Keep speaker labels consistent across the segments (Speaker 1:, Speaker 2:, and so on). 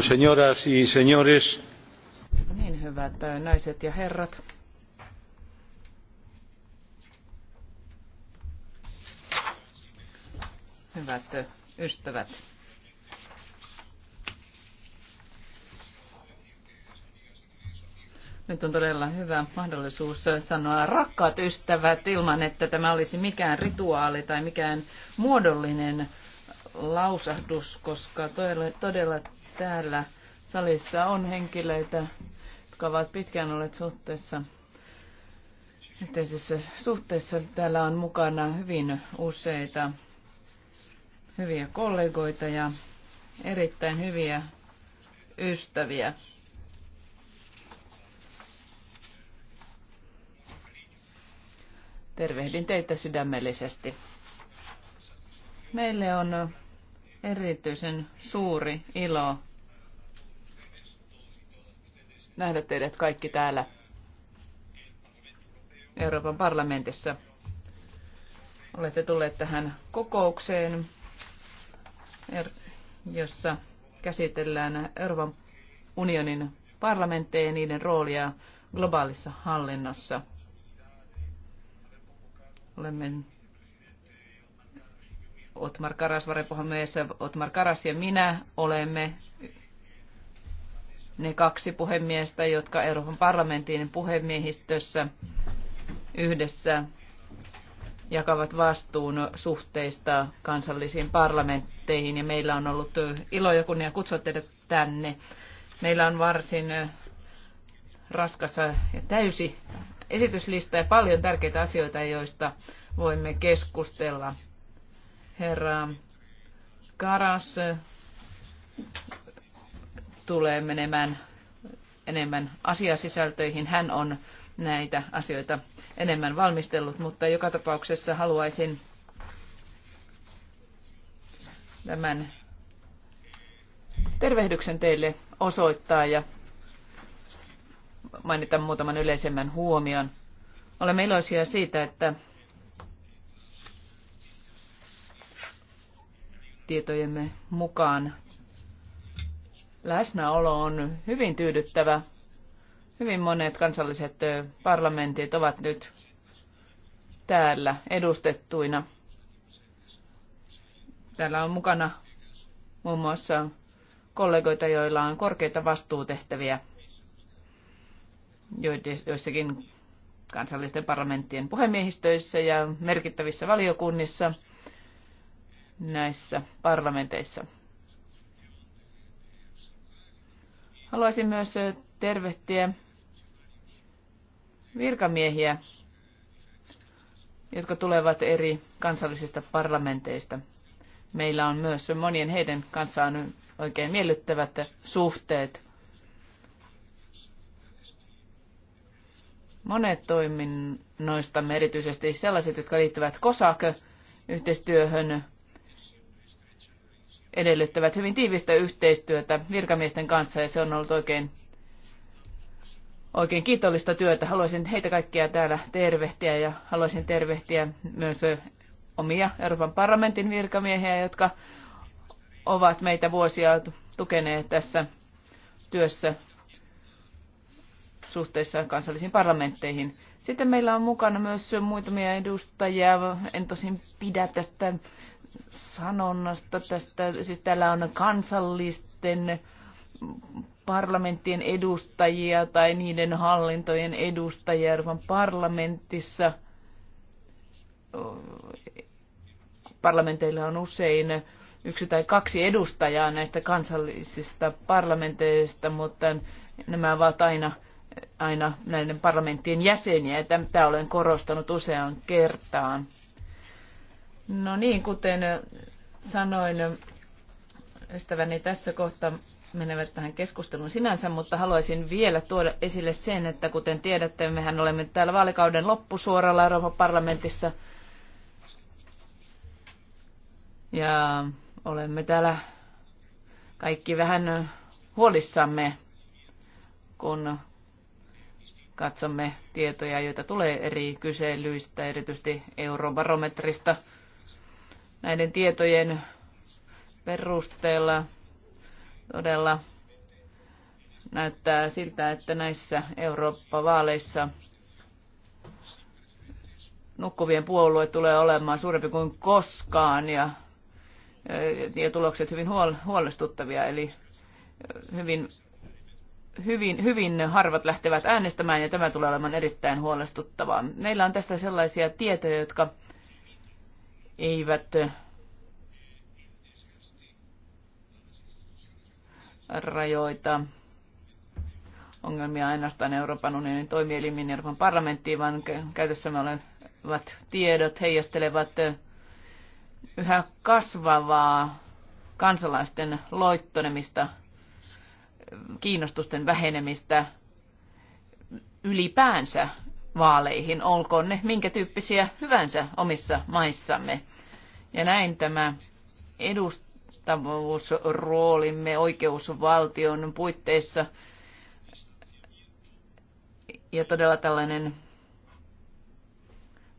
Speaker 1: señoras y señores.
Speaker 2: Niin hyvät naiset ja herrat. Hyvät ystävät. Nyt on todella hyvä mahdollisuus sanoa rakkaat ystävät ilman, että tämä olisi mikään rituaali tai mikään muodollinen lausahdus, koska todella, todella täällä salissa on henkilöitä, jotka ovat pitkään olleet suhteessa yhteisessä suhteessa. Täällä on mukana hyvin useita hyviä kollegoita ja erittäin hyviä ystäviä. Tervehdin teitä sydämellisesti. Meille on erityisen suuri ilo nähdä teidät kaikki täällä Euroopan parlamentissa. Olette tulleet tähän kokoukseen, er- jossa käsitellään Euroopan unionin parlamentteja ja niiden roolia globaalissa hallinnossa. Olemme Otmar Karas, varapuhemies Otmar Karas ja minä olemme ne kaksi puhemiestä, jotka Euroopan parlamentin puhemiehistössä yhdessä jakavat vastuun suhteista kansallisiin parlamentteihin. Ja meillä on ollut ilo ja kunnia kutsua teidät tänne. Meillä on varsin raskas ja täysi esityslista ja paljon tärkeitä asioita, joista voimme keskustella. Herra Karas tulee menemään enemmän asiasisältöihin. Hän on näitä asioita enemmän valmistellut, mutta joka tapauksessa haluaisin tämän tervehdyksen teille osoittaa ja mainita muutaman yleisemmän huomion. Olemme iloisia siitä, että tietojemme mukaan läsnäolo on hyvin tyydyttävä. Hyvin monet kansalliset parlamentit ovat nyt täällä edustettuina. Täällä on mukana muun muassa kollegoita, joilla on korkeita vastuutehtäviä joissakin kansallisten parlamenttien puhemiehistöissä ja merkittävissä valiokunnissa näissä parlamenteissa. Haluaisin myös tervehtiä virkamiehiä, jotka tulevat eri kansallisista parlamenteista. Meillä on myös monien heidän kanssaan oikein miellyttävät suhteet. Monet toiminnoistamme, erityisesti sellaiset, jotka liittyvät COSAC-yhteistyöhön, edellyttävät hyvin tiivistä yhteistyötä virkamiesten kanssa ja se on ollut oikein, oikein kiitollista työtä. Haluaisin heitä kaikkia täällä tervehtiä ja haluaisin tervehtiä myös omia Euroopan parlamentin virkamiehiä, jotka ovat meitä vuosia tukeneet tässä työssä suhteessa kansallisiin parlamentteihin. Sitten meillä on mukana myös muutamia edustajia. En tosin pidä tästä sanonnasta tästä. Siis täällä on kansallisten parlamenttien edustajia tai niiden hallintojen edustajia Euroopan parlamentissa. Parlamenteilla on usein yksi tai kaksi edustajaa näistä kansallisista parlamenteista, mutta nämä ovat aina, aina näiden parlamenttien jäseniä. Tämä olen korostanut useaan kertaan. No niin, kuten sanoin, ystäväni tässä kohta menevät tähän keskusteluun sinänsä, mutta haluaisin vielä tuoda esille sen, että kuten tiedätte, mehän olemme täällä vaalikauden loppusuoralla Euroopan parlamentissa. Ja olemme täällä kaikki vähän huolissamme, kun katsomme tietoja, joita tulee eri kyselyistä, erityisesti eurobarometrista – näiden tietojen perusteella todella näyttää siltä, että näissä Eurooppa-vaaleissa nukkuvien puolue tulee olemaan suurempi kuin koskaan ja, ja tulokset hyvin huolestuttavia. Eli hyvin, hyvin, hyvin harvat lähtevät äänestämään ja tämä tulee olemaan erittäin huolestuttavaa. Meillä on tästä sellaisia tietoja, jotka eivät äh, rajoita ongelmia ainoastaan Euroopan unionin toimielimiin Euroopan parlamenttiin, vaan käytössämme olevat tiedot heijastelevat äh, yhä kasvavaa kansalaisten loittonemista, kiinnostusten vähenemistä ylipäänsä vaaleihin, olkoon ne minkä tyyppisiä hyvänsä omissa maissamme. Ja näin tämä edustavuusroolimme oikeusvaltion puitteissa ja todella tällainen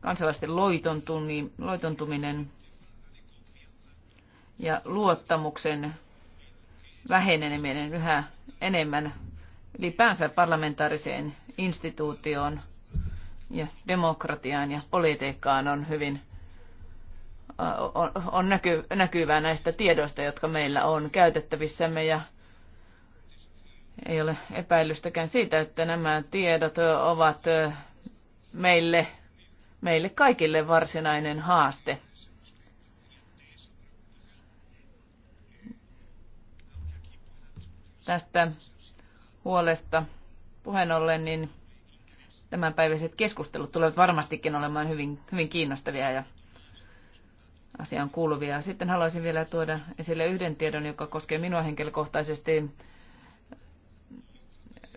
Speaker 2: kansalaisten loitontuminen ja luottamuksen väheneminen yhä enemmän ylipäänsä parlamentaariseen instituutioon – ja demokratiaan ja politiikkaan on hyvin on, on näky, näkyvää näistä tiedoista, jotka meillä on käytettävissämme ja ei ole epäilystäkään siitä, että nämä tiedot ovat meille, meille kaikille varsinainen haaste. Tästä huolesta puheen ollen, niin tämänpäiväiset keskustelut tulevat varmastikin olemaan hyvin, hyvin kiinnostavia ja asiaan kuuluvia. Sitten haluaisin vielä tuoda esille yhden tiedon, joka koskee minua henkilökohtaisesti.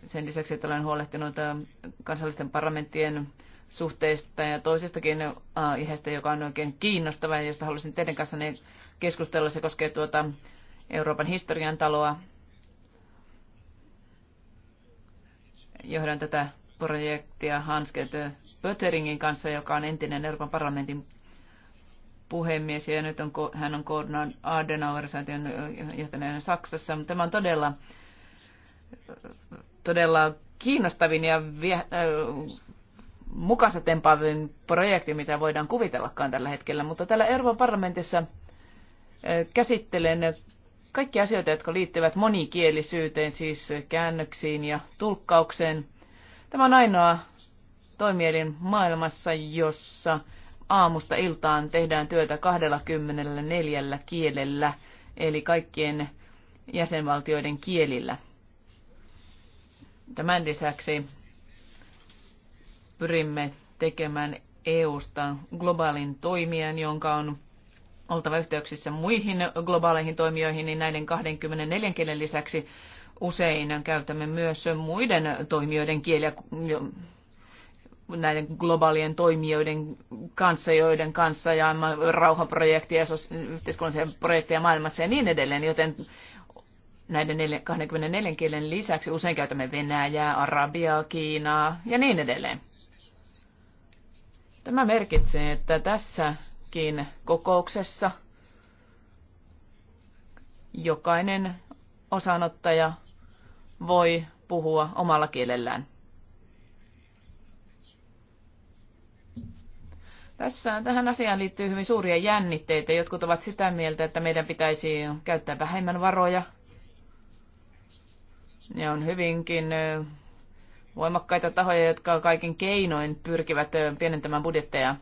Speaker 2: Sen lisäksi, että olen huolehtinut kansallisten parlamenttien suhteista ja toisestakin aiheesta, joka on oikein kiinnostava ja josta haluaisin teidän kanssanne keskustella. Se koskee tuota Euroopan historian taloa. Johdan tätä projektia Hansket Pöteringin kanssa, joka on entinen Euroopan parlamentin puhemies ja nyt on, hän on koordinaan Adenauer-säätiön johtaneena Saksassa. Tämä on todella, todella kiinnostavin ja vie, äh, mukansa tempaavin projekti, mitä voidaan kuvitellakaan tällä hetkellä. Mutta täällä Euroopan parlamentissa äh, käsittelen kaikki asioita, jotka liittyvät monikielisyyteen, siis käännöksiin ja tulkkaukseen – Tämä on ainoa toimielin maailmassa, jossa aamusta iltaan tehdään työtä 24 kielellä, eli kaikkien jäsenvaltioiden kielillä. Tämän lisäksi pyrimme tekemään EUsta globaalin toimijan, jonka on oltava yhteyksissä muihin globaaleihin toimijoihin, niin näiden 24 kielen lisäksi usein käytämme myös muiden toimijoiden kieliä näiden globaalien toimijoiden kanssa, joiden kanssa ja rauhaprojekteja, yhteiskunnallisia projekteja maailmassa ja niin edelleen, joten näiden 24 kielen lisäksi usein käytämme Venäjää, Arabiaa, Kiinaa ja niin edelleen. Tämä merkitsee, että tässäkin kokouksessa jokainen osanottaja voi puhua omalla kielellään. Tässä, tähän asiaan liittyy hyvin suuria jännitteitä. Jotkut ovat sitä mieltä, että meidän pitäisi käyttää vähemmän varoja. Ja on hyvinkin voimakkaita tahoja, jotka kaiken keinoin pyrkivät pienentämään budjetteja.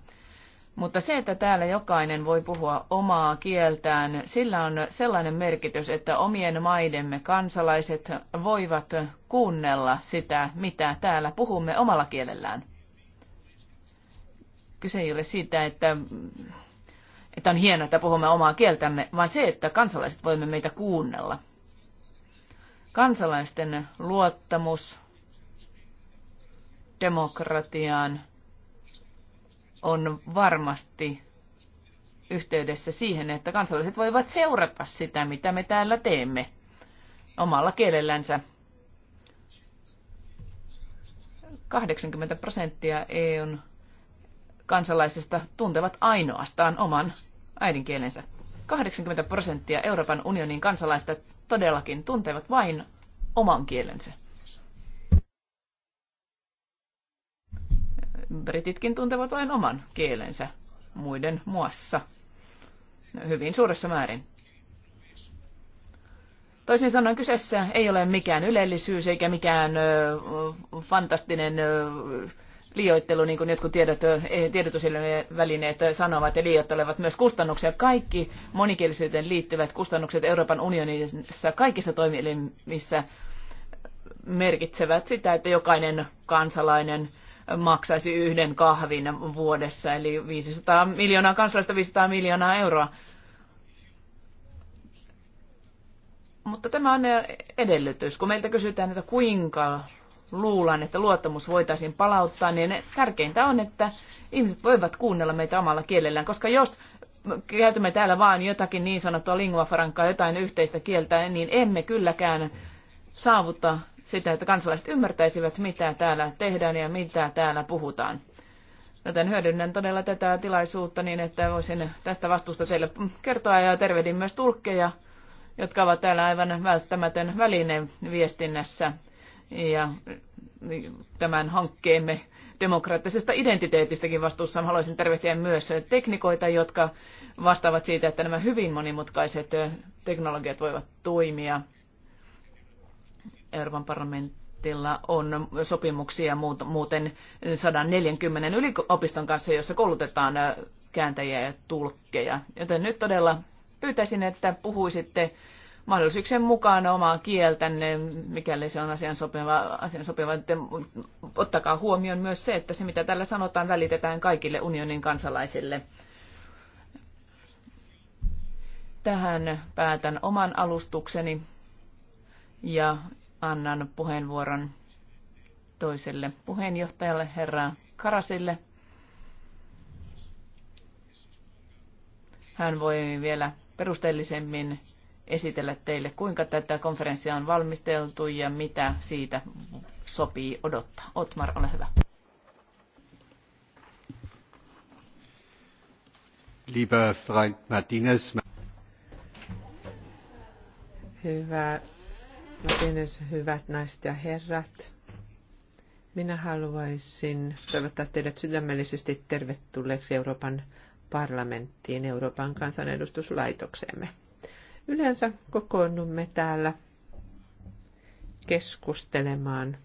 Speaker 2: Mutta se, että täällä jokainen voi puhua omaa kieltään, sillä on sellainen merkitys, että omien maidemme kansalaiset voivat kuunnella sitä, mitä täällä puhumme omalla kielellään. Kyse ei ole siitä, että, että on hienoa, että puhumme omaa kieltämme, vaan se, että kansalaiset voimme meitä kuunnella. Kansalaisten luottamus demokratiaan on varmasti yhteydessä siihen, että kansalaiset voivat seurata sitä, mitä me täällä teemme omalla kielellänsä. 80 prosenttia EUn kansalaisista tuntevat ainoastaan oman äidinkielensä. 80 prosenttia Euroopan unionin kansalaista todellakin tuntevat vain oman kielensä. Brititkin tuntevat vain oman kielensä muiden muassa hyvin suuressa määrin. Toisin sanoen kyseessä ei ole mikään ylellisyys eikä mikään ö, fantastinen ö, liioittelu, niin kuin jotkut tiedot, eh, välineet sanovat ja liioittelevat myös kustannuksia. Kaikki monikielisyyteen liittyvät kustannukset Euroopan unionissa kaikissa toimielimissä merkitsevät sitä, että jokainen kansalainen – maksaisi yhden kahvin vuodessa, eli 500 miljoonaa kansalaista 500 miljoonaa euroa. Mutta tämä on eh, edellytys. Kun meiltä kysytään, että kuinka luulan, että luottamus voitaisiin palauttaa, niin tärkeintä on, että ihmiset voivat kuunnella meitä omalla kielellään, koska jos käytämme täällä vain jotakin niin sanottua lingua francaa, jotain yhteistä kieltä, niin emme kylläkään saavuta sitä, että kansalaiset ymmärtäisivät, mitä täällä tehdään ja mitä täällä puhutaan. Joten hyödynnän todella tätä tilaisuutta niin, että voisin tästä vastuusta teille kertoa ja tervehdin myös tulkkeja, jotka ovat täällä aivan välttämätön väline viestinnässä ja tämän hankkeemme demokraattisesta identiteetistäkin vastuussa haluaisin tervehtiä myös teknikoita, jotka vastaavat siitä, että nämä hyvin monimutkaiset teknologiat voivat toimia Euroopan parlamentilla on sopimuksia muuten 140 yliopiston kanssa, jossa koulutetaan äh, kääntäjiä ja tulkkeja. Joten nyt todella pyytäisin, että puhuisitte mahdollisuuksien mukaan omaa kieltänne, mikäli se on asian sopiva, asian sopiva. Niin ottakaa huomioon myös se, että se mitä tällä sanotaan välitetään kaikille unionin kansalaisille. Tähän päätän oman alustukseni ja annan puheenvuoron toiselle puheenjohtajalle, herra Karasille. Hän voi vielä perusteellisemmin esitellä teille, kuinka tätä konferenssia on valmisteltu ja mitä siitä sopii odottaa. Otmar, ole hyvä.
Speaker 1: Lieber Freund Martinez.
Speaker 3: Hyvä Martinez, no hyvät naiset ja herrat. Minä haluaisin toivottaa teidät sydämellisesti tervetulleeksi Euroopan parlamenttiin, Euroopan kansanedustuslaitokseemme. Yleensä kokoonnumme täällä keskustelemaan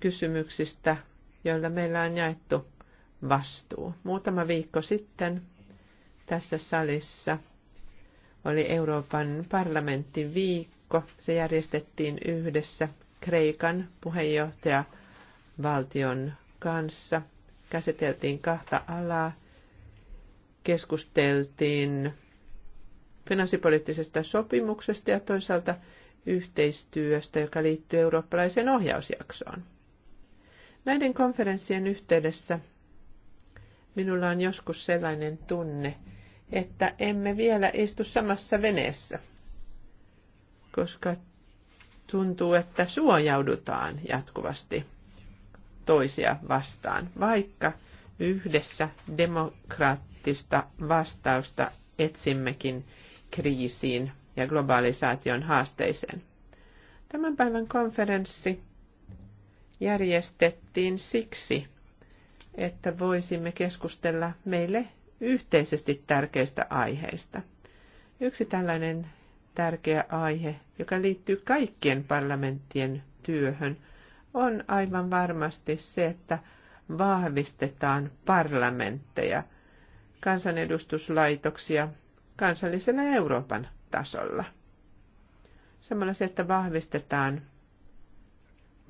Speaker 3: kysymyksistä, joilla meillä on jaettu vastuu. Muutama viikko sitten tässä salissa oli Euroopan parlamentin viikko. Se järjestettiin yhdessä Kreikan puheenjohtajavaltion kanssa. Käsiteltiin kahta alaa. Keskusteltiin finanssipoliittisesta sopimuksesta ja toisaalta yhteistyöstä, joka liittyy eurooppalaiseen ohjausjaksoon. Näiden konferenssien yhteydessä minulla on joskus sellainen tunne, että emme vielä istu samassa veneessä, koska tuntuu, että suojaudutaan jatkuvasti toisia vastaan, vaikka yhdessä demokraattista vastausta etsimmekin kriisiin ja globalisaation haasteeseen. Tämän päivän konferenssi järjestettiin siksi, että voisimme keskustella meille yhteisesti tärkeistä aiheista. Yksi tällainen tärkeä aihe, joka liittyy kaikkien parlamenttien työhön, on aivan varmasti se, että vahvistetaan parlamentteja, kansanedustuslaitoksia kansallisella Euroopan tasolla. Samalla se, että vahvistetaan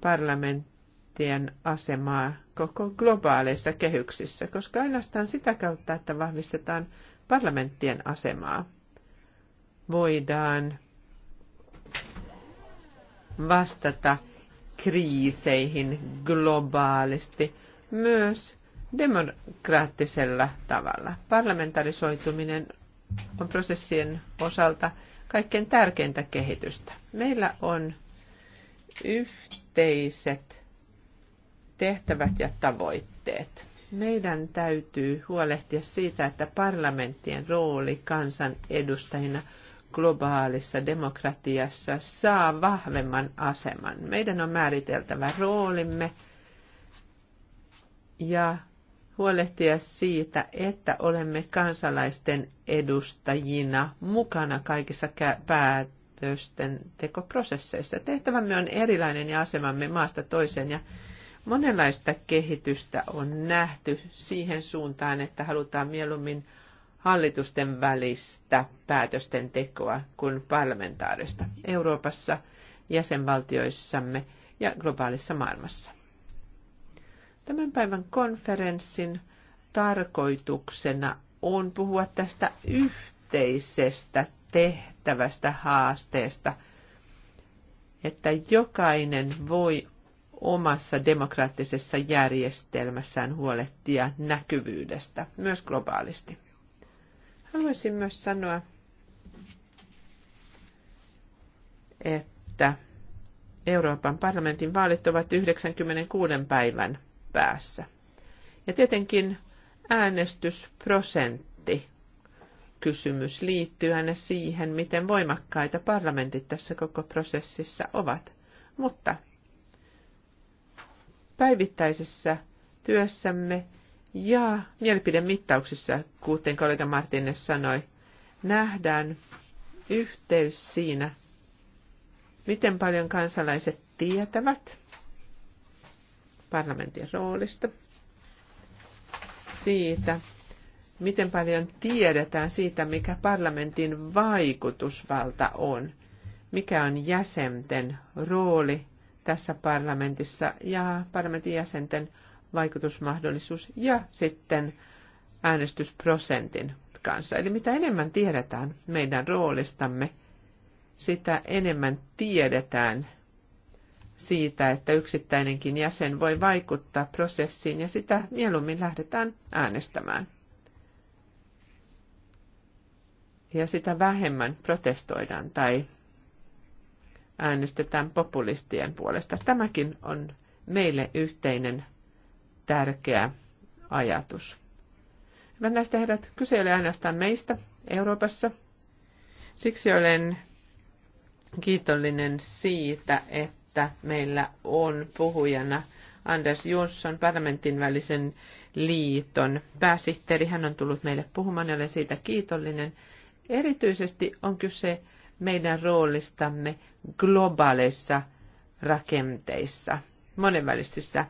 Speaker 3: parlamenttien asemaa koko globaaleissa kehyksissä, koska ainoastaan sitä kautta, että vahvistetaan parlamenttien asemaa, voidaan vastata kriiseihin globaalisti myös demokraattisella tavalla. Parlamentarisoituminen on prosessien osalta kaikkein tärkeintä kehitystä. Meillä on yhteiset tehtävät ja tavoitteet. Meidän täytyy huolehtia siitä, että parlamenttien rooli kansan edustajina globaalissa demokratiassa saa vahvemman aseman. Meidän on määriteltävä roolimme ja huolehtia siitä, että olemme kansalaisten edustajina mukana kaikissa päätösten tekoprosesseissa. Tehtävämme on erilainen ja asemamme maasta toiseen ja Monenlaista kehitystä on nähty siihen suuntaan, että halutaan mieluummin hallitusten välistä päätösten tekoa kuin parlamentaarista Euroopassa, jäsenvaltioissamme ja globaalissa maailmassa. Tämän päivän konferenssin tarkoituksena on puhua tästä yhteisestä tehtävästä haasteesta, että jokainen voi omassa demokraattisessa järjestelmässään huolehtia näkyvyydestä, myös globaalisti. Haluaisin myös sanoa, että Euroopan parlamentin vaalit ovat 96 päivän päässä. Ja tietenkin äänestysprosentti kysymys liittyy aina siihen, miten voimakkaita parlamentit tässä koko prosessissa ovat. Mutta päivittäisessä työssämme ja mielipidemittauksissa, kuten kollega Martinez sanoi, nähdään yhteys siinä, miten paljon kansalaiset tietävät parlamentin roolista, siitä, miten paljon tiedetään siitä, mikä parlamentin vaikutusvalta on, mikä on jäsenten rooli tässä parlamentissa ja parlamentin jäsenten vaikutusmahdollisuus ja sitten äänestysprosentin kanssa. Eli mitä enemmän tiedetään meidän roolistamme, sitä enemmän tiedetään siitä, että yksittäinenkin jäsen voi vaikuttaa prosessiin ja sitä mieluummin lähdetään äänestämään. Ja sitä vähemmän protestoidaan tai äänestetään populistien puolesta. Tämäkin on meille yhteinen tärkeä ajatus. Hyvät näistä herrat, kyse ei ole ainoastaan meistä Euroopassa. Siksi olen kiitollinen siitä, että meillä on puhujana Anders Jonsson, parlamentin välisen liiton pääsihteeri. Hän on tullut meille puhumaan ja olen siitä kiitollinen. Erityisesti on kyse meidän roolistamme globaaleissa rakenteissa, monenvälisissä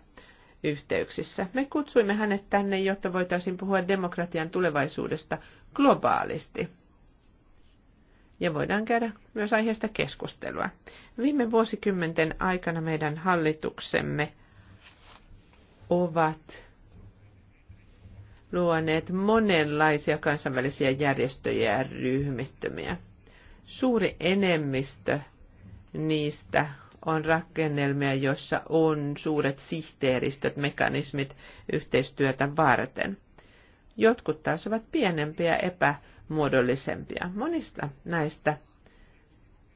Speaker 3: yhteyksissä. Me kutsuimme hänet tänne, jotta voitaisiin puhua demokratian tulevaisuudesta globaalisti. Ja voidaan käydä myös aiheesta keskustelua. Viime vuosikymmenten aikana meidän hallituksemme ovat luoneet monenlaisia kansainvälisiä järjestöjä ja ryhmittymiä – Suuri enemmistö niistä on rakennelmia, joissa on suuret sihteeristöt, mekanismit yhteistyötä varten. Jotkut taas ovat pienempiä, epämuodollisempia. Monista näistä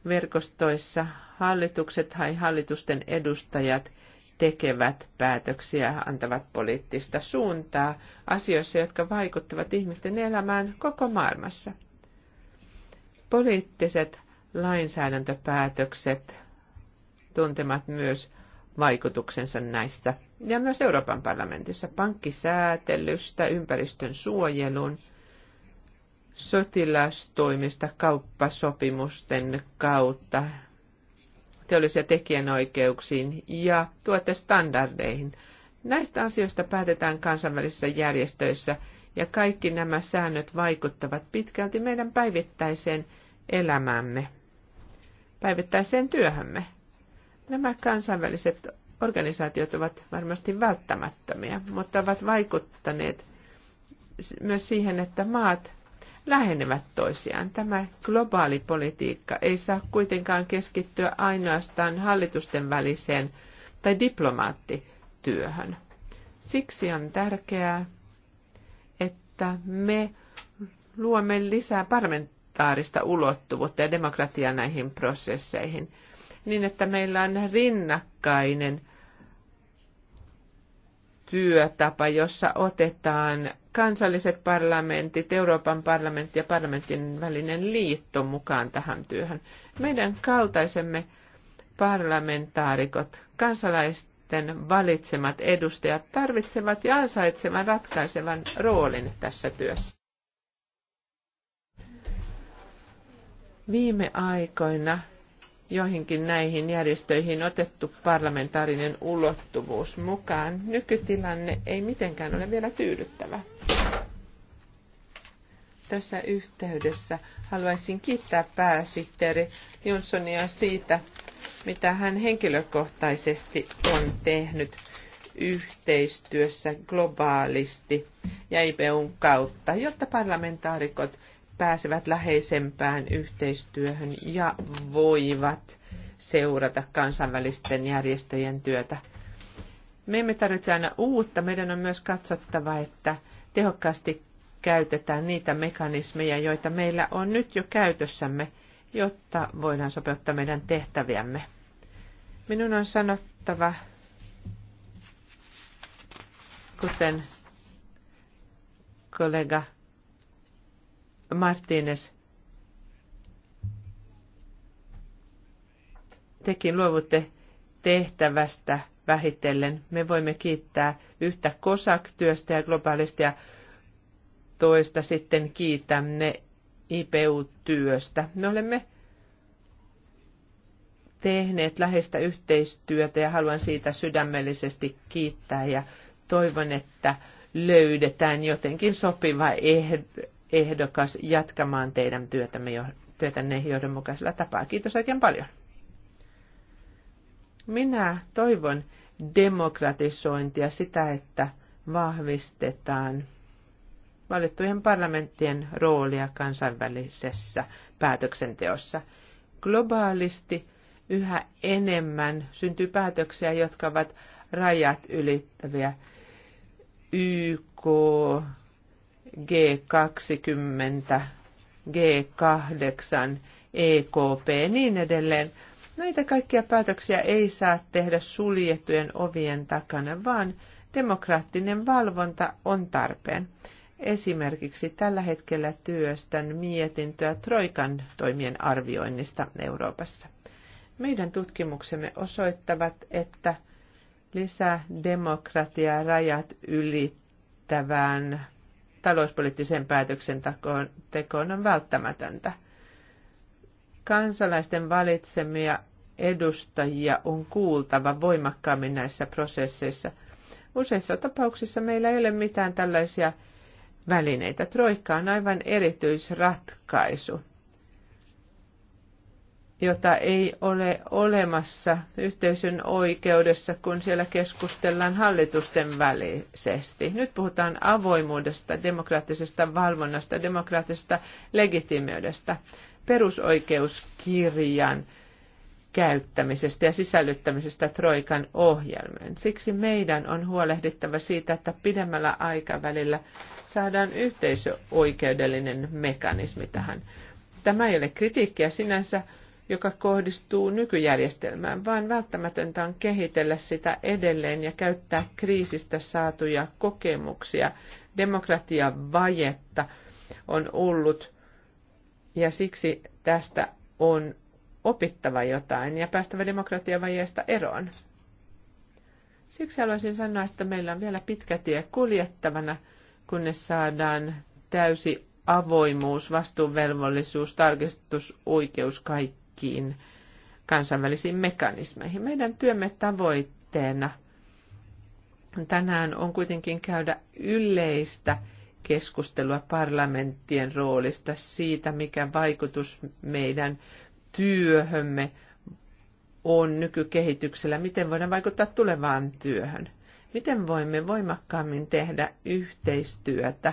Speaker 3: verkostoissa hallitukset tai hallitusten edustajat tekevät päätöksiä, antavat poliittista suuntaa asioissa, jotka vaikuttavat ihmisten elämään koko maailmassa. Poliittiset lainsäädäntöpäätökset tuntemat myös vaikutuksensa näistä. Ja myös Euroopan parlamentissa pankkisäätelystä, ympäristön suojelun, sotilastoimista, kauppasopimusten kautta, teollisia tekijänoikeuksiin ja tuotestandardeihin. Näistä asioista päätetään kansainvälisissä järjestöissä ja kaikki nämä säännöt vaikuttavat pitkälti meidän päivittäiseen elämäämme, päivittäiseen työhömme. Nämä kansainväliset organisaatiot ovat varmasti välttämättömiä, mutta ovat vaikuttaneet myös siihen, että maat lähenevät toisiaan. Tämä globaali politiikka ei saa kuitenkaan keskittyä ainoastaan hallitusten väliseen tai diplomaattityöhön. Siksi on tärkeää, että me luomme lisää parlament- parlamentaarista ulottuvuutta ja demokratia näihin prosesseihin, niin että meillä on rinnakkainen työtapa, jossa otetaan kansalliset parlamentit, Euroopan parlamentti ja parlamentin välinen liitto mukaan tähän työhön. Meidän kaltaisemme parlamentaarikot, kansalaisten valitsemat edustajat tarvitsevat ja ansaitsevan ratkaisevan roolin tässä työssä. Viime aikoina joihinkin näihin järjestöihin otettu parlamentaarinen ulottuvuus mukaan. Nykytilanne ei mitenkään ole vielä tyydyttävä. Tässä yhteydessä haluaisin kiittää pääsihteeri Jonssonia siitä, mitä hän henkilökohtaisesti on tehnyt yhteistyössä globaalisti ja IPUn kautta, jotta parlamentaarikot pääsevät läheisempään yhteistyöhön ja voivat seurata kansainvälisten järjestöjen työtä. Me emme tarvitse aina uutta, meidän on myös katsottava, että tehokkaasti käytetään niitä mekanismeja, joita meillä on nyt jo käytössämme, jotta voidaan sopeuttaa meidän tehtäviämme. Minun on sanottava, kuten kollega Martínez tekin luovutte tehtävästä vähitellen. Me voimme kiittää yhtä COSAC-työstä ja globaalista ja toista sitten kiitämme IPU-työstä. Me olemme tehneet läheistä yhteistyötä ja haluan siitä sydämellisesti kiittää ja toivon, että löydetään jotenkin sopiva ehdokas jatkamaan teidän työtämme, työtänne johdonmukaisella tapaa. Kiitos oikein paljon. Minä toivon demokratisointia sitä, että vahvistetaan valittujen parlamenttien roolia kansainvälisessä päätöksenteossa. Globaalisti yhä enemmän syntyy päätöksiä, jotka ovat rajat ylittäviä. YK, G20, G8, EKP, niin edelleen. Näitä kaikkia päätöksiä ei saa tehdä suljettujen ovien takana, vaan demokraattinen valvonta on tarpeen. Esimerkiksi tällä hetkellä työstän mietintöä Troikan toimien arvioinnista Euroopassa. Meidän tutkimuksemme osoittavat, että lisää demokratiaa rajat ylittävään talouspoliittiseen päätöksentekoon on välttämätöntä. Kansalaisten valitsemia edustajia on kuultava voimakkaammin näissä prosesseissa. Useissa tapauksissa meillä ei ole mitään tällaisia välineitä. Troikka on aivan erityisratkaisu jota ei ole olemassa yhteisön oikeudessa, kun siellä keskustellaan hallitusten välisesti. Nyt puhutaan avoimuudesta, demokraattisesta valvonnasta, demokraattisesta legitimeydestä, perusoikeuskirjan käyttämisestä ja sisällyttämisestä Troikan ohjelmien. Siksi meidän on huolehdittava siitä, että pidemmällä aikavälillä saadaan yhteisöoikeudellinen mekanismi tähän. Tämä ei ole kritiikkiä sinänsä, joka kohdistuu nykyjärjestelmään, vaan välttämätöntä on kehitellä sitä edelleen ja käyttää kriisistä saatuja kokemuksia. Demokratiavajetta on ollut ja siksi tästä on opittava jotain ja päästävä demokratiavajeesta eroon. Siksi haluaisin sanoa, että meillä on vielä pitkä tie kuljettavana, kunnes saadaan täysi avoimuus, vastuunvelvollisuus, tarkistusoikeus kaikki kaikkiin kansainvälisiin mekanismeihin. Meidän työmme tavoitteena tänään on kuitenkin käydä yleistä keskustelua parlamenttien roolista siitä, mikä vaikutus meidän työhömme on nykykehityksellä, miten voidaan vaikuttaa tulevaan työhön. Miten voimme voimakkaammin tehdä yhteistyötä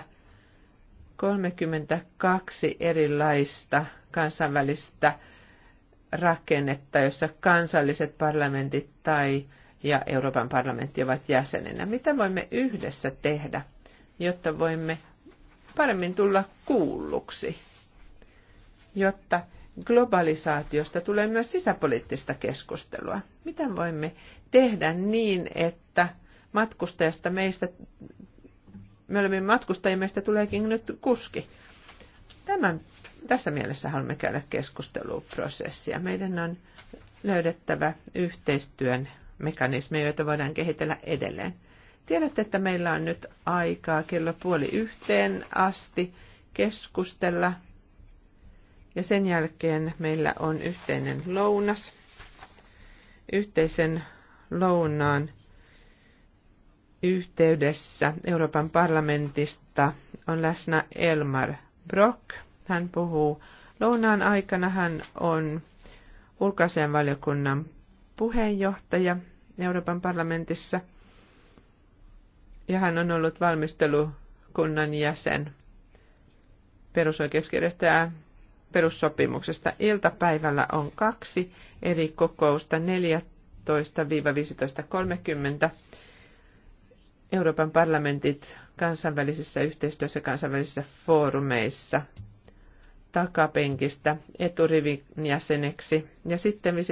Speaker 3: 32 erilaista kansainvälistä rakennetta, jossa kansalliset parlamentit tai ja Euroopan parlamentti ovat jäseninä. Mitä voimme yhdessä tehdä, jotta voimme paremmin tulla kuulluksi, jotta globalisaatiosta tulee myös sisäpoliittista keskustelua. Mitä voimme tehdä niin, että matkustajasta meistä, me olemme matkustajia, meistä tuleekin nyt kuski. Tämän tässä mielessä haluamme käydä keskusteluprosessia. Meidän on löydettävä yhteistyön mekanismeja, joita voidaan kehitellä edelleen. Tiedätte, että meillä on nyt aikaa kello puoli yhteen asti keskustella. Ja sen jälkeen meillä on yhteinen lounas. Yhteisen lounaan yhteydessä Euroopan parlamentista on läsnä Elmar Brock – hän puhuu lounaan aikana. Hän on valiokunnan puheenjohtaja Euroopan parlamentissa ja hän on ollut valmistelukunnan jäsen perusoikeuskirjasta ja perussopimuksesta. Iltapäivällä on kaksi eri kokousta 14-15.30. Euroopan parlamentit kansainvälisissä yhteistyössä kansainvälisissä foorumeissa – takapenkistä eturivin jäseneksi. Ja sitten 15.30.17.20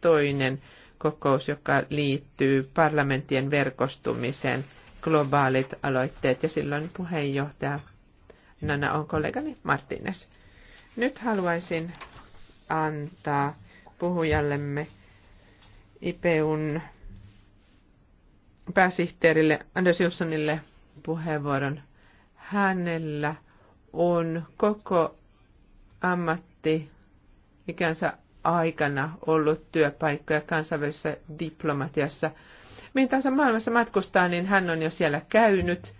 Speaker 3: toinen kokous, joka liittyy parlamenttien verkostumiseen, globaalit aloitteet ja silloin puheenjohtaja Nana on kollegani Martines. Nyt haluaisin antaa puhujallemme IPUn pääsihteerille Anders Jussonille puheenvuoron hänellä on koko ammatti ikänsä aikana ollut työpaikkoja kansainvälisessä diplomatiassa. Mihin tahansa maailmassa matkustaa, niin hän on jo siellä käynyt.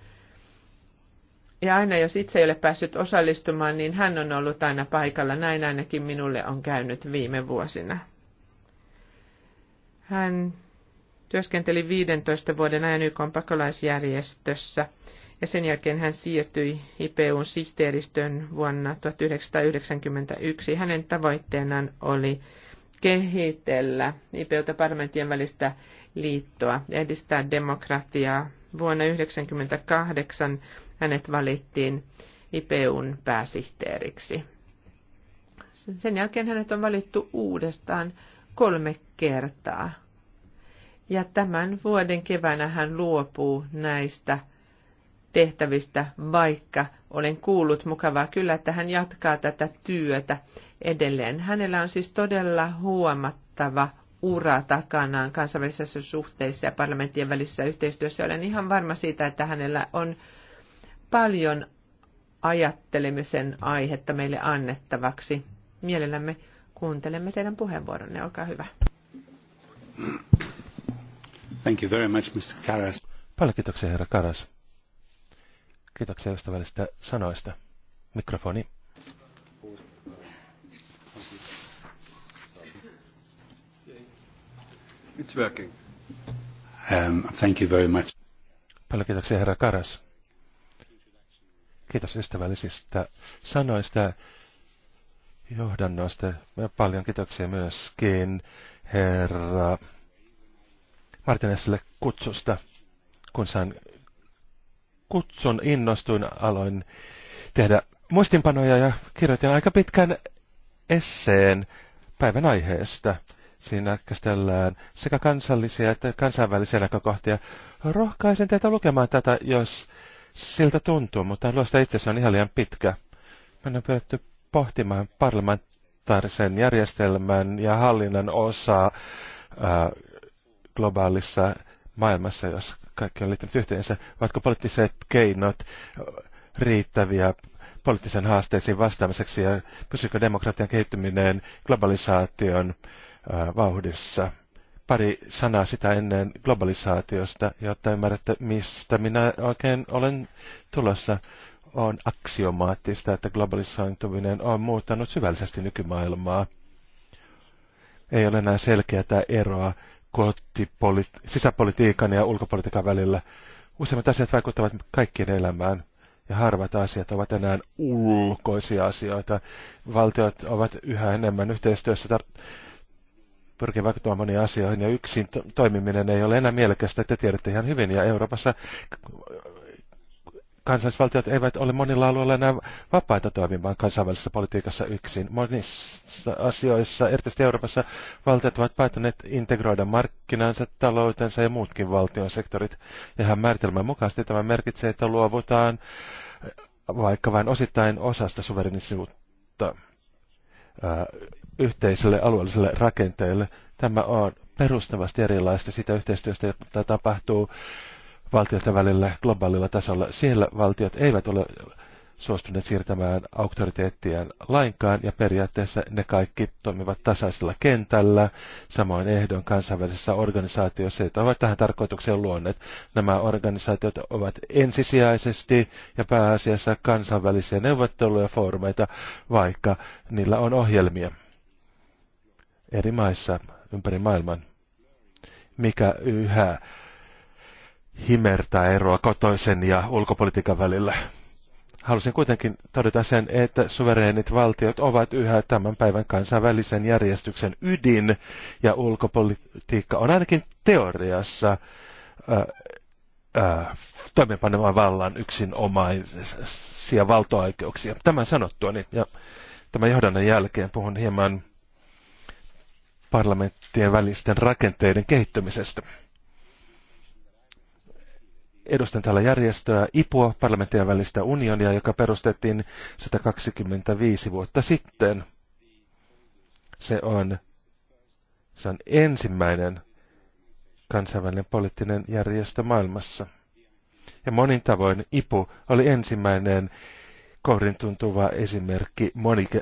Speaker 3: Ja aina jos itse ei ole päässyt osallistumaan, niin hän on ollut aina paikalla. Näin ainakin minulle on käynyt viime vuosina. Hän työskenteli 15 vuoden ajan YK pakolaisjärjestössä – ja sen jälkeen hän siirtyi IPUn sihteeristön vuonna 1991. Hänen tavoitteenaan oli kehitellä IPUta parlamenttien välistä liittoa, edistää demokratiaa. Vuonna 1998 hänet valittiin IPUn pääsihteeriksi. Sen jälkeen hänet on valittu uudestaan kolme kertaa. Ja tämän vuoden keväänä hän luopuu näistä tehtävistä, vaikka olen kuullut mukavaa kyllä, että hän jatkaa tätä työtä edelleen. Hänellä on siis todella huomattava ura takanaan kansainvälisissä suhteissa ja parlamenttien välisessä yhteistyössä. Olen ihan varma siitä, että hänellä on paljon ajattelemisen aihetta meille annettavaksi. Mielellämme kuuntelemme teidän puheenvuoronne. Olkaa hyvä.
Speaker 1: Thank you very much, Mr. Karas. Paljon kiitoksia, herra Karas. Kiitoksia ystävällisistä sanoista. Mikrofoni. It's working. Um, thank you very much. Paljon kiitoksia herra Karas. Kiitos ystävällisistä sanoista johdannosta. Paljon kiitoksia myöskin herra Martinesille kutsusta, kun sain kutsun innostuin, aloin tehdä muistinpanoja ja kirjoitin aika pitkän esseen päivän aiheesta. Siinä käsitellään sekä kansallisia että kansainvälisiä näkökohtia. Rohkaisen teitä lukemaan tätä, jos siltä tuntuu, mutta luosta itse on ihan liian pitkä. Mä on pyydetty pohtimaan parlamentaarisen järjestelmän ja hallinnan osaa ää, globaalissa maailmassa, jossa kaikki on liittynyt yhteensä. Ovatko poliittiset keinot riittäviä poliittisen haasteisiin vastaamiseksi ja pysyykö demokratian kehittyminen globalisaation vauhdissa? Pari sanaa sitä ennen globalisaatiosta, jotta ymmärrätte, mistä minä oikein olen tulossa. On aksiomaattista, että globalisointuminen on muuttanut syvällisesti nykymaailmaa. Ei ole enää selkeää eroa kotipolit- sisäpolitiikan ja ulkopolitiikan välillä. Useimmat asiat vaikuttavat kaikkien elämään ja harvat asiat ovat enää ulkoisia asioita. Valtiot ovat yhä enemmän yhteistyössä tar- pyrkii vaikuttamaan moniin asioihin ja yksin to- toimiminen ei ole enää mielekästä, että tiedätte ihan hyvin. Ja Euroopassa kansallisvaltiot eivät ole monilla alueilla enää vapaita toimimaan kansainvälisessä politiikassa yksin. Monissa asioissa, erityisesti Euroopassa, valtiot ovat päättäneet integroida markkinansa, taloutensa ja muutkin valtion sektorit. Ja määritelmän mukaisesti tämä merkitsee, että luovutaan vaikka vain osittain osasta suverenisuutta yhteiselle alueelliselle rakenteelle. Tämä on perustavasti erilaista sitä yhteistyöstä, jota tapahtuu valtioiden välillä globaalilla tasolla. Siellä valtiot eivät ole suostuneet siirtämään auktoriteettiaan lainkaan ja periaatteessa ne kaikki toimivat tasaisella kentällä, samoin ehdon kansainvälisissä organisaatioissa, joita ovat tähän tarkoitukseen luonneet. Nämä organisaatiot ovat ensisijaisesti ja pääasiassa kansainvälisiä neuvotteluja foorumeita, vaikka niillä on ohjelmia eri maissa ympäri maailman, mikä yhä himertää eroa kotoisen ja ulkopolitiikan välillä. Halusin kuitenkin todeta sen, että suvereenit valtiot ovat yhä tämän päivän kansainvälisen järjestyksen ydin, ja ulkopolitiikka on ainakin teoriassa ää, toimeenpanemaan vallan yksinomaisia valtoaikeuksia. Tämän sanottua, niin, ja tämän johdannan jälkeen puhun hieman parlamenttien välisten rakenteiden kehittymisestä edustan täällä järjestöä IPUA, parlamenttien välistä unionia, joka perustettiin 125 vuotta sitten. Se on, se on ensimmäinen kansainvälinen poliittinen järjestö maailmassa. Ja monin tavoin IPU oli ensimmäinen kohdin tuntuva esimerkki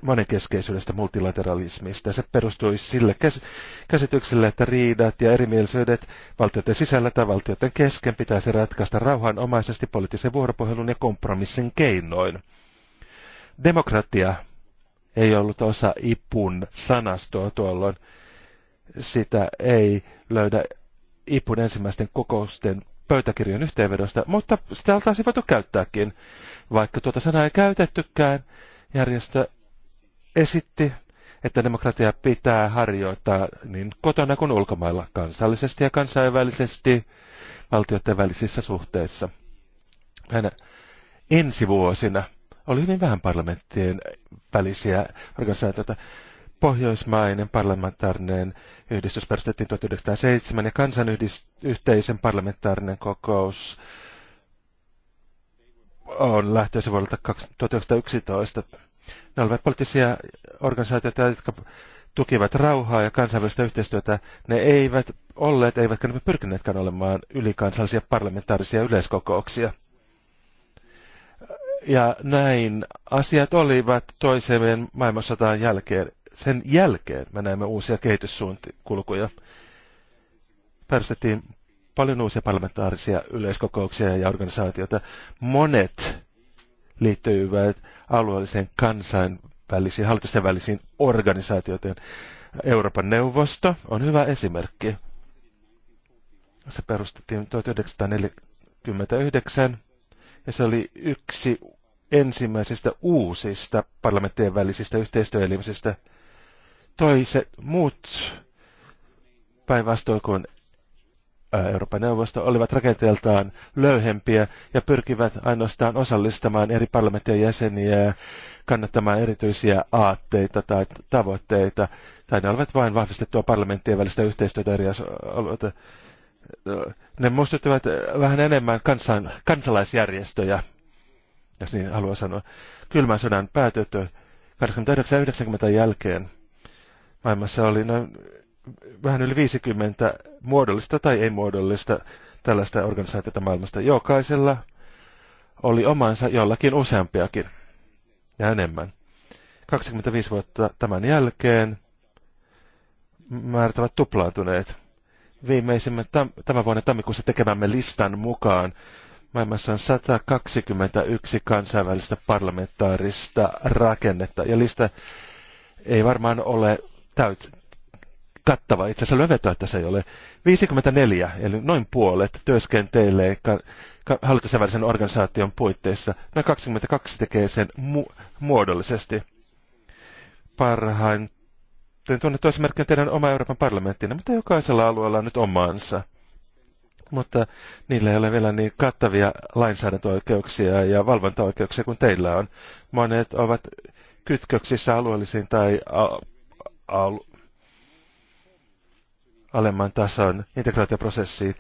Speaker 1: monikeskeisyydestä multilateralismista. Se perustui sille käsitykselle, että riidat ja erimielisyydet valtioiden sisällä tai valtioiden kesken pitäisi ratkaista rauhanomaisesti poliittisen vuoropuhelun ja kompromissin keinoin. Demokratia ei ollut osa IPUn sanastoa tuolloin. Sitä ei löydä IPUn ensimmäisten kokousten pöytäkirjan yhteenvedosta, mutta sitä oltaisiin voitu käyttääkin. Vaikka tuota sanaa ei käytettykään, järjestö esitti, että demokratia pitää harjoittaa niin kotona kuin ulkomailla, kansallisesti ja kansainvälisesti, valtioiden välisissä suhteissa. Näinä ensi vuosina oli hyvin vähän parlamenttien välisiä organisaatioita pohjoismainen parlamentaarinen yhdistys perustettiin 1907 ja kansanyhteisen parlamentaarinen kokous on lähtöisin vuodelta 1911. Ne olivat poliittisia organisaatioita, jotka tukivat rauhaa ja kansainvälistä yhteistyötä. Ne eivät olleet, eivätkä ne pyrkineetkään olemaan ylikansallisia parlamentaarisia yleiskokouksia. Ja näin asiat olivat toiseen maailmansodan jälkeen sen jälkeen me näemme uusia kehityssuuntikulkuja. Perustettiin paljon uusia parlamentaarisia yleiskokouksia ja organisaatioita. Monet liittyivät alueelliseen kansainvälisiin hallitusten välisiin organisaatioihin. Euroopan neuvosto on hyvä esimerkki. Se perustettiin 1949 ja se oli yksi ensimmäisistä uusista parlamenttien välisistä yhteistyöelimisistä – toiset muut päinvastoin kuin Euroopan neuvosto olivat rakenteeltaan löyhempiä ja pyrkivät ainoastaan osallistamaan eri parlamenttien jäseniä kannattamaan erityisiä aatteita tai tavoitteita. Tai ne olivat vain vahvistettua parlamenttien välistä yhteistyötä eri asioita. Ne muistuttivat vähän enemmän kansan, kansalaisjärjestöjä, jos niin haluaa sanoa. Kylmän sodan päätyttyä 1990 jälkeen maailmassa oli noin vähän yli 50 muodollista tai ei-muodollista tällaista organisaatiota maailmasta. Jokaisella oli omansa jollakin useampiakin ja enemmän. 25 vuotta tämän jälkeen määrät ovat tuplaantuneet. Viimeisimmän tämän vuoden tammikuussa tekemämme listan mukaan maailmassa on 121 kansainvälistä parlamentaarista rakennetta. Ja lista ei varmaan ole täyt, kattava. Itse asiassa lövetä, että se ei ole. 54, eli noin puolet, työskentelee ka, ka, välisen organisaation puitteissa. Noin 22 tekee sen mu, muodollisesti. Parhain Tein tuonne on teidän oma Euroopan parlamenttina, mutta jokaisella alueella on nyt omaansa. Mutta niillä ei ole vielä niin kattavia lainsäädäntöoikeuksia ja valvontaoikeuksia kuin teillä on. Monet ovat kytköksissä alueellisiin tai al- alemman tason integraatioprosessiin.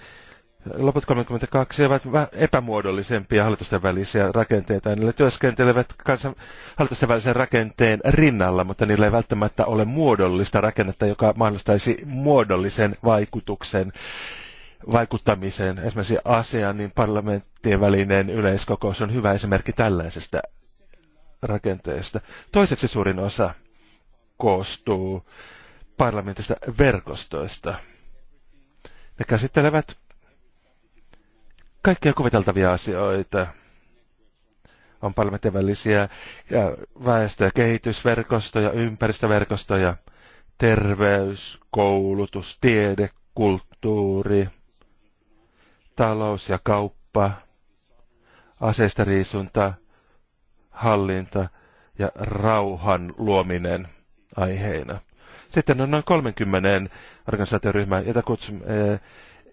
Speaker 1: Loput 32 ovat epämuodollisempia hallitusten välisiä rakenteita. Niillä työskentelevät kansan, hallitusten välisen rakenteen rinnalla, mutta niillä ei välttämättä ole muodollista rakennetta, joka mahdollistaisi muodollisen vaikutuksen vaikuttamiseen. Esimerkiksi ASEAN, niin parlamenttien välinen yleiskokous on hyvä esimerkki tällaisesta rakenteesta. Toiseksi suurin osa koostuu parlamentista verkostoista. Ne käsittelevät kaikkia kuviteltavia asioita. On parlamentin välisiä väestö- ja kehitysverkostoja, ympäristöverkostoja, terveys, koulutus, tiede, kulttuuri, talous ja kauppa, aseistariisunta, hallinta ja rauhan luominen aiheina. Sitten on noin 30 organisaatioryhmää, jota kutsumme eh,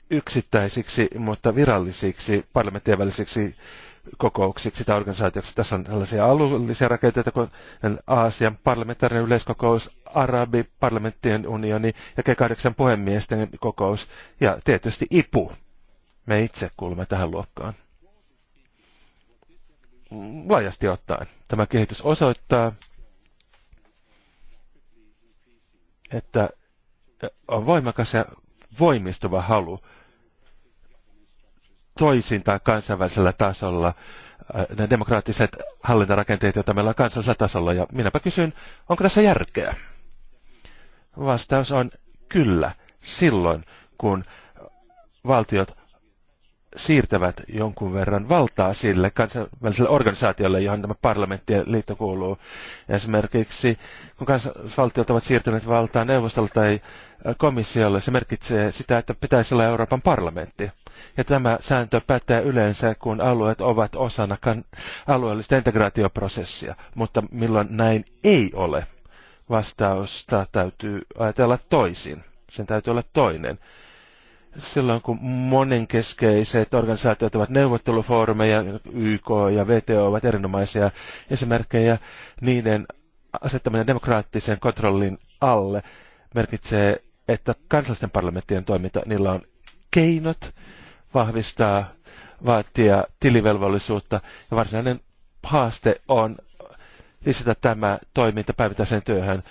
Speaker 1: yksittäisiksi, mutta virallisiksi parlamenttien välisiksi kokouksiksi tai organisaatioksi. Tässä on tällaisia alueellisia rakenteita kuin Aasian parlamentaarinen yleiskokous, Arabi, parlamenttien unioni ja G8 puhemiesten kokous ja tietysti IPU. Me itse kuulumme tähän luokkaan. Laajasti ottaen tämä kehitys osoittaa, että on voimakas ja voimistuva halu toisintaa kansainvälisellä tasolla ne demokraattiset hallintarakenteet, joita meillä on kansallisella tasolla. Ja minäpä kysyn, onko tässä järkeä? Vastaus on kyllä, silloin kun valtiot siirtävät jonkun verran valtaa sille kansainväliselle organisaatiolle, johon tämä parlamentti ja liitto kuuluu. Esimerkiksi kun kansallisvaltiot ovat siirtyneet valtaa neuvostolle tai komissiolle, se merkitsee sitä, että pitäisi olla Euroopan parlamentti. Ja tämä sääntö pätee yleensä, kun alueet ovat osana alueellista integraatioprosessia, mutta milloin näin ei ole, vastausta täytyy ajatella toisin. Sen täytyy olla toinen silloin kun monenkeskeiset organisaatiot ovat neuvottelufoorumeja, YK ja VTO ovat erinomaisia esimerkkejä, niiden asettaminen demokraattisen kontrollin alle merkitsee, että kansallisten parlamenttien toiminta, niillä on keinot vahvistaa, vaatia tilivelvollisuutta ja varsinainen haaste on lisätä tämä toiminta päivittäiseen työhön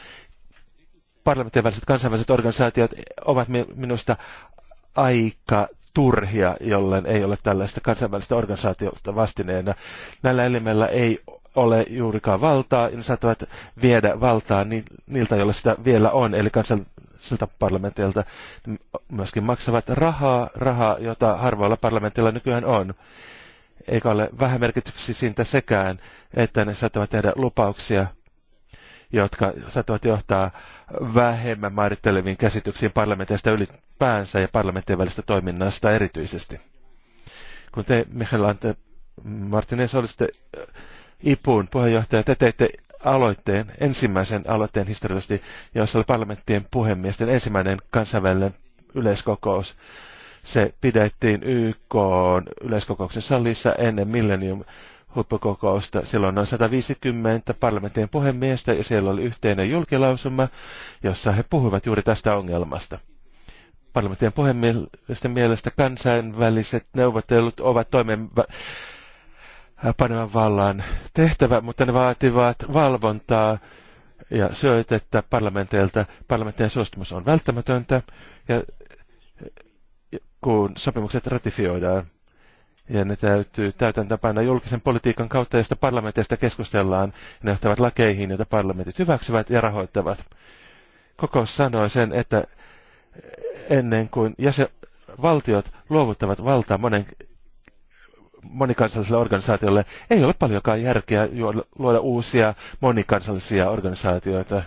Speaker 1: parlamenttien väliset kansainväliset organisaatiot ovat minusta aika turhia, jolleen ei ole tällaista kansainvälistä organisaatiota vastineena. Näillä elimellä ei ole juurikaan valtaa, ja ne saattavat viedä valtaa niiltä, joilla sitä vielä on, eli kansallisilta parlamentilta myöskin maksavat rahaa, rahaa, jota harvoilla parlamentilla nykyään on. Eikä ole vähän merkityksiä siitä sekään, että ne saattavat tehdä lupauksia jotka saattavat johtaa vähemmän määritteleviin käsityksiin parlamenteista ylipäänsä ja parlamenttien välistä toiminnasta erityisesti. Kun te, Michael Ante Martinez, olisitte äh, IPUn puheenjohtaja, te teitte aloitteen, ensimmäisen aloitteen historiallisesti, jossa oli parlamenttien puhemiesten ensimmäinen kansainvälinen yleiskokous. Se pidettiin YK yleiskokouksen salissa ennen Millennium huippukokousta. Silloin on 150 parlamentin puhemiestä ja siellä oli yhteinen julkilausuma, jossa he puhuivat juuri tästä ongelmasta. Parlamentin puhemiesten mielestä kansainväliset neuvottelut ovat toimeenpanevan vallan tehtävä, mutta ne vaativat valvontaa ja syötettä parlamenteilta. Parlamenttien suostumus on välttämätöntä, ja kun sopimukset ratifioidaan ja ne täytyy täytäntöpanna julkisen politiikan kautta, josta parlamentista keskustellaan, ne johtavat lakeihin, joita parlamentit hyväksyvät ja rahoittavat. Kokous sanoi sen, että ennen kuin jäsenvaltiot luovuttavat valtaa monen monikansalliselle organisaatiolle, ei ole paljonkaan järkeä luoda uusia monikansallisia organisaatioita.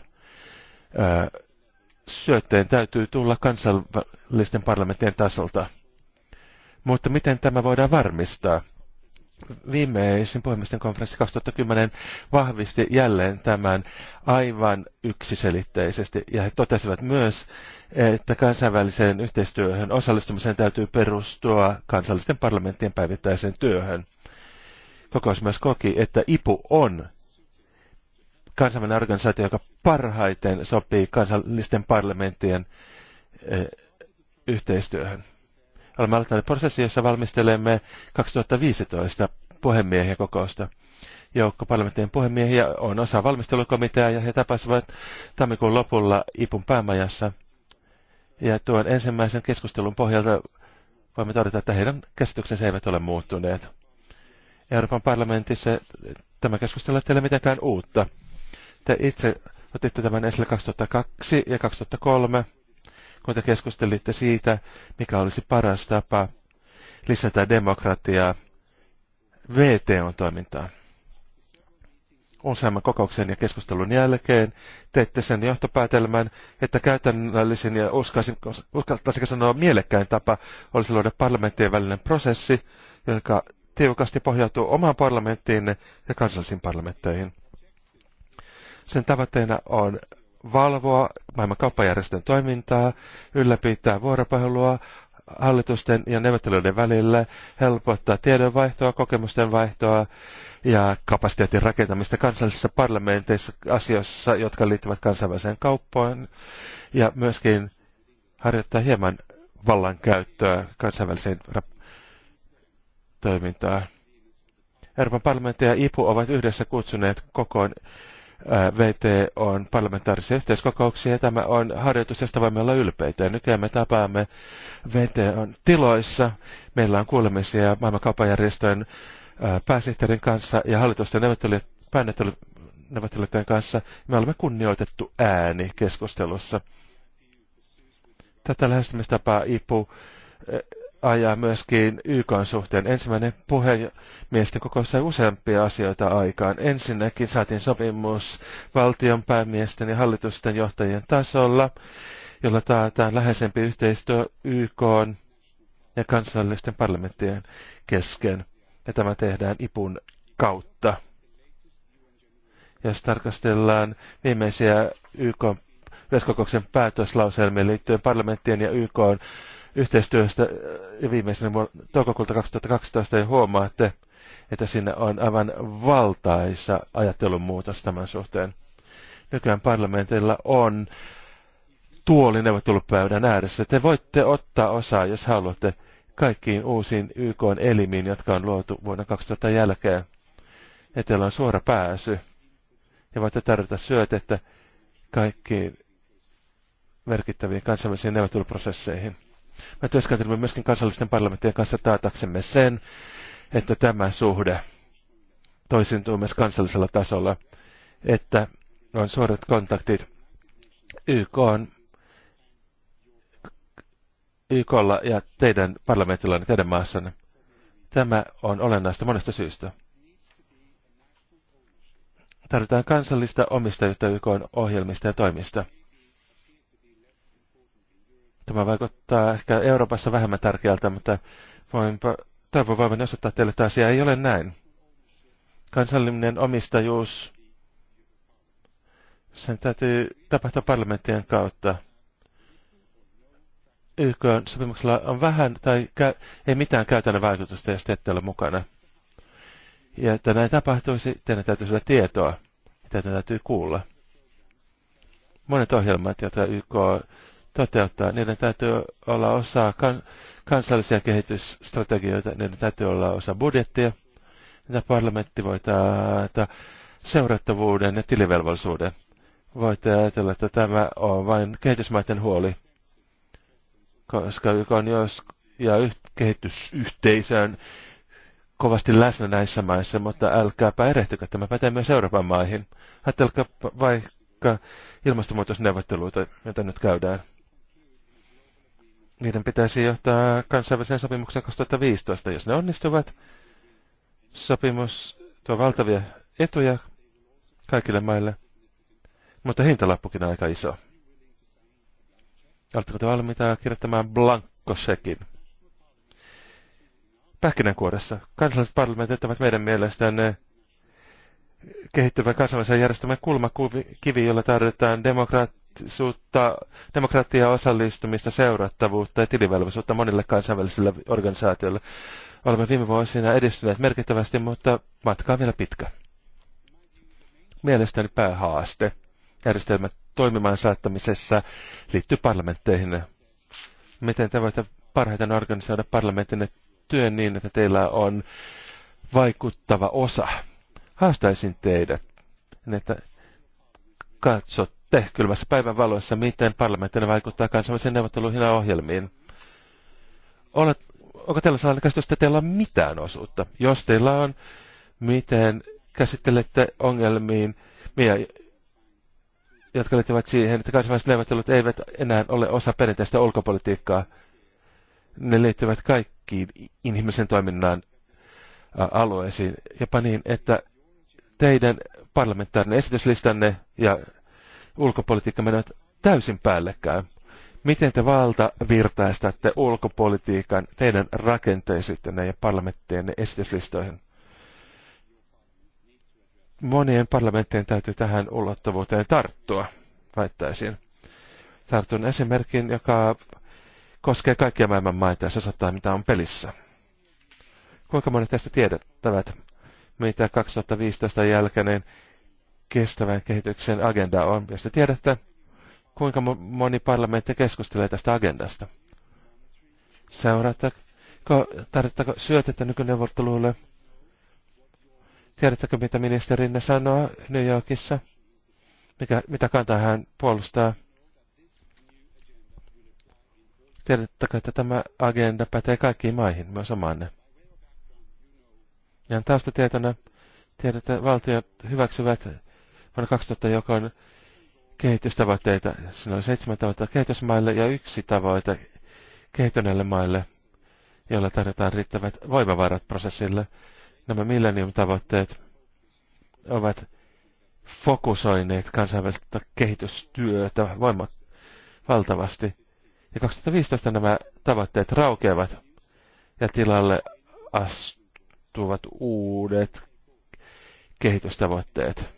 Speaker 1: Syötteen täytyy tulla kansallisten parlamenttien tasolta mutta miten tämä voidaan varmistaa? Viimeisin puhemiesten konferenssi 2010 vahvisti jälleen tämän aivan yksiselitteisesti ja he totesivat myös, että kansainväliseen yhteistyöhön osallistumiseen täytyy perustua kansallisten parlamenttien päivittäiseen työhön. Kokous myös koki, että IPU on kansainvälinen organisaatio, joka parhaiten sopii kansallisten parlamenttien eh, yhteistyöhön. Olemme aloittaneet prosessin, jossa valmistelemme 2015 puhemiehiä kokousta. Joukko parlamentin puhemiehiä on osa valmistelukomitea ja he tapasivat tammikuun lopulla IPUn päämajassa. Ja tuon ensimmäisen keskustelun pohjalta voimme todeta, että heidän käsityksensä eivät ole muuttuneet. Euroopan parlamentissa tämä keskustelu ei ole mitenkään uutta. Te itse otitte tämän esille 2002 ja 2003 kun te keskustelitte siitä, mikä olisi paras tapa lisätä demokratiaa VTOn toimintaan. Useamman kokouksen ja keskustelun jälkeen teitte sen johtopäätelmän, että käytännöllisin ja uskaltaisinko sanoa mielekkäin tapa olisi luoda parlamenttien välinen prosessi, joka tiukasti pohjautuu omaan parlamenttiin ja kansallisiin parlamentteihin. Sen tavoitteena on valvoa maailman kauppajärjestön toimintaa, ylläpitää vuoropuhelua hallitusten ja neuvotteluiden välillä, helpottaa tiedonvaihtoa, kokemusten vaihtoa ja kapasiteetin rakentamista kansallisissa parlamenteissa asioissa, jotka liittyvät kansainväliseen kauppaan ja myöskin harjoittaa hieman vallankäyttöä kansainväliseen toimintaan. Euroopan parlamentti ja IPU ovat yhdessä kutsuneet kokoon VT on parlamentaarisia yhteiskokouksia ja tämä on harjoitus, josta voimme olla ylpeitä. Ja nykyään me tapaamme VT on tiloissa. Meillä on kuulemisia maailmankaupajärjestön pääsihteerin kanssa ja hallitusten neuvottelijoiden kanssa. Me olemme kunnioitettu ääni keskustelussa. Tätä lähestymistapaa IPU ajaa myöskin YK suhteen. Ensimmäinen puhemiesten kokous sai useampia asioita aikaan. Ensinnäkin saatiin sopimus valtion päämiesten ja hallitusten johtajien tasolla, jolla taataan läheisempi yhteistyö YK ja kansallisten parlamenttien kesken. Ja tämä tehdään IPUn kautta. Jos tarkastellaan viimeisiä YK yleiskokouksen päätöslauselmia liittyen parlamenttien ja YK yhteistyöstä äh, ja viimeisenä toukokuulta 2012 ja huomaa, että siinä on aivan valtaisa ajattelun muutos tämän suhteen. Nykyään parlamentilla on tuoli neuvottelupöydän ääressä. Te voitte ottaa osaa, jos haluatte, kaikkiin uusiin YK-elimiin, jotka on luotu vuonna 2000 jälkeen. Ja teillä on suora pääsy. Ja voitte tarjota syötettä kaikkiin merkittäviin kansainvälisiin neuvotteluprosesseihin. Me työskentelemme myöskin kansallisten parlamenttien kanssa taataksemme sen, että tämä suhde toisintuu myös kansallisella tasolla, että on suorat kontaktit YK on YKlla ja teidän parlamentillanne, niin teidän maassanne. Tämä on olennaista monesta syystä. Tarvitaan kansallista omistajuutta YK ohjelmista ja toimista. Tämä vaikuttaa ehkä Euroopassa vähemmän tärkeältä, mutta voinpa, toivon voivan osoittaa teille, että asia ei ole näin. Kansallinen omistajuus, sen täytyy tapahtua parlamenttien kautta. YK-sopimuksella on vähän tai ei mitään käytännön vaikutusta, jos te ette ole mukana. Ja että näin tapahtuisi, teidän täytyy saada tietoa, ja teidän täytyy kuulla. Monet ohjelmat, joita YK toteuttaa. Niiden täytyy olla osa kan- kansallisia kehitysstrategioita, niiden täytyy olla osa budjettia, mitä parlamentti voi taata seurattavuuden ja tilivelvollisuuden. Voitte ajatella, että tämä on vain kehitysmaiden huoli, koska YK on jos ja yht, kehitysyhteisön kovasti läsnä näissä maissa, mutta älkääpä erehtykö, tämä pätee myös Euroopan maihin. Ajatelkaa vaikka ilmastonmuutosneuvotteluita, joita nyt käydään. Niiden pitäisi johtaa kansainväliseen sopimukseen 2015. Jos ne onnistuvat, sopimus tuo valtavia etuja kaikille maille, mutta hintalappukin on aika iso. Oletteko te valmiita kirjoittamaan blankkosekin? Pähkinänkuoressa kansalliset parlamentit ovat meidän mielestämme eh, kehittyvän kansainvälisen järjestelmän kulmakivi, jolla tarvitaan demokraattia aktiivisuutta, demokratiaa, osallistumista, seurattavuutta ja tilivelvollisuutta monille kansainvälisille organisaatioille. Olemme viime vuosina edistyneet merkittävästi, mutta matka on vielä pitkä. Mielestäni päähaaste järjestelmän toimimaan saattamisessa liittyy parlamentteihin. Miten te voitte parhaiten organisoida parlamentin työn niin, että teillä on vaikuttava osa? Haastaisin teidät, että katsot näette kylmässä päivän valossa, miten parlamentin vaikuttaa kansainvälisiin neuvotteluihin ja ohjelmiin. Olet, onko teillä sellainen käsitys, että teillä on mitään osuutta? Jos teillä on, miten käsittelette ongelmiin, jotka liittyvät siihen, että kansainväliset neuvottelut eivät enää ole osa perinteistä ulkopolitiikkaa. Ne liittyvät kaikkiin ihmisen toiminnan alueisiin, jopa niin, että teidän parlamentaarinen esityslistanne ja ulkopolitiikka menevät täysin päällekkäin. Miten te valtavirtaistatte ulkopolitiikan teidän rakenteisiin ja parlamenttien esityslistoihin? Monien parlamenttien täytyy tähän ulottuvuuteen tarttua, väittäisin. Tartun esimerkin, joka koskee kaikkia maailman maita ja se saattaa, mitä on pelissä. Kuinka monet tästä tiedettävät, mitä 2015 jälkeinen niin kestävän kehityksen agenda on, jos te tiedätte, kuinka moni parlamentti keskustelee tästä agendasta. Seurattako, tarvittako syötettä nykyneuvotteluille? Tiedättekö, mitä ministerinne sanoo New Yorkissa? Mikä, mitä kantaa hän puolustaa? Tiedättekö, että tämä agenda pätee kaikkiin maihin, myös omaanne? Ja taustatietona tiedätte, että valtiot hyväksyvät vuonna 2000 joukon kehitystavoitteita. Siinä oli seitsemän tavoitteita kehitysmaille ja yksi tavoite kehittyneille maille, joilla tarjotaan riittävät voimavarat prosessille. Nämä millennium-tavoitteet ovat fokusoineet kansainvälistä kehitystyötä voimak valtavasti. Ja 2015 nämä tavoitteet raukeavat ja tilalle astuvat uudet kehitystavoitteet.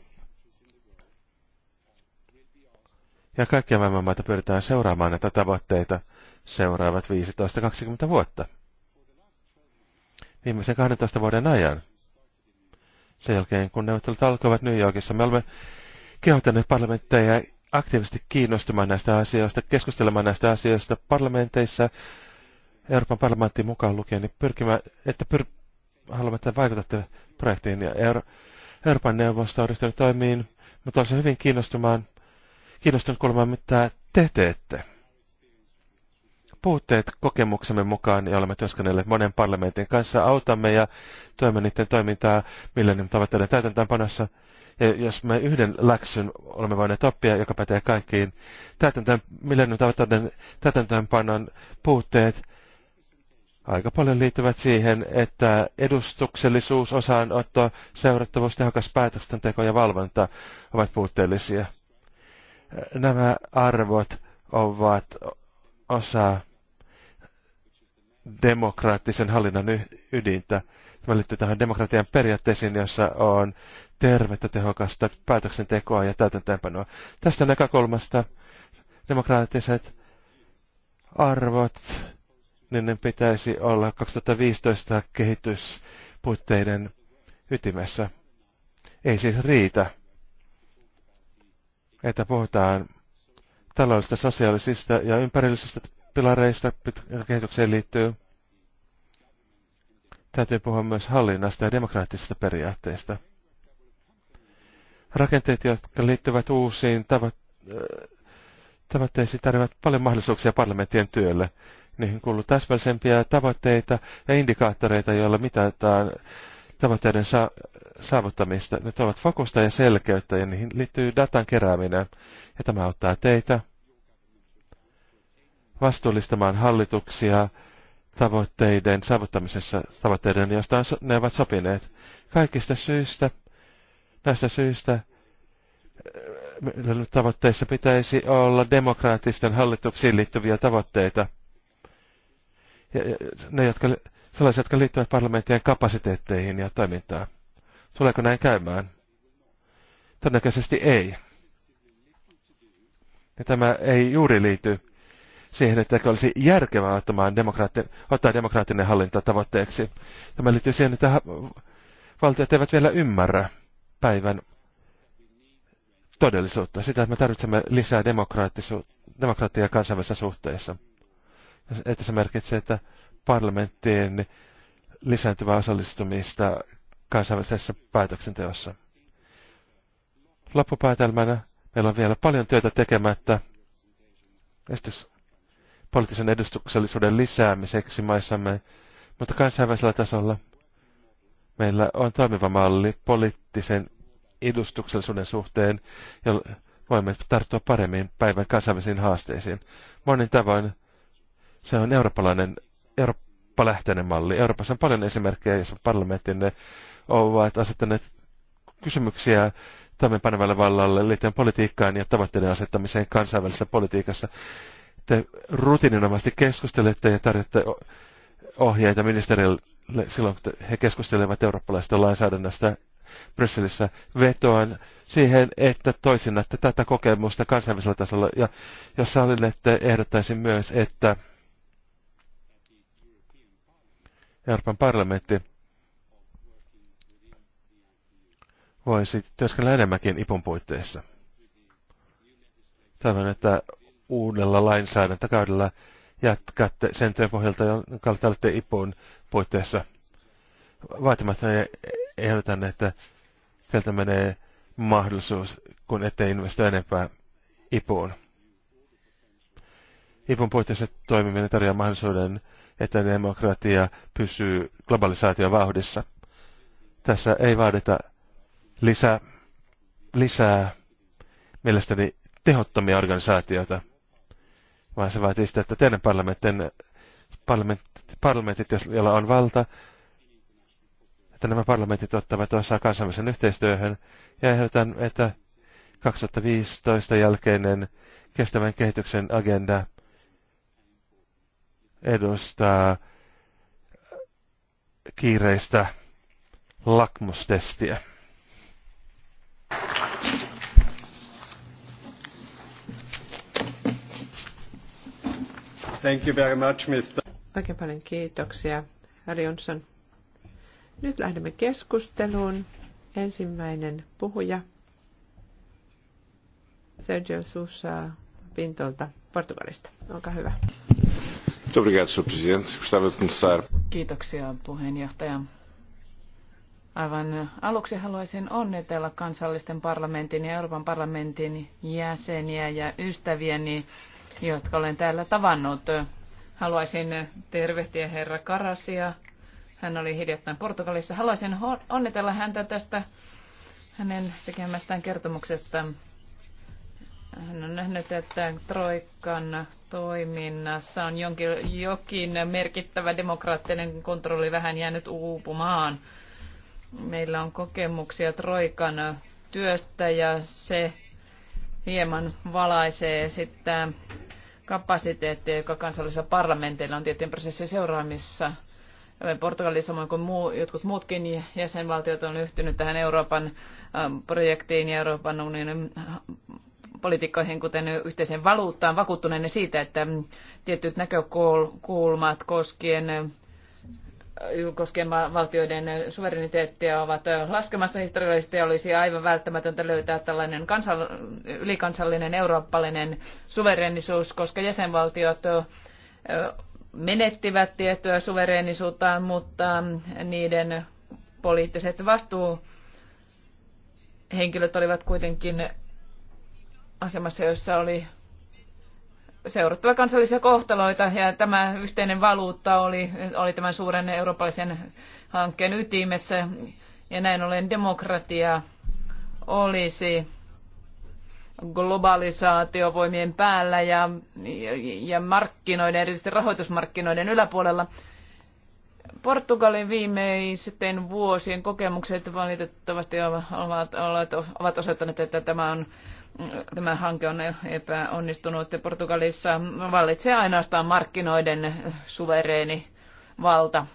Speaker 1: ja kaikkia maailmanmaita pyritään seuraamaan näitä tavoitteita seuraavat 15-20 vuotta. Viimeisen 12 vuoden ajan. Sen jälkeen, kun neuvottelut alkoivat New Yorkissa, me olemme kehottaneet parlamentteja aktiivisesti kiinnostumaan näistä asioista, keskustelemaan näistä asioista parlamenteissa, Euroopan parlamentti mukaan lukien, niin pyrkimään, että pyr, haluamme, että vaikutatte projektiin. Ja Euro, Euroopan neuvosto on ryhtynyt toimiin, mutta olisin hyvin kiinnostumaan kiinnostunut kuulemaan, mitä te teette. Puutteet kokemuksemme mukaan ja olemme työskennelleet monen parlamentin kanssa, autamme ja tuemme niiden toimintaa millennium tavoitteiden täytäntöönpanossa. Ja jos me yhden läksyn olemme voineet oppia, joka pätee kaikkiin, täytäntöön, millennium tavoitteiden täytäntöönpanon puutteet aika paljon liittyvät siihen, että edustuksellisuus, osaanotto, seurattavuus, tehokas päätöksenteko ja valvonta ovat puutteellisia nämä arvot ovat osa demokraattisen hallinnan ydintä. Tämä liittyy tähän demokratian periaatteisiin, jossa on tervettä, tehokasta päätöksentekoa ja täytäntöönpanoa. Tästä näkökulmasta demokraattiset arvot, niin ne pitäisi olla 2015 kehityspuitteiden ytimessä. Ei siis riitä että taloudellisista, sosiaalisista ja ympärillisistä pilareista kehitykseen liittyy. Täytyy puhua myös hallinnasta ja demokraattisista periaatteista. Rakenteet, jotka liittyvät uusiin tavo- äh, tavoitteisiin, tarvitsevat paljon mahdollisuuksia parlamenttien työlle. Niihin kuuluu täsmällisempiä tavoitteita ja indikaattoreita, joilla mitataan tavoitteiden sa- saavuttamista. Ne ovat fokusta ja selkeyttä ja niihin liittyy datan kerääminen. Ja tämä auttaa teitä vastuullistamaan hallituksia tavoitteiden saavuttamisessa, tavoitteiden, joista on, ne ovat sopineet. Kaikista syistä, näistä syistä eh, tavoitteissa pitäisi olla demokraattisten hallituksiin liittyviä tavoitteita. Ja, ja ne, jotka sellaisia, jotka liittyvät parlamenttien kapasiteetteihin ja toimintaan. Tuleeko näin käymään? Todennäköisesti ei. Ja tämä ei juuri liity siihen, että olisi järkevää ottamaan demokraatti, ottaa demokraattinen hallinta tavoitteeksi. Tämä liittyy siihen, että valtiot eivät vielä ymmärrä päivän todellisuutta, sitä, että me tarvitsemme lisää demokraattiaa kansainvälisissä suhteissa. Että se merkitsee, että parlamenttien lisääntyvää osallistumista kansainvälisessä päätöksenteossa. Loppupäätelmänä meillä on vielä paljon työtä tekemättä esitys poliittisen edustuksellisuuden lisäämiseksi maissamme, mutta kansainvälisellä tasolla meillä on toimiva malli poliittisen edustuksellisuuden suhteen, jolla voimme tarttua paremmin päivän kansainvälisiin haasteisiin. Monin tavoin se on eurooppalainen Eurooppa-lähteinen malli. Euroopassa on paljon esimerkkejä, joissa parlamentinne ovat asettaneet kysymyksiä toimeenpanevalle vallalle liittyen politiikkaan ja tavoitteiden asettamiseen kansainvälisessä politiikassa. Te rutiininomaisesti keskustelette ja tarjotte ohjeita ministerille silloin, kun he keskustelevat eurooppalaisesta lainsäädännöstä Brysselissä vetoan siihen, että toisinnatte tätä kokemusta kansainvälisellä tasolla ja jos sallinette, että ehdottaisin myös, että Euroopan parlamentti voisi työskennellä enemmänkin IPUn puitteissa. Toivon, että uudella lainsäädäntökaudella jatkatte sen työn pohjalta, jonka olette IPUn puitteissa vaatimatta ehdotan, että sieltä menee mahdollisuus, kun ette investoi enempää IPUun. IPUn puitteissa toimiminen tarjoaa mahdollisuuden että demokratia pysyy globalisaation vauhdissa. Tässä ei vaadita lisää, lisää mielestäni tehottomia organisaatioita, vaan se vaatii sitä, että teidän parlamentin, parlamentit, parlamentit, joilla on valta, että nämä parlamentit ottavat osaa kansainvälisen yhteistyöhön ja ehdotan, että 2015 jälkeinen kestävän kehityksen agenda – edustaa kiireistä lakmustestiä. Thank you very much, Mr.
Speaker 3: Oikein paljon kiitoksia, Harry Johnson. Nyt lähdemme keskusteluun. Ensimmäinen puhuja, Sergio Sousa Pintolta Portugalista. Olkaa hyvä.
Speaker 2: Kiitoksia puheenjohtaja. Aivan aluksi haluaisin onnitella kansallisten parlamentin ja Euroopan parlamentin jäseniä ja ystäviäni, jotka olen täällä tavannut. Haluaisin tervehtiä herra Karasia. Hän oli hiljattain Portugalissa. Haluaisin onnitella häntä tästä hänen tekemästään kertomuksesta. Hän on nähnyt, että Troikan toiminnassa on jonkin, jokin merkittävä demokraattinen kontrolli vähän jäänyt uupumaan. Meillä on kokemuksia Troikan työstä ja se hieman valaisee sitten kapasiteettia, joka kansallisessa parlamenteilla on tiettyjen prosessien seuraamissa. Portugali samoin kuin muu, jotkut muutkin jäsenvaltiot on yhtynyt tähän Euroopan ähm, projektiin ja Euroopan unionin politiikkoihin, kuten yhteiseen valuuttaan, vakuuttuneena siitä, että tietyt näkökulmat koskien koskien valtioiden suvereniteettia ovat laskemassa historiallisesti ja olisi aivan välttämätöntä löytää tällainen kansall- ylikansallinen eurooppalainen suverenisuus, koska jäsenvaltiot menettivät tiettyä suvereenisuuttaan, mutta niiden poliittiset vastuuhenkilöt olivat kuitenkin asemassa, jossa oli seurattava kansallisia kohtaloita ja tämä yhteinen valuutta oli, oli tämän suuren eurooppalaisen hankkeen ytimessä ja näin ollen demokratia olisi globalisaatiovoimien päällä ja, ja markkinoiden, erityisesti rahoitusmarkkinoiden yläpuolella. Portugalin viimeisten vuosien kokemukset valitettavasti ovat, ovat, ovat osoittaneet, että tämä on tämä hanke on epäonnistunut ja Portugalissa vallitsee ainoastaan markkinoiden suvereeni valta.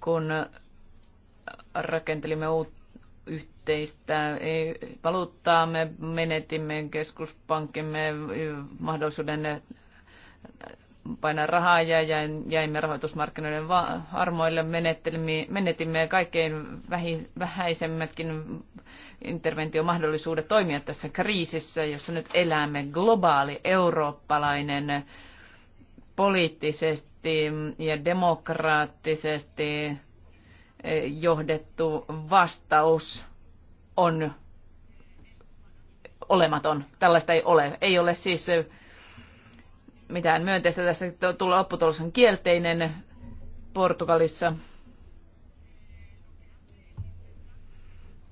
Speaker 2: Kun rakentelimme uutta yhteistä valuuttaa, me menetimme keskuspankkimme mahdollisuuden painaa rahaa ja jäimme rahoitusmarkkinoiden armoille, menetimme kaikkein vähäisemmätkin interventiomahdollisuudet toimia tässä kriisissä, jossa nyt elämme globaali eurooppalainen poliittisesti ja demokraattisesti e, johdettu vastaus on olematon. Tällaista ei ole. Ei ole siis mitään myönteistä tässä tulla lopputulos on kielteinen Portugalissa.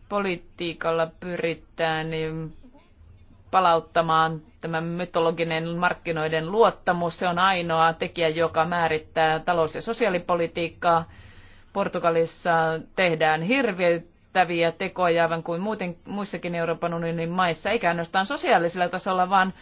Speaker 2: Politiikalla pyritään niin, palauttamaan tämä mytologinen markkinoiden luottamus. Se on ainoa tekijä, joka määrittää talous- ja sosiaalipolitiikkaa. Portugalissa tehdään hirveyttäviä tekoja, aivan kuin muuten, muissakin Euroopan unionin maissa, eikä ainoastaan sosiaalisella tasolla, vaan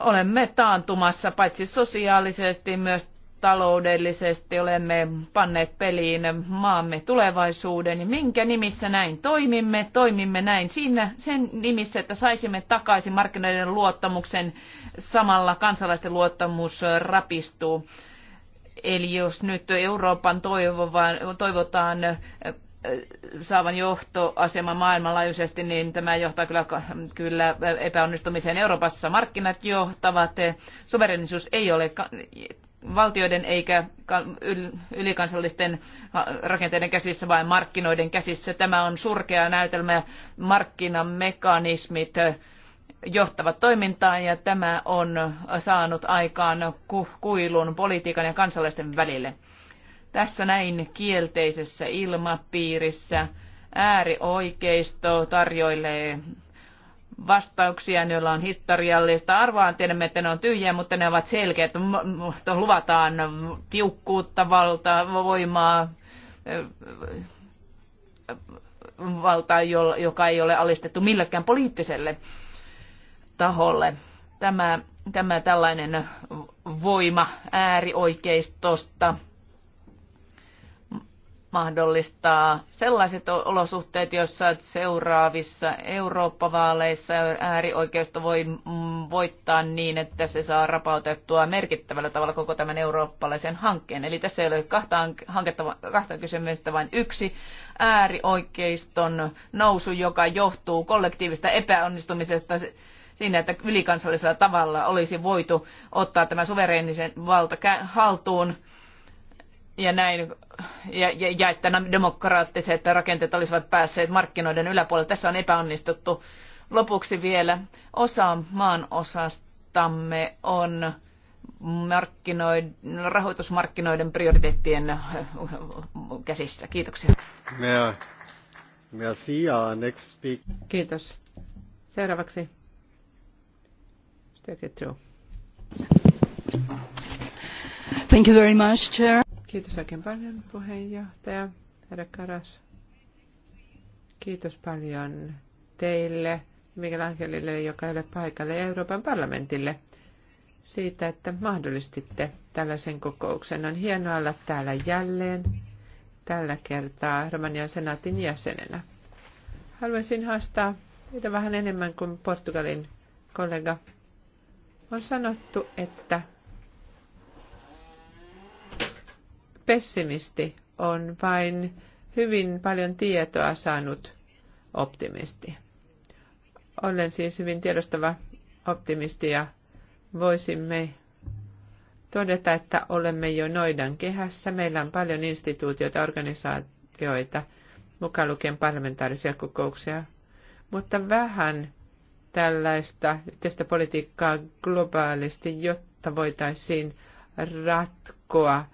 Speaker 2: olemme taantumassa paitsi sosiaalisesti myös taloudellisesti olemme panneet peliin maamme tulevaisuuden ja minkä nimissä näin toimimme. Toimimme näin siinä sen nimissä, että saisimme takaisin markkinoiden luottamuksen, samalla kansalaisten luottamus rapistuu. Eli jos nyt Euroopan toivotaan saavan johtoasema maailmanlaajuisesti, niin tämä johtaa kyllä, kyllä epäonnistumiseen. Euroopassa markkinat johtavat, suverenisuus ei ole valtioiden eikä ylikansallisten rakenteiden käsissä, vaan markkinoiden käsissä. Tämä on surkea näytelmä. Markkinamekanismit johtavat toimintaan ja tämä on saanut aikaan kuilun politiikan ja kansalaisten välille tässä näin kielteisessä ilmapiirissä äärioikeisto tarjoilee vastauksia, joilla on historiallista arvoa. Tiedämme, että ne on tyhjiä, mutta ne ovat selkeät. Luvataan tiukkuutta, valta, voimaa, valtaa, joka ei ole alistettu millekään poliittiselle taholle. Tämä, tämä tällainen voima äärioikeistosta mahdollistaa sellaiset olosuhteet, joissa seuraavissa Eurooppa-vaaleissa äärioikeisto voi voittaa niin, että se saa rapautettua merkittävällä tavalla koko tämän eurooppalaisen hankkeen. Eli tässä ei ole kahta, hanketta, kahta kysymystä, vain yksi äärioikeiston nousu, joka johtuu kollektiivista epäonnistumisesta siinä, että ylikansallisella tavalla olisi voitu ottaa tämä suvereenisen valta haltuun ja näin, ja, ja, ja että nämä demokraattiset rakenteet olisivat päässeet markkinoiden yläpuolelle. Tässä on epäonnistuttu. Lopuksi vielä osa maan osastamme on markkinoiden, rahoitusmarkkinoiden prioriteettien äh, käsissä. Kiitoksia.
Speaker 1: Merci.
Speaker 3: Next speak.
Speaker 2: Kiitos. Seuraavaksi.
Speaker 1: Thank you very much, Chair.
Speaker 3: Kiitos oikein paljon puheenjohtaja, herra Karas. Kiitos paljon teille, Mikael Angelille, joka ei ole paikalle, ja Euroopan parlamentille siitä, että mahdollistitte tällaisen kokouksen. On hienoa olla täällä jälleen, tällä kertaa Romanian senaatin jäsenenä. Haluaisin haastaa teitä vähän enemmän kuin Portugalin kollega. On sanottu, että pessimisti on vain hyvin paljon tietoa saanut optimisti. Olen siis hyvin tiedostava optimisti ja voisimme todeta, että olemme jo noidan kehässä. Meillä on paljon instituutioita, organisaatioita, mukaan lukien parlamentaarisia kokouksia, mutta vähän tällaista yhteistä politiikkaa globaalisti, jotta voitaisiin ratkoa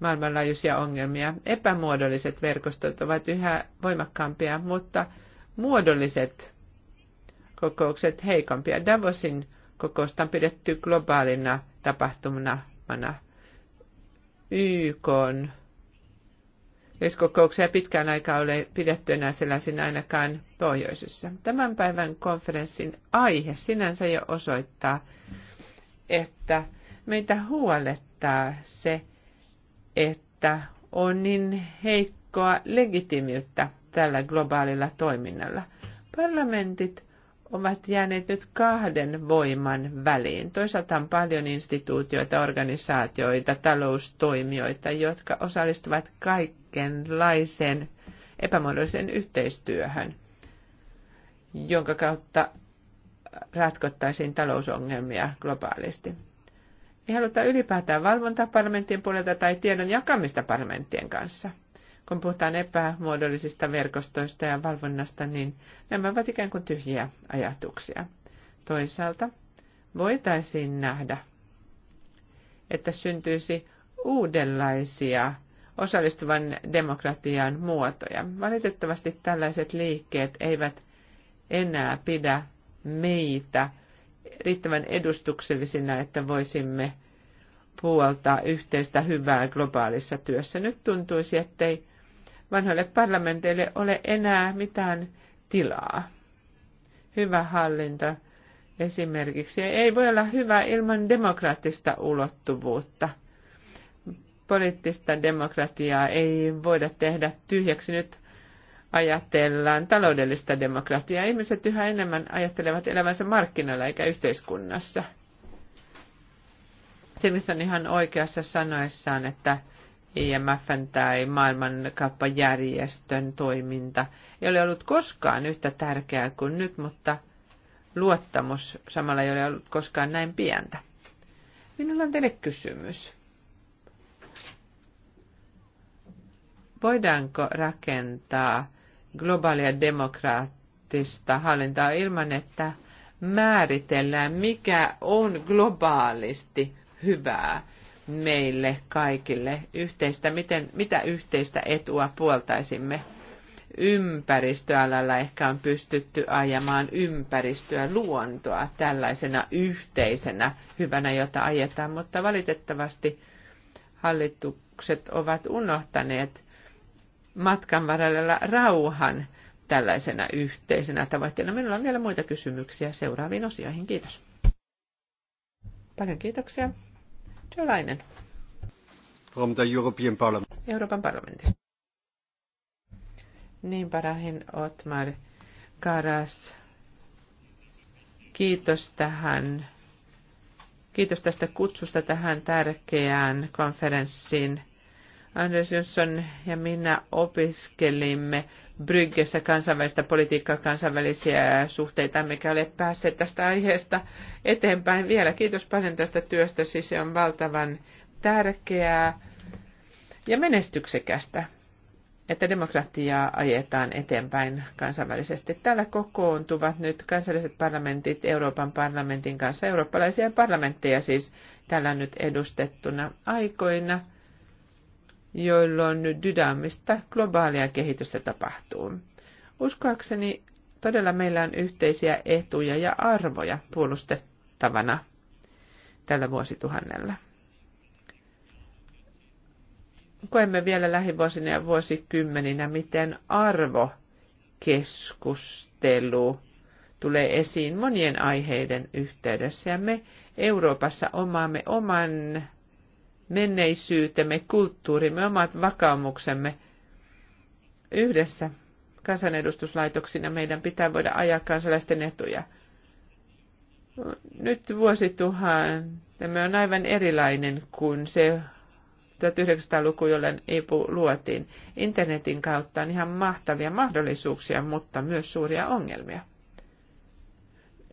Speaker 3: maailmanlaajuisia ongelmia. Epämuodolliset verkostot ovat yhä voimakkaampia, mutta muodolliset kokoukset heikompia. Davosin kokousta on pidetty globaalina tapahtumana YK on yleiskokouksia pitkään aikaa ole pidetty enää sellaisina ainakaan pohjoisessa. Tämän päivän konferenssin aihe sinänsä jo osoittaa, että meitä huolettaa se, että on niin heikkoa legitimiyttä tällä globaalilla toiminnalla. Parlamentit ovat jääneet nyt kahden voiman väliin. Toisaalta on paljon instituutioita, organisaatioita, taloustoimijoita, jotka osallistuvat kaikenlaiseen epämuodolliseen yhteistyöhön, jonka kautta ratkottaisiin talousongelmia globaalisti. Ei haluta ylipäätään valvontaa parlamenttien puolelta tai tiedon jakamista parlamenttien kanssa. Kun puhutaan epämuodollisista verkostoista ja valvonnasta, niin nämä ovat ikään kuin tyhjiä ajatuksia. Toisaalta voitaisiin nähdä, että syntyisi uudenlaisia osallistuvan demokratian muotoja. Valitettavasti tällaiset liikkeet eivät enää pidä meitä – riittävän edustuksellisina, että voisimme puoltaa yhteistä hyvää globaalissa työssä. Nyt tuntuisi, ettei vanhoille parlamenteille ole enää mitään tilaa. Hyvä hallinta esimerkiksi ei voi olla hyvä ilman demokraattista ulottuvuutta. Poliittista demokratiaa ei voida tehdä tyhjäksi nyt ajatellaan taloudellista demokratiaa. Ihmiset yhä enemmän ajattelevat elämänsä markkinoilla eikä yhteiskunnassa. Silis on ihan oikeassa sanoessaan, että IMFn tai maailmankauppajärjestön toiminta ei ole ollut koskaan yhtä tärkeää kuin nyt, mutta luottamus samalla ei ole ollut koskaan näin pientä. Minulla on teille kysymys. Voidaanko rakentaa globaalia demokraattista hallintaa ilman, että määritellään, mikä on globaalisti hyvää meille kaikille yhteistä, miten, mitä yhteistä etua puoltaisimme. Ympäristöalalla ehkä on pystytty ajamaan ympäristöä, luontoa tällaisena yhteisenä hyvänä, jota ajetaan, mutta valitettavasti hallitukset ovat unohtaneet matkan varrella rauhan tällaisena yhteisenä tavoitteena. Minulla on vielä muita kysymyksiä seuraaviin osioihin. Kiitos. Paljon kiitoksia. Työlainen.
Speaker 1: From the European Parliament.
Speaker 3: Euroopan parlamentista. Niin parahin Otmar Karas. Kiitos tähän. Kiitos tästä kutsusta tähän tärkeään konferenssiin Anders Jonsson ja minä opiskelimme Bryggessä kansainvälistä politiikkaa, kansainvälisiä suhteita, mikä ole päässeet tästä aiheesta eteenpäin vielä. Kiitos paljon tästä työstä, siis se on valtavan tärkeää ja menestyksekästä, että demokratiaa ajetaan eteenpäin kansainvälisesti. Täällä kokoontuvat nyt kansalliset parlamentit Euroopan parlamentin kanssa, eurooppalaisia parlamentteja siis täällä nyt edustettuna aikoina – jolloin dydämistä globaalia kehitystä tapahtuu. Uskoakseni todella meillä on yhteisiä etuja ja arvoja puolustettavana tällä vuosituhannella. Koemme vielä lähivuosina ja vuosikymmeninä, miten arvokeskustelu tulee esiin monien aiheiden yhteydessä. Ja me Euroopassa omaamme oman menneisyytemme, kulttuurimme, omat vakaumuksemme. Yhdessä kansanedustuslaitoksina meidän pitää voida ajaa kansalaisten etuja. Nyt vuosituhan tämä on aivan erilainen kuin se 1900-luku, jolloin EPU luotiin. Internetin kautta on ihan mahtavia mahdollisuuksia, mutta myös suuria ongelmia.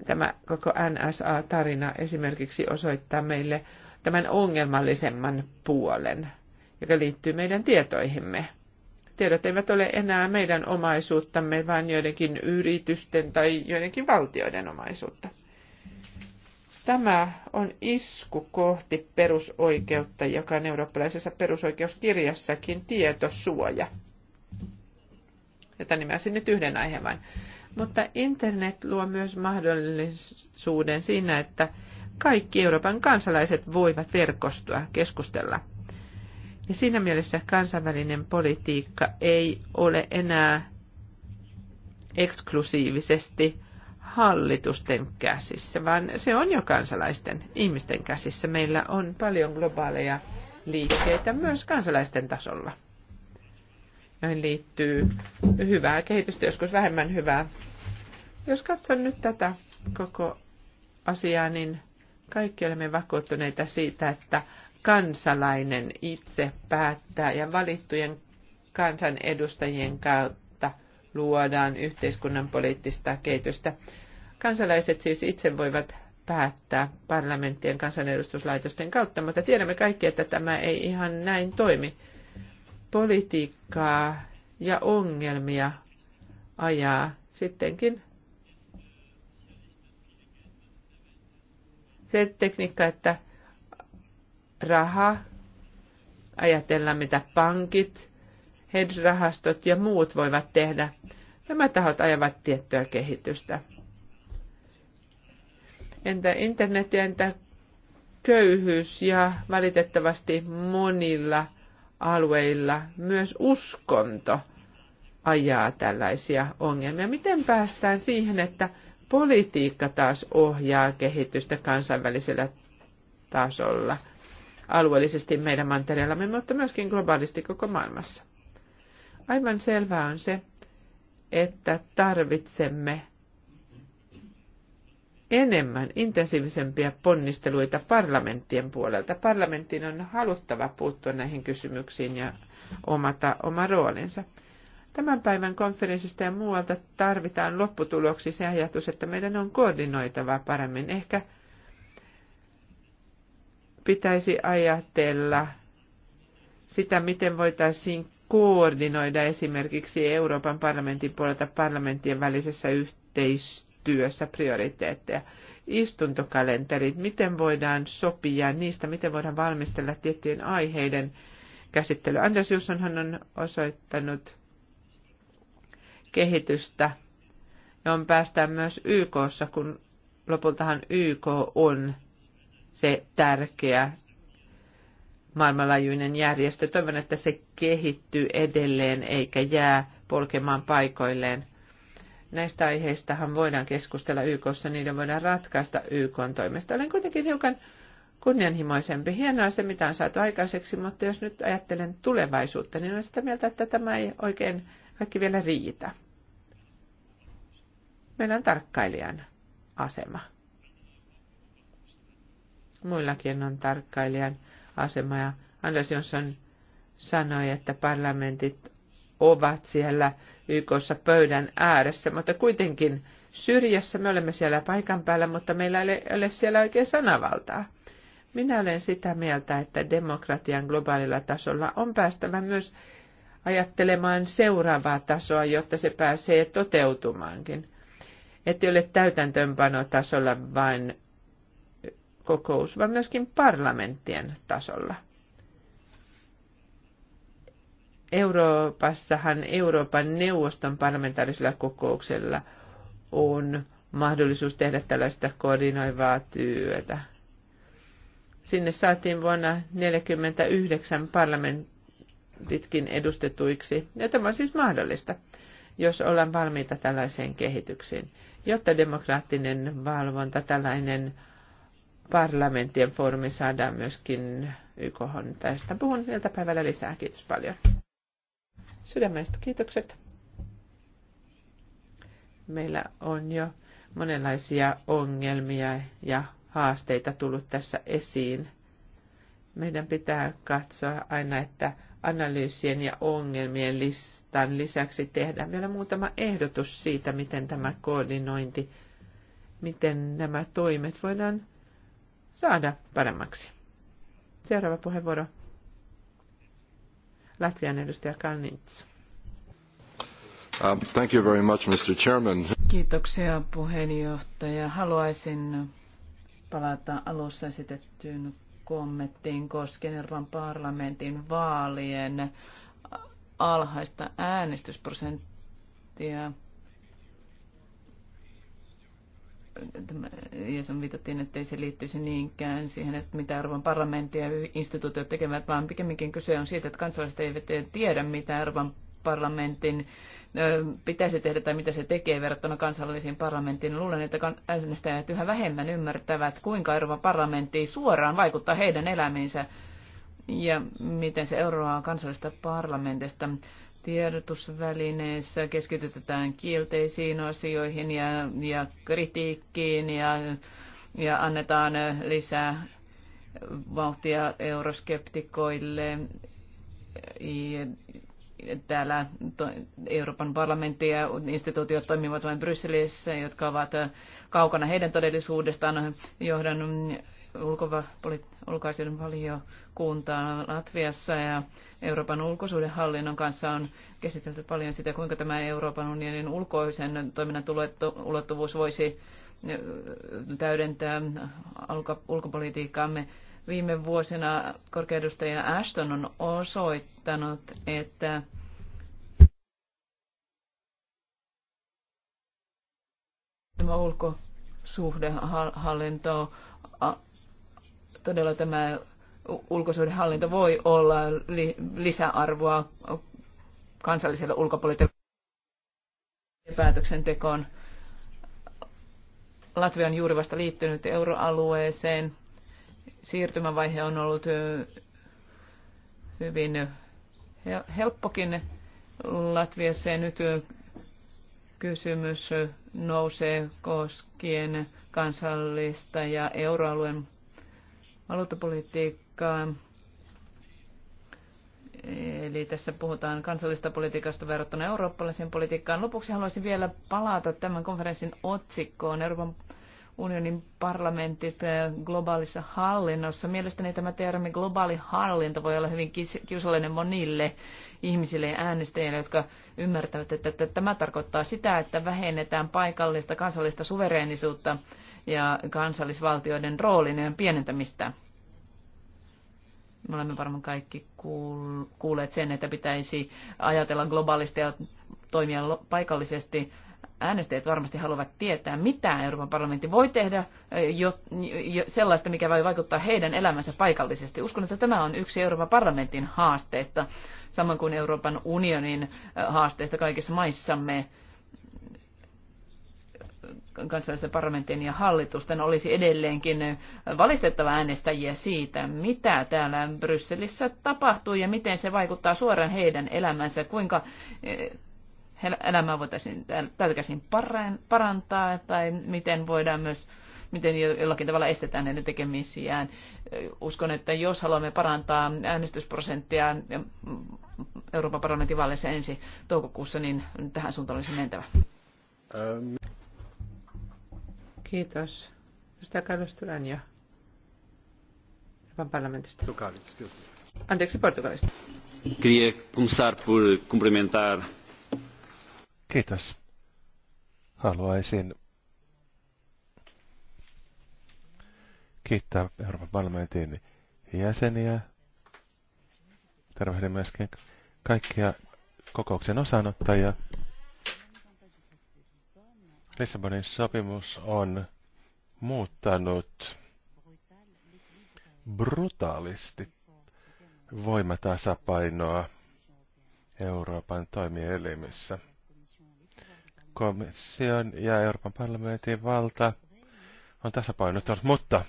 Speaker 3: Tämä koko NSA-tarina esimerkiksi osoittaa meille tämän ongelmallisemman puolen, joka liittyy meidän tietoihimme. Tiedot eivät ole enää meidän omaisuuttamme, vaan joidenkin yritysten tai joidenkin valtioiden omaisuutta. Tämä on isku kohti perusoikeutta, joka on eurooppalaisessa perusoikeuskirjassakin tietosuoja, jota nimesin nyt yhden aiheen vain. Mutta internet luo myös mahdollisuuden siinä, että kaikki Euroopan kansalaiset voivat verkostua, keskustella. Ja siinä mielessä kansainvälinen politiikka ei ole enää eksklusiivisesti hallitusten käsissä, vaan se on jo kansalaisten, ihmisten käsissä. Meillä on paljon globaaleja liikkeitä myös kansalaisten tasolla. Näin liittyy hyvää kehitystä, joskus vähemmän hyvää. Jos katson nyt tätä koko asiaa, niin kaikki olemme vakuuttuneita siitä, että kansalainen itse päättää ja valittujen kansanedustajien kautta luodaan yhteiskunnan poliittista kehitystä. Kansalaiset siis itse voivat päättää parlamenttien kansanedustuslaitosten kautta, mutta tiedämme kaikki, että tämä ei ihan näin toimi. Politiikkaa ja ongelmia ajaa sittenkin se tekniikka, että raha, ajatellaan mitä pankit, hedge-rahastot ja muut voivat tehdä. Nämä tahot ajavat tiettyä kehitystä. Entä internet ja entä köyhyys ja valitettavasti monilla alueilla myös uskonto ajaa tällaisia ongelmia. Miten päästään siihen, että politiikka taas ohjaa kehitystä kansainvälisellä tasolla, alueellisesti meidän mantereellamme, mutta myöskin globaalisti koko maailmassa. Aivan selvää on se, että tarvitsemme enemmän intensiivisempiä ponnisteluita parlamenttien puolelta. Parlamentin on haluttava puuttua näihin kysymyksiin ja omata oma roolinsa. Tämän päivän konferenssista ja muualta tarvitaan lopputuloksi se ajatus, että meidän on koordinoitava paremmin. Ehkä pitäisi ajatella sitä, miten voitaisiin koordinoida esimerkiksi Euroopan parlamentin puolelta parlamenttien välisessä yhteistyössä prioriteetteja. Istuntokalenterit, miten voidaan sopia niistä, miten voidaan valmistella tiettyjen aiheiden käsittely. Anders Jussonhan on osoittanut kehitystä, johon päästään myös YKssa, kun lopultahan YK on se tärkeä maailmanlaajuinen järjestö. Toivon, että se kehittyy edelleen eikä jää polkemaan paikoilleen. Näistä aiheistahan voidaan keskustella YKssa, niiden voidaan ratkaista YKn toimesta. Olen kuitenkin hiukan kunnianhimoisempi. Hienoa se, mitä on saatu aikaiseksi, mutta jos nyt ajattelen tulevaisuutta, niin olen sitä mieltä, että tämä ei oikein kaikki vielä riitä. Meillä on tarkkailijan asema. Muillakin on tarkkailijan asema ja Anders Jonsson sanoi, että parlamentit ovat siellä YKssa pöydän ääressä, mutta kuitenkin syrjässä me olemme siellä paikan päällä, mutta meillä ei ole siellä oikein sanavaltaa. Minä olen sitä mieltä, että demokratian globaalilla tasolla on päästävä myös ajattelemaan seuraavaa tasoa, jotta se pääsee toteutumaankin. Että ole täytäntöönpanotasolla vain kokous, vaan myöskin parlamenttien tasolla. Euroopassahan Euroopan neuvoston parlamentaarisella kokouksella on mahdollisuus tehdä tällaista koordinoivaa työtä. Sinne saatiin vuonna 1949 parlamentti pitkin edustetuiksi. Ja tämä on siis mahdollista, jos ollaan valmiita tällaiseen kehitykseen, jotta demokraattinen valvonta, tällainen parlamenttien foorumi saadaan myöskin YKhon. Tästä puhun iltapäivällä lisää. Kiitos paljon. Sydämestä kiitokset. Meillä on jo monenlaisia ongelmia ja haasteita tullut tässä esiin. Meidän pitää katsoa aina, että analyysien ja ongelmien listan lisäksi tehdään vielä muutama ehdotus siitä, miten tämä koordinointi, miten nämä toimet voidaan saada paremmaksi. Seuraava puheenvuoro.
Speaker 2: Latvian edustaja Uh, Thank you very much, Mr. Chairman. Kiitoksia puheenjohtaja. Haluaisin palata alussa esitettyyn kommenttiin koskien Euroopan parlamentin vaalien alhaista äänestysprosenttia. ja se viitattiin, että ei se liittyisi niinkään siihen, että mitä Euroopan parlamentti ja instituutiot tekevät, vaan pikemminkin kyse on siitä, että kansalaiset eivät tiedä, mitä Euroopan parlamentin pitäisi tehdä tai mitä se tekee verrattuna kansallisiin parlamenttiin. Luulen, että äänestäjät yhä vähemmän ymmärtävät, kuinka Euroopan parlamentti suoraan vaikuttaa heidän elämiinsä ja miten se euroaa kansallista parlamentista. Tiedotusvälineissä keskitytetään kielteisiin asioihin ja, ja kritiikkiin ja, ja annetaan lisää vauhtia euroskeptikoille täällä Euroopan parlamentti ja instituutiot toimivat vain Brysselissä, jotka ovat äh, kaukana heidän todellisuudestaan. Johdan ulkoasioiden valiokuntaa Latviassa ja Euroopan ulkosuhdehallinnon kanssa on käsitelty paljon sitä, kuinka tämä Euroopan unionin ulkoisen toiminnan ulottuvuus voisi äh, täydentää ulkopolitiikkaamme. Viime vuosina korkeudustaja Ashton on osoittanut, että tämä ulkosuhdehallinto, todella tämä ulkosuhdehallinto voi olla lisäarvoa kansalliselle ulkopolitiikan päätöksentekoon. Latvia on juuri vasta liittynyt euroalueeseen siirtymävaihe on ollut hyvin helppokin Latviassa ja nyt kysymys nousee koskien kansallista ja euroalueen valuuttapolitiikkaa. Eli tässä puhutaan kansallista politiikasta verrattuna eurooppalaiseen politiikkaan. Lopuksi haluaisin vielä palata tämän konferenssin otsikkoon Euroopan unionin parlamentit eh, globaalissa hallinnossa. Mielestäni tämä termi globaali hallinto voi olla hyvin kiusallinen monille ihmisille ja äänestäjille, jotka ymmärtävät, että tämä tarkoittaa sitä, että vähennetään paikallista kansallista suvereenisuutta ja kansallisvaltioiden roolin pienentämistä. Me olemme varmaan kaikki kuulleet sen, että pitäisi ajatella globaalisti ja toimia paikallisesti äänestäjät varmasti haluavat tietää, mitä Euroopan parlamentti voi tehdä jo, jo, sellaista, mikä voi vaikuttaa heidän elämänsä paikallisesti. Uskon, että tämä on yksi Euroopan parlamentin haasteista, samoin kuin Euroopan unionin haasteista kaikissa maissamme kansallisten parlamenttien ja hallitusten olisi edelleenkin valistettava äänestäjiä siitä, mitä täällä Brysselissä tapahtuu ja miten se vaikuttaa suoraan heidän elämänsä, kuinka elämää voitaisiin täältä käsin parantaa tai miten voidaan myös miten jollakin tavalla estetään heidän tekemisiään. Uskon, että jos haluamme parantaa äänestysprosenttia Euroopan parlamentin vaaleissa ensi toukokuussa, niin tähän suuntaan olisi mentävä. Ähm. Kiitos. Mistä Carlos Turania?
Speaker 3: Euroopan parlamentista. Anteeksi, Portugalista.
Speaker 2: Queria começar por cumprimentar Kiitos.
Speaker 1: Haluaisin kiittää Euroopan parlamentin jäseniä. Tervehdin myöskin kaikkia kokouksen osanottajia. Lissabonin sopimus on muuttanut brutaalisti voimatasapainoa Euroopan toimielimissä komission ja Euroopan parlamentin valta on tasapainottunut, mutta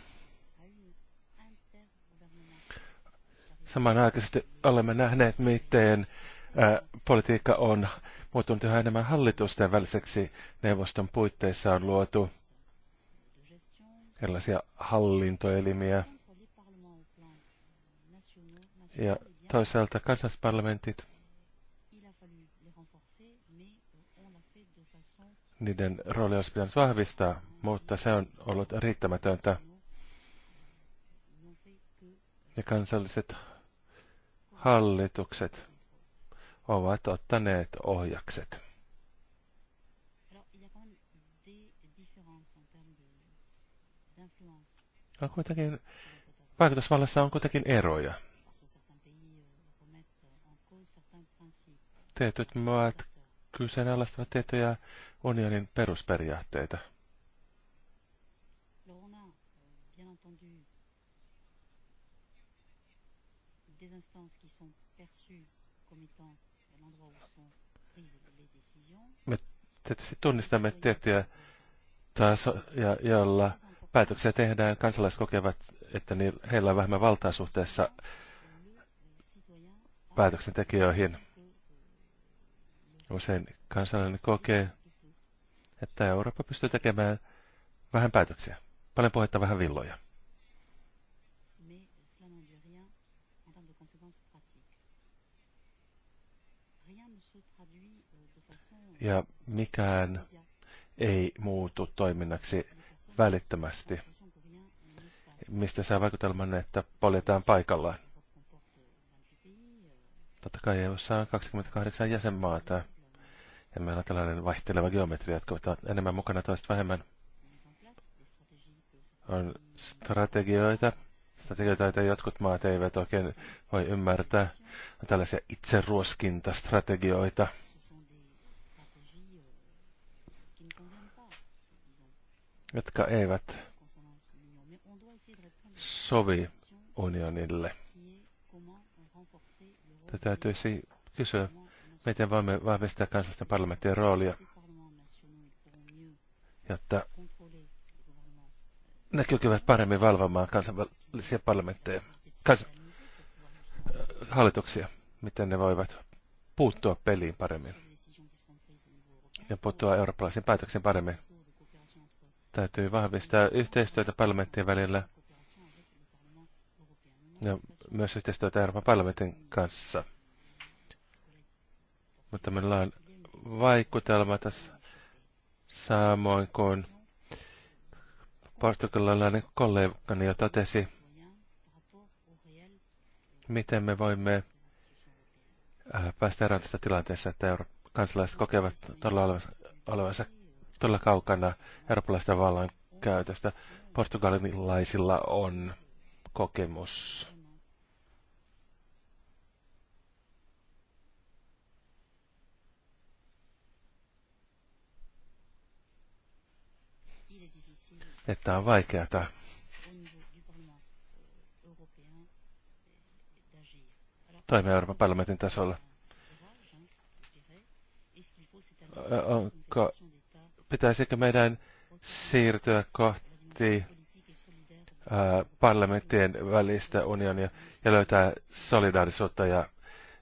Speaker 1: samanaikaisesti olemme nähneet, miten ää, politiikka on muuttunut yhä enemmän hallitusten väliseksi. Neuvoston puitteissa on luotu erilaisia hallintoelimiä ja toisaalta kansallisparlamentit niiden rooli olisi pitänyt vahvistaa, mutta se on ollut riittämätöntä. Ja kansalliset hallitukset ovat ottaneet ohjakset. On kuitenkin, vaikutusvallassa on kuitenkin eroja. Tietyt maat kyseenalaistavat tietoja unionin perusperiaatteita. Euh, Me tietysti tunnistamme tiettyjä tasoja, joilla päätöksiä tehdään. Kansalaiset kokevat, että heillä on vähemmän valtaa suhteessa päätöksentekijöihin. Usein kansalainen kokee, että Eurooppa pystyy tekemään vähän päätöksiä. Paljon puhetta, vähän villoja. Ja mikään ei muutu toiminnaksi välittömästi, mistä saa vaikutelman, että poljetaan paikallaan. Totta kai EU on 28 jäsenmaata. Ja meillä on tällainen vaihteleva geometria, jotka ovat enemmän mukana toista vähemmän. On strategioita, strategioita, joita jotkut maat eivät oikein voi ymmärtää. On tällaisia itseruoskintastrategioita. jotka eivät sovi unionille. Tätä täytyisi kysyä, miten voimme vahvistaa kansallisten parlamenttien roolia, jotta ne kykyvät paremmin valvomaan kansainvälisiä parlamentteja, kans, hallituksia, miten ne voivat puuttua peliin paremmin ja puuttua eurooppalaisiin päätöksiin paremmin. Täytyy vahvistaa yhteistyötä parlamenttien välillä ja myös yhteistyötä Euroopan parlamentin kanssa. Mutta meillä on vaikutelma tässä samoin kuin portugalilainen kollegani jo totesi, miten me voimme äh, päästä eroon tästä tilanteessa, että kansalaiset kokevat todella olevansa, olevansa todella kaukana eurooppalaisten vallan käytöstä. Portugalilaisilla on kokemus. että on vaikeata toimia Euroopan parlamentin tasolla. Onko, pitäisikö meidän siirtyä kohti parlamenttien välistä unionia ja löytää solidaarisuutta ja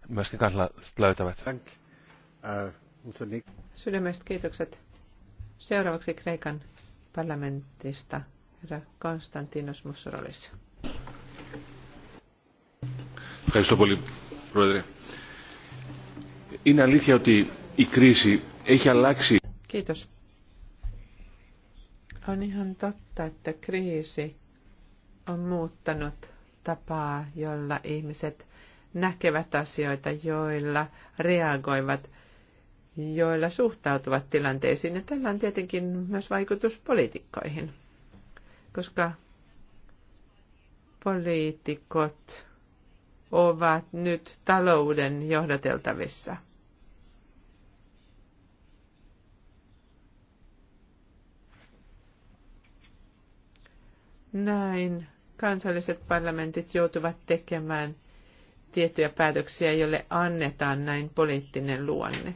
Speaker 1: myöskin kansalaiset löytävät?
Speaker 3: Uh, Sydämestä kiitokset. Seuraavaksi Kreikan parlamentista, herra Konstantinos Mussoralis.
Speaker 1: Ευχαριστώ πολύ, Πρόεδρε. Είναι αλήθεια ότι η κρίση έχει αλλάξει.
Speaker 3: Kiitos. On ihan totta, että kriisi on muuttanut tapaa, jolla ihmiset näkevät asioita, joilla reagoivat joilla suhtautuvat tilanteisiin. Ja tällä on tietenkin myös vaikutus poliitikkoihin, koska poliitikot ovat nyt talouden johdateltavissa. Näin kansalliset parlamentit joutuvat tekemään tiettyjä päätöksiä, joille annetaan näin poliittinen luonne.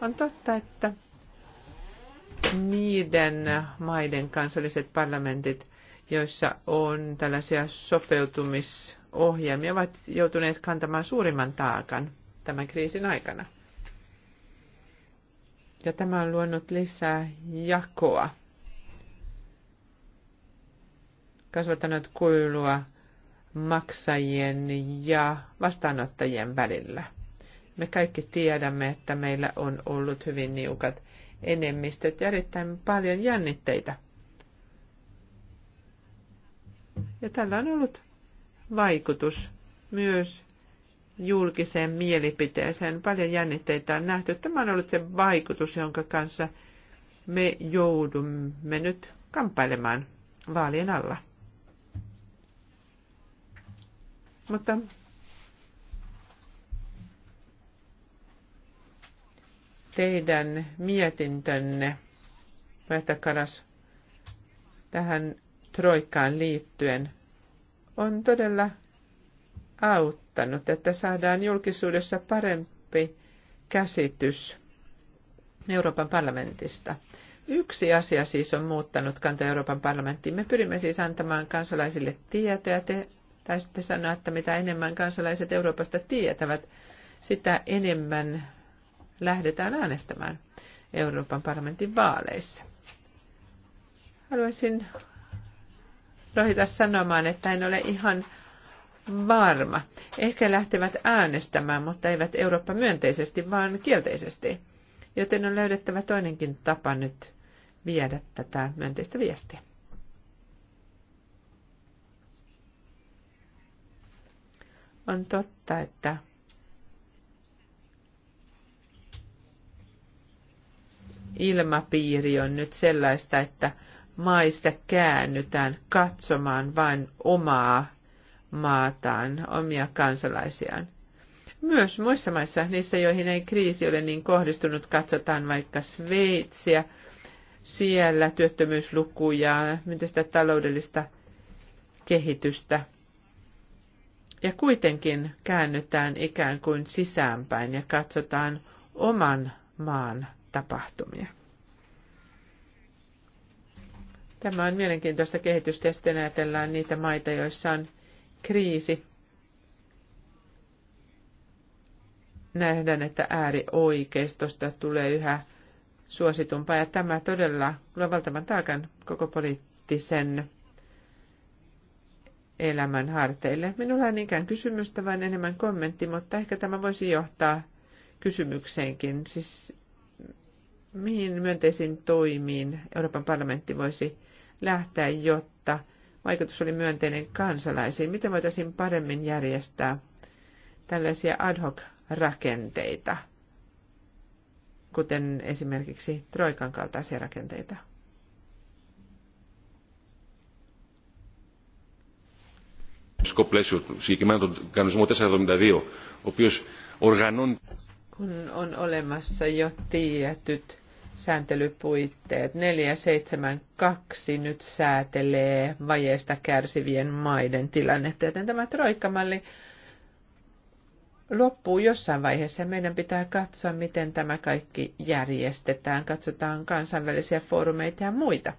Speaker 3: On totta, että niiden maiden kansalliset parlamentit, joissa on tällaisia sopeutumisohjelmia, ovat joutuneet kantamaan suurimman taakan tämän kriisin aikana. Ja tämä on luonut lisää jakoa, kasvattanut kuilua maksajien ja vastaanottajien välillä. Me kaikki tiedämme, että meillä on ollut hyvin niukat enemmistöt ja erittäin paljon jännitteitä. Ja tällä on ollut vaikutus myös julkiseen mielipiteeseen. Paljon jännitteitä on nähty. Tämä on ollut se vaikutus, jonka kanssa me joudumme nyt kamppailemaan vaalien alla. Mutta teidän mietintönne, Karas, tähän troikkaan liittyen on todella auttanut, että saadaan julkisuudessa parempi käsitys Euroopan parlamentista. Yksi asia siis on muuttanut kanta Euroopan parlamenttiin. Me pyrimme siis antamaan kansalaisille tietoja. Te taisitte sanoa, että mitä enemmän kansalaiset Euroopasta tietävät, sitä enemmän lähdetään äänestämään Euroopan parlamentin vaaleissa. Haluaisin rohita sanomaan, että en ole ihan varma. Ehkä lähtevät äänestämään, mutta eivät Eurooppa myönteisesti, vaan kielteisesti. Joten on löydettävä toinenkin tapa nyt viedä tätä myönteistä viestiä. On totta, että ilmapiiri on nyt sellaista, että maissa käännytään katsomaan vain omaa maataan, omia kansalaisiaan. Myös muissa maissa, niissä joihin ei kriisi ole niin kohdistunut, katsotaan vaikka Sveitsiä, siellä työttömyyslukuja, miten sitä taloudellista kehitystä. Ja kuitenkin käännytään ikään kuin sisäänpäin ja katsotaan oman maan tapahtumia. Tämä on mielenkiintoista kehitystä, ja sitten ajatellaan niitä maita, joissa on kriisi. Nähdään, että äärioikeistosta tulee yhä suositumpaa, ja tämä todella luo valtavan taakan koko poliittisen elämän harteille. Minulla on ikään kysymystä, vaan enemmän kommentti, mutta ehkä tämä voisi johtaa kysymykseenkin. Siis mihin myönteisiin toimiin Euroopan parlamentti voisi lähteä, jotta vaikutus oli myönteinen kansalaisiin? Miten voitaisiin paremmin järjestää tällaisia ad hoc rakenteita, kuten esimerkiksi Troikan kaltaisia rakenteita? Kun on olemassa jo tietyt sääntelypuitteet 472 nyt säätelee vajeesta kärsivien maiden tilannetta, joten tämä troikkamalli loppuu jossain vaiheessa. Meidän pitää katsoa, miten tämä kaikki järjestetään. Katsotaan kansainvälisiä foorumeita ja muita.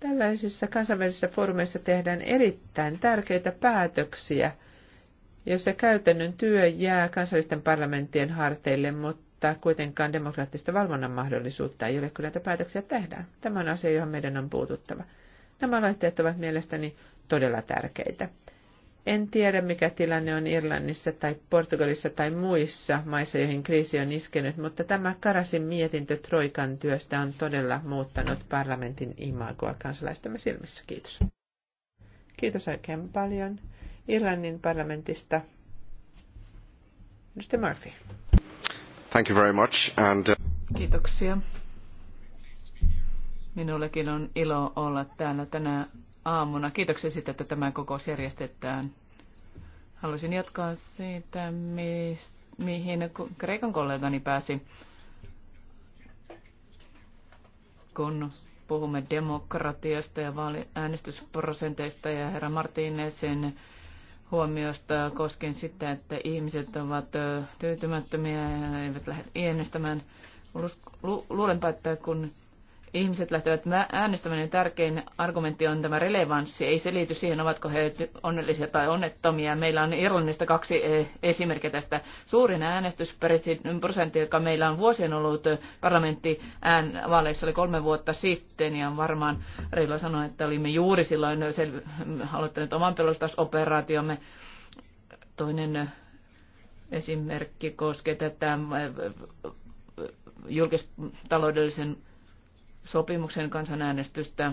Speaker 3: Tällaisissa kansainvälisissä foorumeissa tehdään erittäin tärkeitä päätöksiä, joissa käytännön työ jää kansallisten parlamenttien harteille, mutta mutta kuitenkaan demokraattista valvonnan mahdollisuutta ei ole, kyllä, että päätöksiä tehdään. Tämä on asia, johon meidän on puututtava. Nämä laitteet ovat mielestäni todella tärkeitä. En tiedä, mikä tilanne on Irlannissa tai Portugalissa tai muissa maissa, joihin kriisi on iskenyt, mutta tämä Karasin mietintö Troikan työstä on todella muuttanut parlamentin imagoa kansalaistamme silmissä. Kiitos. Kiitos oikein paljon Irlannin parlamentista. Mr. Murphy. Uh,
Speaker 2: Kiitoksia. Minullekin on ilo olla täällä tänä aamuna. Kiitoksia siitä, että tämä kokous järjestetään. Haluaisin jatkaa siitä, mi- mihin Kreikan kollegani pääsi. Kun puhumme demokratiasta ja vaali- äänestysprosenteista ja herra Martinezin huomiosta koskien sitä, että ihmiset ovat tyytymättömiä ja eivät lähde äänestämään. Luulenpa, että kun ihmiset lähtevät äänestämään, niin tärkein argumentti on tämä relevanssi. Ei se liity siihen, ovatko he onnellisia tai onnettomia. Meillä on Irlannista kaksi eh, esimerkkiä tästä. Suurin äänestysprosentti, joka meillä on vuosien ollut eh, parlamentti vaaleissa oli kolme vuotta sitten, ja varmaan Reilo sanoi, että olimme juuri silloin sel- aloittaneet oman pelastusoperaatiomme. Toinen eh, esimerkki koskee tätä julkistaloudellisen sopimuksen kansanäänestystä.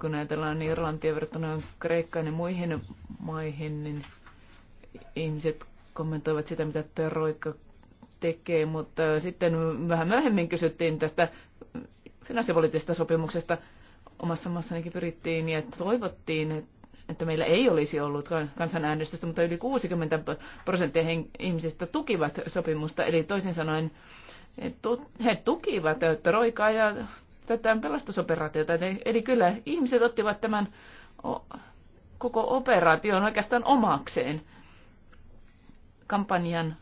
Speaker 2: Kun ajatellaan niin Irlantia verrattuna Kreikkaan ja muihin maihin, niin ihmiset kommentoivat sitä, mitä Roikka tekee, mutta sitten vähän myöhemmin kysyttiin tästä finanssipoliittisesta sopimuksesta. Omassa maassanikin pyrittiin ja toivottiin, että meillä ei olisi ollut kansanäänestystä, mutta yli 60 prosenttia ihmisistä tukivat sopimusta, eli toisin sanoen he tukivat Troikaa ja tätä pelastusoperaatiota. Eli kyllä ihmiset ottivat tämän koko operaation oikeastaan omakseen. Kampanjan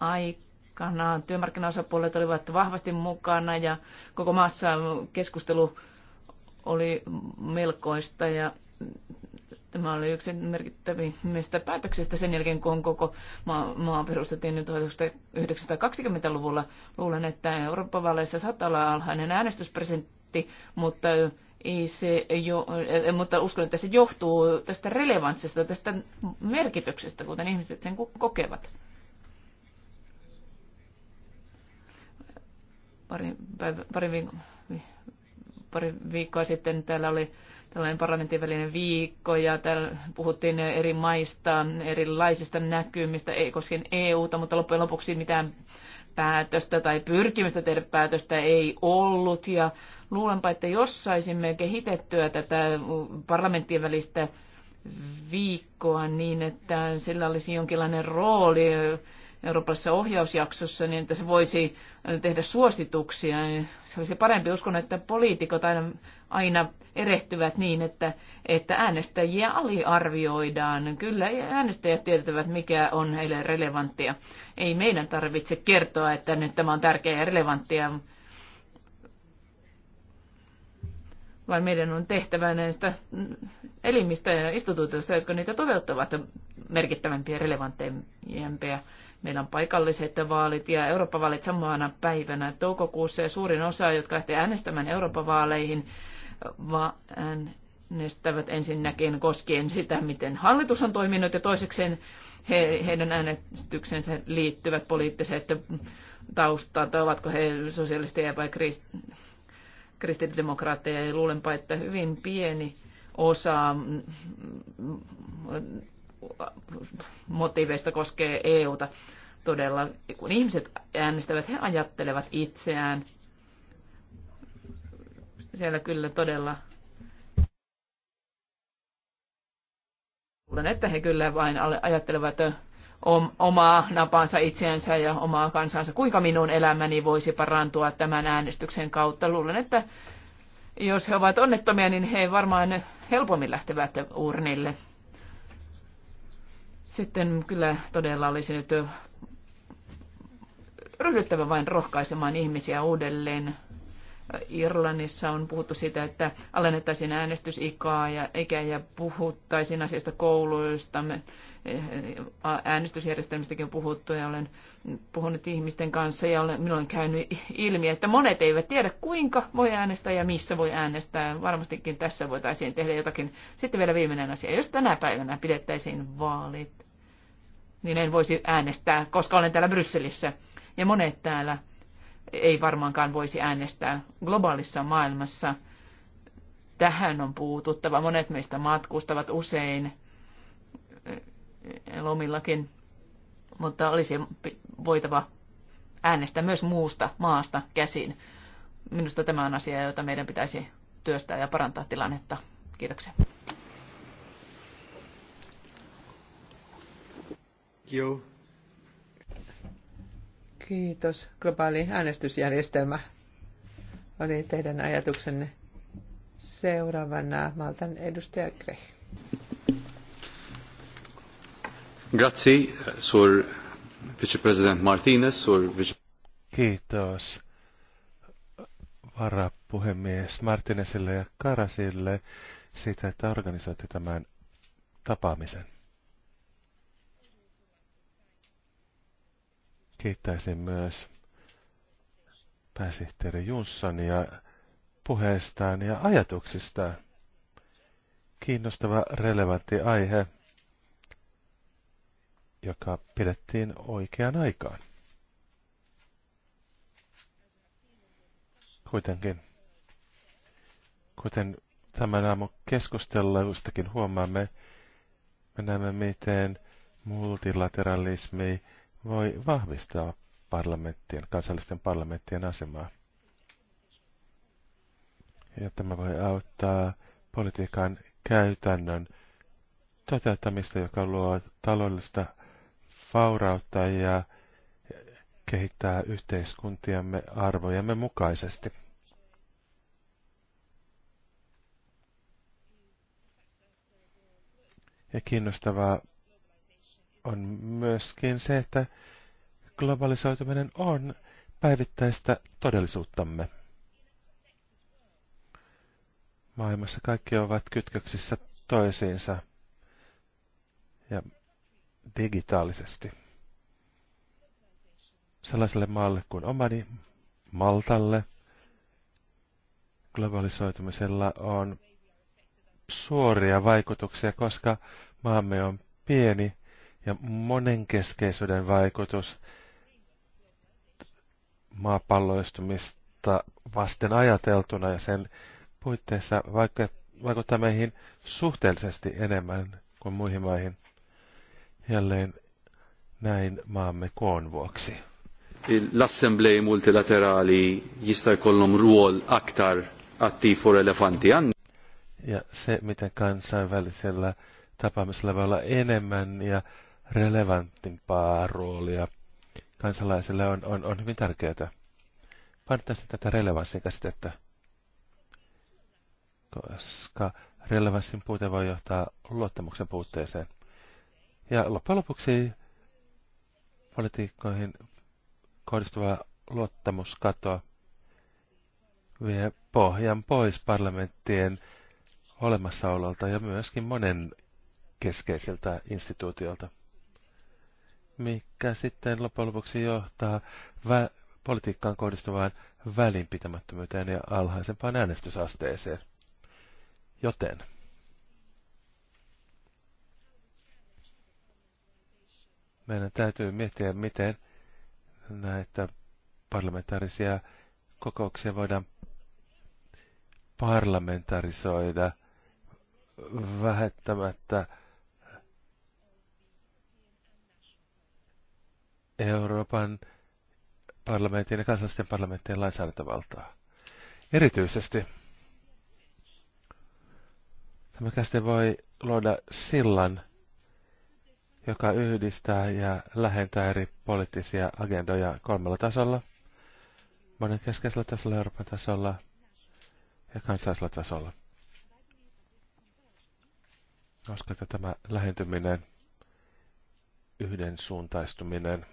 Speaker 2: aikana työmarkkinaosapuolet olivat vahvasti mukana ja koko maassa keskustelu oli melkoista ja Tämä oli yksi merkittävimmistä päätöksistä sen jälkeen, kun koko maa, maa perustettiin nyt 1920-luvulla. Luulen, että Euroopan vaaleissa saattaa olla alhainen äänestysprosentti, mutta, ei se jo, eh, mutta uskon, että se johtuu tästä relevanssista, tästä merkityksestä, kuten ihmiset sen kokevat. Pari, päivä, pari, viikko, pari viikkoa sitten täällä oli tällainen parlamentin välinen viikko ja täällä puhuttiin eri maista, erilaisista näkymistä, ei koskien EUta, mutta loppujen lopuksi mitään päätöstä tai pyrkimystä tehdä päätöstä ei ollut. Ja luulenpa, että jos saisimme kehitettyä tätä parlamenttien välistä viikkoa niin, että sillä olisi jonkinlainen rooli eurooppalaisessa ohjausjaksossa, niin että se voisi äh, tehdä suosituksia. Se olisi parempi. Uskon, että poliitikot aina, aina erehtyvät niin, että, että äänestäjiä aliarvioidaan. Kyllä äänestäjät tietävät, mikä on heille relevanttia. Ei meidän tarvitse kertoa, että nyt tämä on tärkeä, ja relevanttia, vaan meidän on tehtävä näistä elimistä ja instituutioista, jotka niitä toteuttavat merkittävämpiä ja relevanteimpiä Meillä on paikalliset vaalit ja Euroopan vaalit samana päivänä toukokuussa ja suurin osa, jotka lähtee äänestämään Euroopan vaaleihin, va- äänestävät ensinnäkin koskien sitä, miten hallitus on toiminut ja toisekseen he, heidän äänestyksensä liittyvät poliittiset taustat, ovatko he sosialisteja vai krist, kristillisdemokraatteja. Ja luulenpa, että hyvin pieni osa motiiveista koskee EUta. Todella, kun ihmiset äänestävät, he ajattelevat itseään. Siellä kyllä todella luulen, että he kyllä vain ajattelevat omaa napansa itseänsä ja omaa kansansa. Kuinka minun elämäni voisi parantua tämän äänestyksen kautta? Luulen, että jos he ovat onnettomia, niin he varmaan helpommin lähtevät urnille. Sitten kyllä todella olisi nyt ryhdyttävä vain rohkaisemaan ihmisiä uudelleen. Irlannissa on puhuttu siitä, että alennettaisiin äänestysikaa ja, ikä ja puhuttaisiin asiasta kouluista äänestysjärjestelmistäkin on puhuttu ja olen puhunut ihmisten kanssa ja olen, minulla on käynyt ilmi, että monet eivät tiedä kuinka voi äänestää ja missä voi äänestää. Varmastikin tässä voitaisiin tehdä jotakin. Sitten vielä viimeinen asia. Jos tänä päivänä pidettäisiin vaalit, niin en voisi äänestää, koska olen täällä Brysselissä. Ja monet täällä ei varmaankaan voisi äänestää globaalissa maailmassa. Tähän on puututtava. Monet meistä matkustavat usein lomillakin, mutta olisi voitava äänestää myös muusta maasta käsin. Minusta tämä on asia, jota meidän pitäisi työstää ja parantaa tilannetta. Kiitoksia.
Speaker 3: Joo. Kiitos. Globaali äänestysjärjestelmä oli teidän ajatuksenne. Seuraavana Maltan edustaja Greh.
Speaker 1: Kiitos varapuhemies Martinesille ja Karasille siitä, että organisoitte tämän tapaamisen. Kiittäisin myös pääsihteeri Junssania puheestaan ja ajatuksistaan. Kiinnostava relevantti aihe joka pidettiin oikeaan aikaan. Kuitenkin, kuten tämän aamun keskustelustakin huomaamme, me näemme, miten multilateralismi voi vahvistaa parlamenttien, kansallisten parlamenttien asemaa. Ja tämä voi auttaa politiikan käytännön toteuttamista, joka luo taloudellista vaurautta ja kehittää yhteiskuntiamme arvojemme mukaisesti. Ja kiinnostavaa on myöskin se, että globalisoituminen on päivittäistä todellisuuttamme. Maailmassa kaikki ovat kytköksissä toisiinsa. Ja digitaalisesti. Sellaiselle maalle kuin omani, Maltalle, globalisoitumisella on suoria vaikutuksia, koska maamme on pieni ja monenkeskeisyyden vaikutus maapalloistumista vasten ajateltuna ja sen puitteissa vaikuttaa meihin suhteellisesti enemmän kuin muihin maihin jälleen näin maamme koon vuoksi. l multilaterali jista jkollhom ruol aktar attiv u relevanti Ja se, miten kansainvälisellä tapaamisella voi olla enemmän ja relevanttimpaa roolia kansalaisille on, on, on hyvin tärkeää. Painottaisin tätä relevanssin käsitettä, koska relevanssin puute voi johtaa luottamuksen puutteeseen. Ja loppujen lopuksi politiikkoihin kohdistuva luottamuskato vie pohjan pois parlamenttien olemassaololta ja myöskin monen keskeisiltä instituutiolta, mikä sitten loppujen lopuksi johtaa vä- politiikkaan kohdistuvaan välinpitämättömyyteen ja alhaisempaan äänestysasteeseen. Joten meidän täytyy miettiä, miten näitä parlamentaarisia kokouksia voidaan parlamentarisoida vähettämättä Euroopan parlamentin ja kansallisten parlamenttien lainsäädäntövaltaa. Erityisesti tämä käsite voi luoda sillan joka yhdistää ja lähentää eri poliittisia agendoja kolmella tasolla, keskeisellä tasolla, Euroopan tasolla ja kansallisella tasolla. Uskon, että tämä lähentyminen, yhdensuuntaistuminen,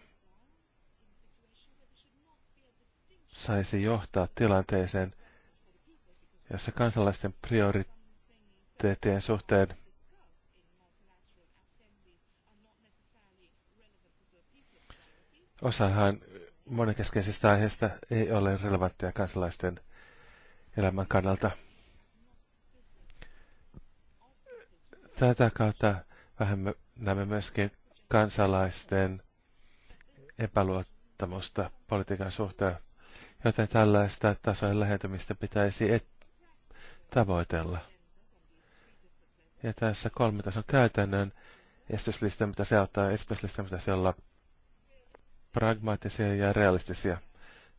Speaker 1: saisi johtaa tilanteeseen, jossa kansalaisten prioriteettien suhteen Osahan monikeskeisistä aiheista ei ole relevanttia kansalaisten elämän kannalta. Tätä kautta vähän näemme myöskin kansalaisten epäluottamusta politiikan suhteen, joten tällaista tasojen lähentymistä pitäisi et tavoitella. Ja tässä kolme tason käytännön esityslista, mitä se ottaa, esityslista, mitä se pragmaattisia ja realistisia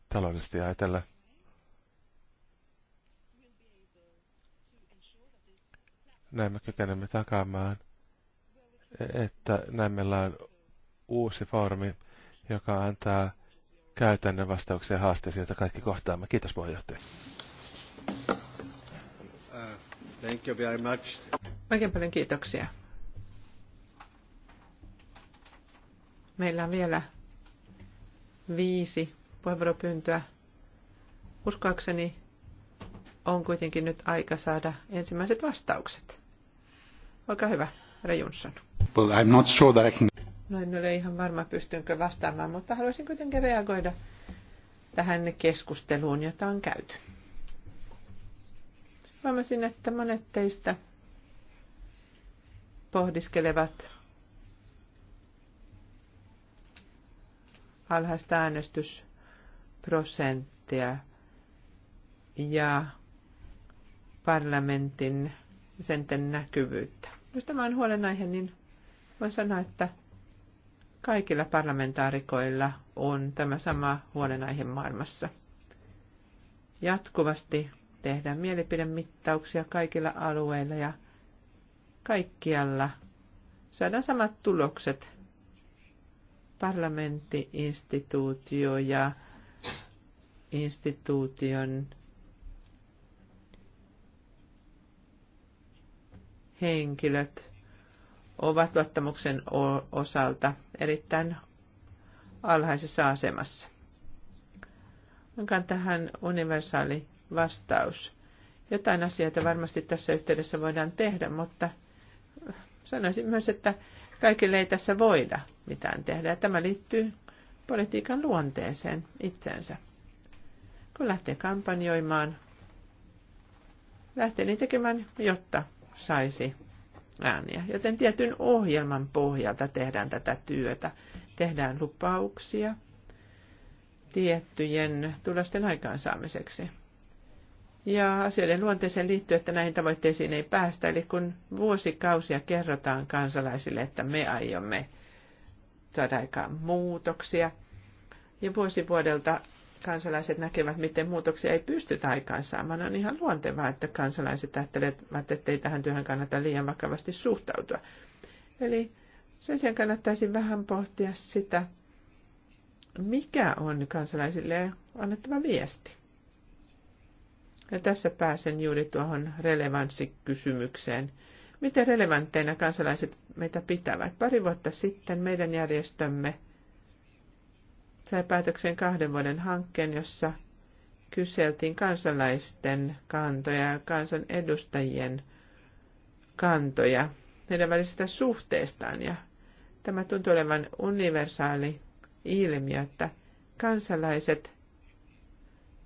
Speaker 1: taloudellisesti ajatella. Näin me kykenemme takaamaan, että näin meillä on uusi foorumi, joka antaa käytännön vastauksia haasteisiin, joita kaikki kohtaamme. Kiitos puheenjohtaja. Thank you very much.
Speaker 3: Oikein paljon kiitoksia. Meillä on vielä viisi puheenvuoropyyntöä. Uskoakseni on kuitenkin nyt aika saada ensimmäiset vastaukset. Olkaa hyvä, herra Jonsson.
Speaker 1: Well, I'm not sure that I can...
Speaker 3: No en ole ihan varma, pystynkö vastaamaan, mutta haluaisin kuitenkin reagoida tähän keskusteluun, jota on käyty. Huomasin, että monet teistä pohdiskelevat alhaista äänestysprosenttia ja parlamentin senten näkyvyyttä. Jos tämä on huolenaihe, niin voin sanoa, että kaikilla parlamentaarikoilla on tämä sama huolenaihe maailmassa. Jatkuvasti tehdään mielipidemittauksia kaikilla alueilla ja kaikkialla saadaan samat tulokset parlamenttiinstituutio ja instituution henkilöt ovat luottamuksen osalta erittäin alhaisessa asemassa. Onkaan tähän universaali vastaus. Jotain asioita varmasti tässä yhteydessä voidaan tehdä, mutta sanoisin myös, että Kaikille ei tässä voida mitään tehdä. Tämä liittyy politiikan luonteeseen itsensä. Kun lähtee kampanjoimaan, lähtee niin tekemään, jotta saisi ääniä. Joten tietyn ohjelman pohjalta tehdään tätä työtä. Tehdään lupauksia tiettyjen tulosten aikaansaamiseksi ja asioiden luonteeseen liittyy, että näihin tavoitteisiin ei päästä. Eli kun vuosikausia kerrotaan kansalaisille, että me aiomme saada aikaan muutoksia, ja vuosi vuodelta kansalaiset näkevät, miten muutoksia ei pystytä aikaansaamaan, on ihan luontevaa, että kansalaiset ajattelevat, että ei tähän työhön kannata liian vakavasti suhtautua. Eli sen sijaan kannattaisi vähän pohtia sitä, mikä on kansalaisille annettava viesti. Ja tässä pääsen juuri tuohon relevanssikysymykseen. Miten relevantteina kansalaiset meitä pitävät? Pari vuotta sitten meidän järjestömme sai päätöksen kahden vuoden hankkeen, jossa kyseltiin kansalaisten kantoja ja kansan edustajien kantoja heidän välisestä suhteestaan. Ja tämä tuntuu olevan universaali ilmiö, että kansalaiset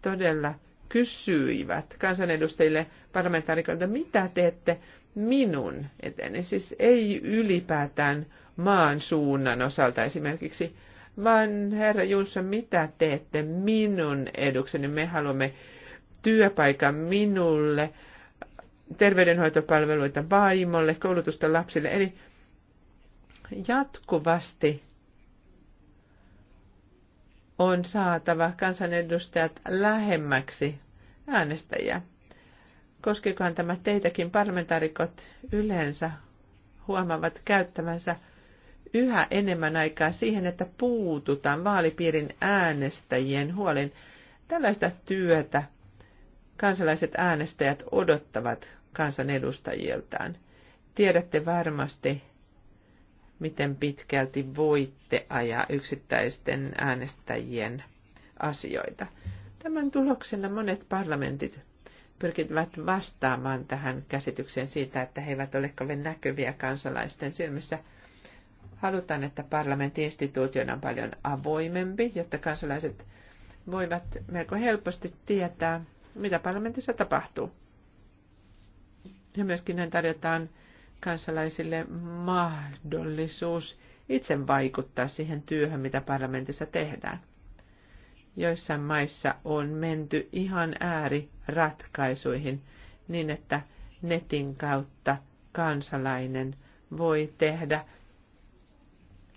Speaker 3: todella – kysyivät kansanedustajille parlamentaarikoilta, mitä teette minun eteni. Siis ei ylipäätään maan suunnan osalta esimerkiksi, vaan herra Junsa, mitä teette minun edukseni? Me haluamme työpaikan minulle, terveydenhoitopalveluita vaimolle, koulutusta lapsille. Eli jatkuvasti on saatava kansanedustajat lähemmäksi äänestäjiä. Koskikohan tämä teitäkin parlamentaarikot yleensä huomaavat käyttämänsä yhä enemmän aikaa siihen, että puututaan vaalipiirin äänestäjien huolin. Tällaista työtä kansalaiset äänestäjät odottavat kansanedustajiltaan. Tiedätte varmasti, miten pitkälti voitte ajaa yksittäisten äänestäjien asioita. Tämän tuloksena monet parlamentit pyrkivät vastaamaan tähän käsitykseen siitä, että he eivät ole kovin näkyviä kansalaisten silmissä. Halutaan, että parlamentin instituutio on paljon avoimempi, jotta kansalaiset voivat melko helposti tietää, mitä parlamentissa tapahtuu. Ja myöskin näin tarjotaan kansalaisille mahdollisuus itse vaikuttaa siihen työhön, mitä parlamentissa tehdään joissain maissa on menty ihan ääriratkaisuihin niin, että netin kautta kansalainen voi tehdä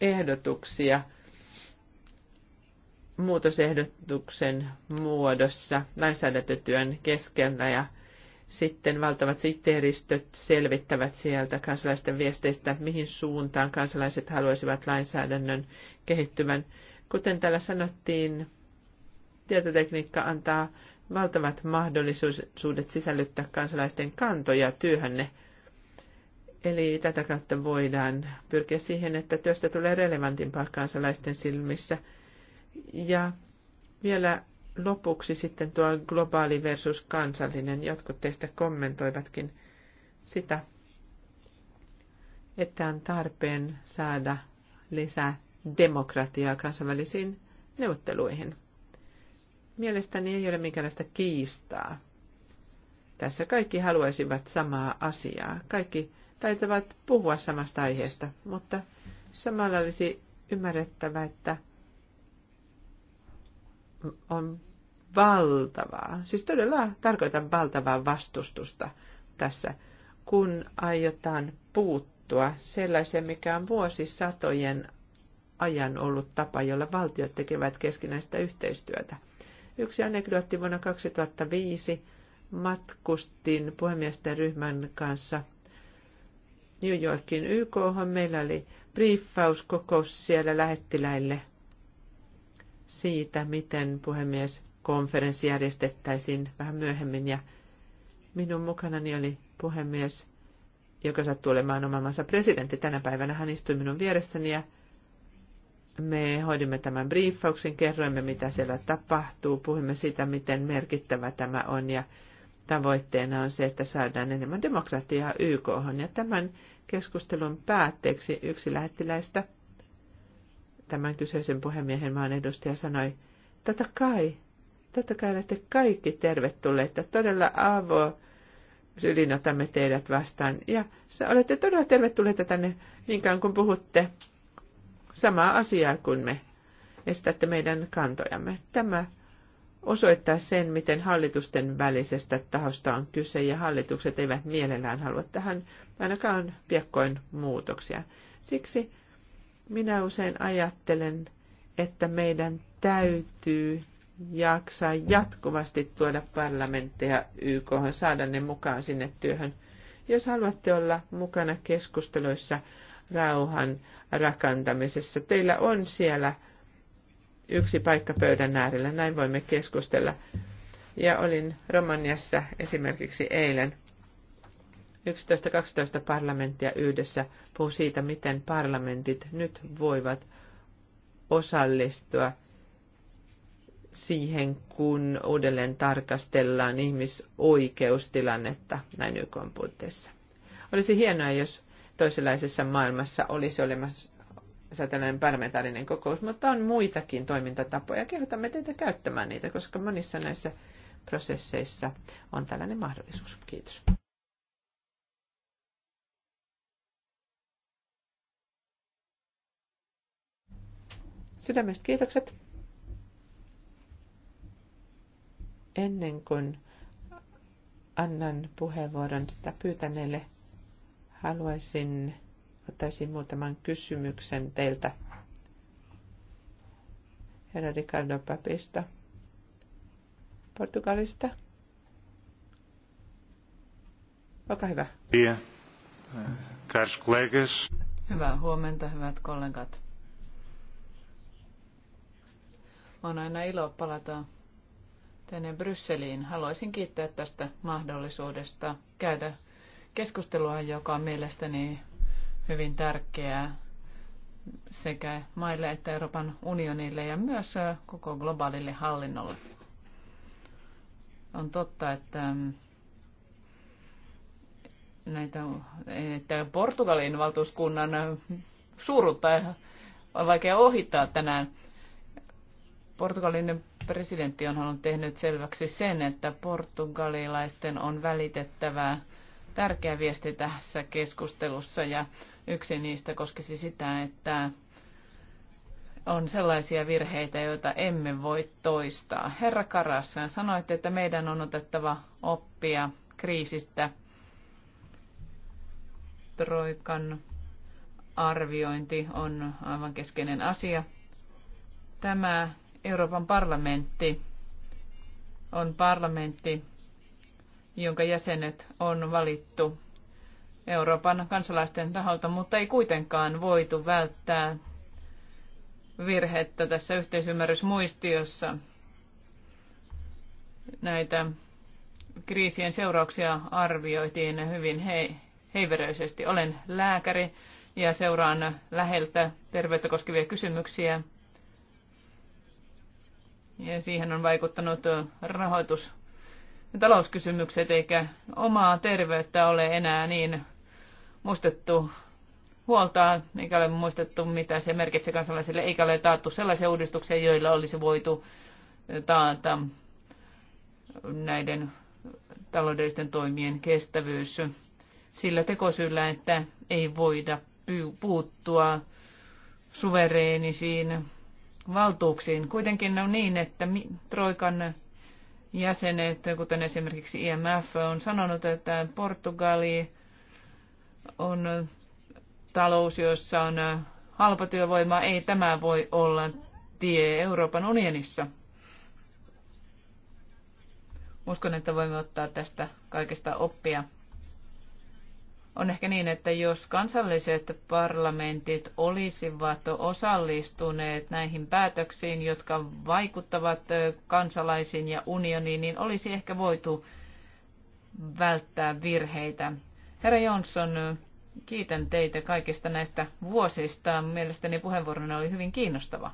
Speaker 3: ehdotuksia muutosehdotuksen muodossa lainsäädäntötyön keskellä ja sitten valtavat sihteeristöt selvittävät sieltä kansalaisten viesteistä, mihin suuntaan kansalaiset haluaisivat lainsäädännön kehittyvän. Kuten täällä sanottiin, Tietotekniikka antaa valtavat mahdollisuudet sisällyttää kansalaisten kantoja työhönne. Eli tätä kautta voidaan pyrkiä siihen, että työstä tulee relevantimpaa kansalaisten silmissä. Ja vielä lopuksi sitten tuo globaali versus kansallinen. Jotkut teistä kommentoivatkin sitä, että on tarpeen saada lisää demokratiaa kansainvälisiin neuvotteluihin. Mielestäni ei ole minkäänlaista kiistaa. Tässä kaikki haluaisivat samaa asiaa. Kaikki taitavat puhua samasta aiheesta, mutta samalla olisi ymmärrettävä, että on valtavaa, siis todella tarkoitan valtavaa vastustusta tässä, kun aiotaan puuttua sellaiseen, mikä on vuosisatojen ajan ollut tapa, jolla valtiot tekevät keskinäistä yhteistyötä – Yksi anekdootti vuonna 2005 matkustin puhemiesten ryhmän kanssa New Yorkin YK. Meillä oli briefauskokous siellä lähettiläille siitä, miten puhemieskonferenssi järjestettäisiin vähän myöhemmin. Ja minun mukanani oli puhemies, joka sattui olemaan oman maansa presidentti tänä päivänä. Hän istui minun vieressäni ja me hoidimme tämän briefauksen, kerroimme mitä siellä tapahtuu, puhuimme siitä, miten merkittävä tämä on ja tavoitteena on se, että saadaan enemmän demokratiaa YK. Ja tämän keskustelun päätteeksi yksi lähettiläistä, tämän kyseisen puhemiehen maan edustaja sanoi, totta kai, totta kai olette kaikki tervetulleita, todella avo, sylin otamme teidät vastaan. Ja olette todella tervetulleita tänne niin kun puhutte samaa asiaa kuin me. Estätte meidän kantojamme. Tämä osoittaa sen, miten hallitusten välisestä tahosta on kyse, ja hallitukset eivät mielellään halua tähän ainakaan piakkoin muutoksia. Siksi minä usein ajattelen, että meidän täytyy jaksaa jatkuvasti tuoda parlamentteja YK, saada ne mukaan sinne työhön. Jos haluatte olla mukana keskusteluissa rauhan rakentamisessa. Teillä on siellä yksi paikka pöydän äärellä, näin voimme keskustella. Ja olin Romaniassa esimerkiksi eilen. 11-12 parlamenttia yhdessä puhuu siitä, miten parlamentit nyt voivat osallistua siihen, kun uudelleen tarkastellaan ihmisoikeustilannetta näin YK puitteissa. Olisi hienoa, jos toisenlaisessa maailmassa olisi olemassa tällainen parlamentaarinen kokous, mutta on muitakin toimintatapoja. Kehotamme teitä käyttämään niitä, koska monissa näissä prosesseissa on tällainen mahdollisuus. Kiitos. Sydämestä kiitokset. Ennen kuin annan puheenvuoron sitä pyytäneelle Haluaisin, ottaisin muutaman kysymyksen teiltä. Herra Ricardo Papista, Portugalista.
Speaker 2: Olkaa hyvä.
Speaker 1: kollegas.
Speaker 2: Hyvää huomenta, hyvät kollegat. On aina ilo palata tänne Brysseliin. Haluaisin kiittää tästä mahdollisuudesta käydä keskustelua, joka on mielestäni hyvin tärkeää sekä maille että Euroopan unionille ja myös äh, koko globaalille hallinnolle. On totta, että mm, näitä, että Portugalin valtuuskunnan äh, suuruutta on vaikea ohittaa tänään. Portugalin presidentti on halunnut tehnyt selväksi sen, että portugalilaisten on välitettävää tärkeä viesti tässä keskustelussa ja yksi niistä koskisi sitä, että on sellaisia virheitä, joita emme voi toistaa. Herra Karas, sanoitte, että meidän on otettava oppia kriisistä. Troikan arviointi on aivan keskeinen asia. Tämä Euroopan parlamentti on parlamentti, jonka jäsenet on valittu Euroopan kansalaisten taholta, mutta ei kuitenkaan voitu välttää virhettä tässä yhteisymmärrysmuistiossa. Näitä kriisien seurauksia arvioitiin hyvin he, heiveröisesti. Olen lääkäri ja seuraan läheltä terveyttä koskevia kysymyksiä. Ja siihen on vaikuttanut rahoitus talouskysymykset eikä omaa terveyttä ole enää niin muistettu huoltaa, eikä ole muistettu, mitä se merkitsee kansalaisille, eikä ole taattu sellaisia uudistuksia, joilla olisi voitu taata näiden taloudellisten toimien kestävyys sillä tekosyllä, että ei voida puuttua suvereenisiin valtuuksiin. Kuitenkin on niin, että Troikan jäsenet, kuten esimerkiksi IMF, on sanonut, että Portugali on talous, jossa on halpa työvoima. Ei tämä voi olla tie Euroopan unionissa. Uskon, että voimme ottaa tästä kaikesta oppia on ehkä niin, että jos kansalliset parlamentit olisivat osallistuneet näihin päätöksiin, jotka vaikuttavat kansalaisiin ja unioniin, niin olisi ehkä voitu välttää virheitä. Herra Johnson, kiitän teitä kaikista näistä vuosista. Mielestäni puheenvuoronne oli hyvin kiinnostava.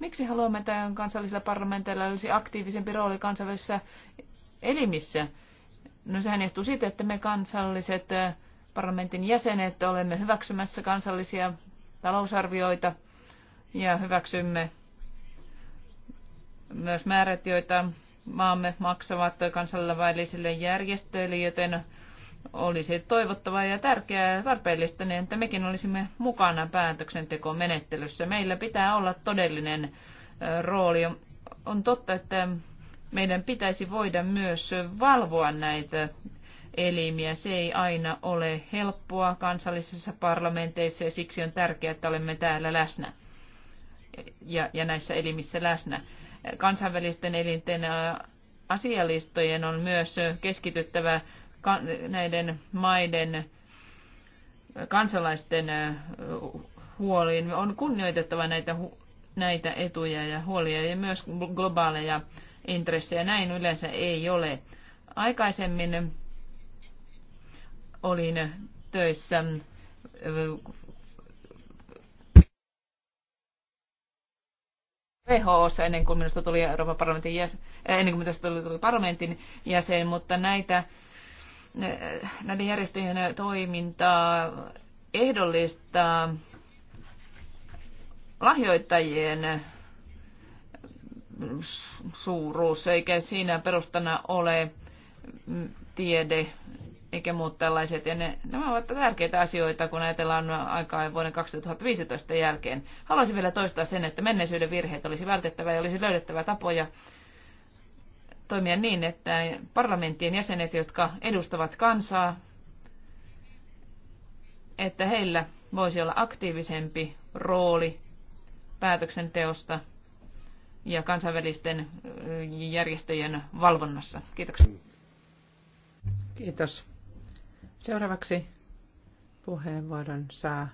Speaker 2: Miksi haluamme, että kansallisilla parlamenteilla olisi aktiivisempi rooli kansainvälisessä elimissä. No sehän johtuu siitä, että me kansalliset parlamentin jäsenet olemme hyväksymässä kansallisia talousarvioita ja hyväksymme myös määrät, joita maamme maksavat kansallisille järjestöille, joten olisi toivottavaa ja tärkeää ja tarpeellista, niin että mekin olisimme mukana päätöksentekomenettelyssä. Meillä pitää olla todellinen rooli. On totta, että meidän pitäisi voida myös valvoa näitä elimiä. Se ei aina ole helppoa kansallisissa parlamenteissa ja siksi on tärkeää, että olemme täällä läsnä ja, ja näissä elimissä läsnä. Kansainvälisten elinten asialistojen on myös keskityttävä näiden maiden kansalaisten huoliin. On kunnioitettava näitä, näitä etuja ja huolia ja myös globaaleja intressejä. Näin yleensä ei ole. Aikaisemmin olin töissä WHOssa ennen kuin minusta tuli Euroopan parlamentin jäsen, äh, ennen kuin minusta tuli, tuli parlamentin jäsen, mutta näitä, näiden järjestöjen toimintaa ehdollistaa lahjoittajien suuruus, eikä siinä perustana ole tiede eikä muut tällaiset. Ja ne, nämä ovat tärkeitä asioita, kun ajatellaan aikaa vuoden 2015 jälkeen. Haluaisin vielä toistaa sen, että menneisyyden virheet olisi vältettävä ja olisi löydettävä tapoja toimia niin, että parlamenttien jäsenet, jotka edustavat kansaa, että heillä voisi olla aktiivisempi rooli päätöksenteosta – ja kansainvälisten järjestöjen valvonnassa. Kiitoksia.
Speaker 3: Kiitos. Seuraavaksi puheenvuoron saa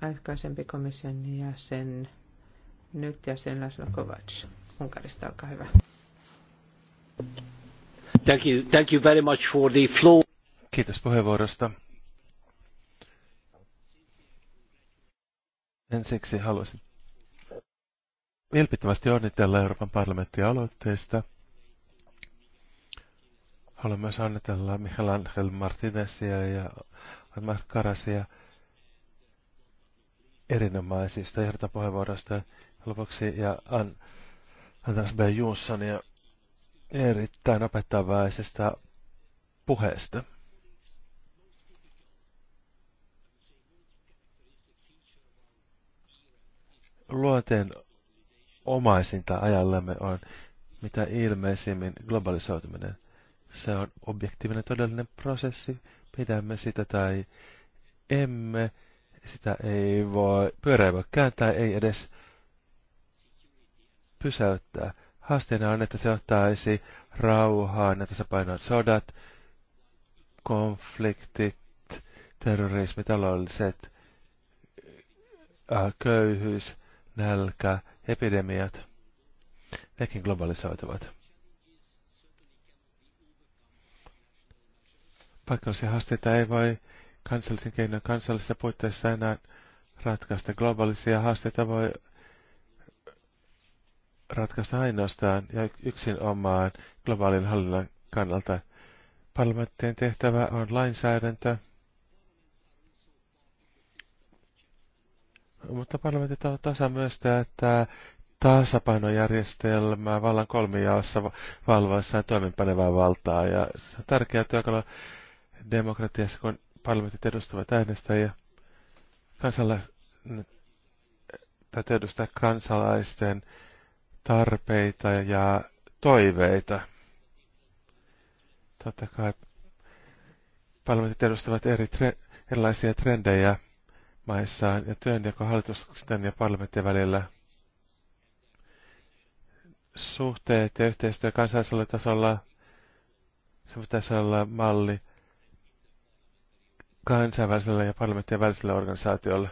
Speaker 3: aikaisempi komission jäsen, nyt jäsen Laszlo Kovacs. Unkarista, olkaa hyvä.
Speaker 1: Thank you, thank you very much for the floor. Kiitos puheenvuorosta. Ensiksi haluaisin Vilpittömästi onnitella Euroopan parlamenttia aloitteesta. Haluan myös onnitella Michel Angel Martinezia ja Omar Karasia erinomaisista ehdotapuheenvuoroista lopuksi ja An Anders B. Johnsonia erittäin opettavaisesta puheesta. Luonteen omaisinta ajallamme on mitä ilmeisimmin globalisoituminen. Se on objektiivinen todellinen prosessi, pidämme sitä tai emme, sitä ei voi, pyörä ei voi kääntää, ei edes pysäyttää. Haasteena on, että se ottaisi rauhaan ja tasapainoon sodat, konfliktit, terrorismi, taloudelliset, köyhyys, nälkä, epidemiat, nekin globalisoituvat. Paikallisia haasteita ei voi kansallisen keinon kansallisessa puitteissa enää ratkaista. Globaalisia haasteita voi ratkaista ainoastaan ja yksin omaan globaalin hallinnan kannalta. Parlamenttien tehtävä on lainsäädäntö, Mutta parlamentit ovat tasa myös tätä tasapainojärjestelmää vallan kolmijaossa valvoissaan toimenpanevaa valtaa. Ja se on tärkeää työkalu demokratiassa, kun parlamentit edustavat äänestäjiä. Kansala... tai edustaa kansalaisten tarpeita ja toiveita. Totta kai parlamentit edustavat eri tre... erilaisia trendejä maissaan ja työnjako hallitusten ja parlamenttien välillä. Suhteet ja yhteistyö kansallisella tasolla, se pitäisi olla malli kansainvälisellä ja parlamenttien välisellä organisaatiolla.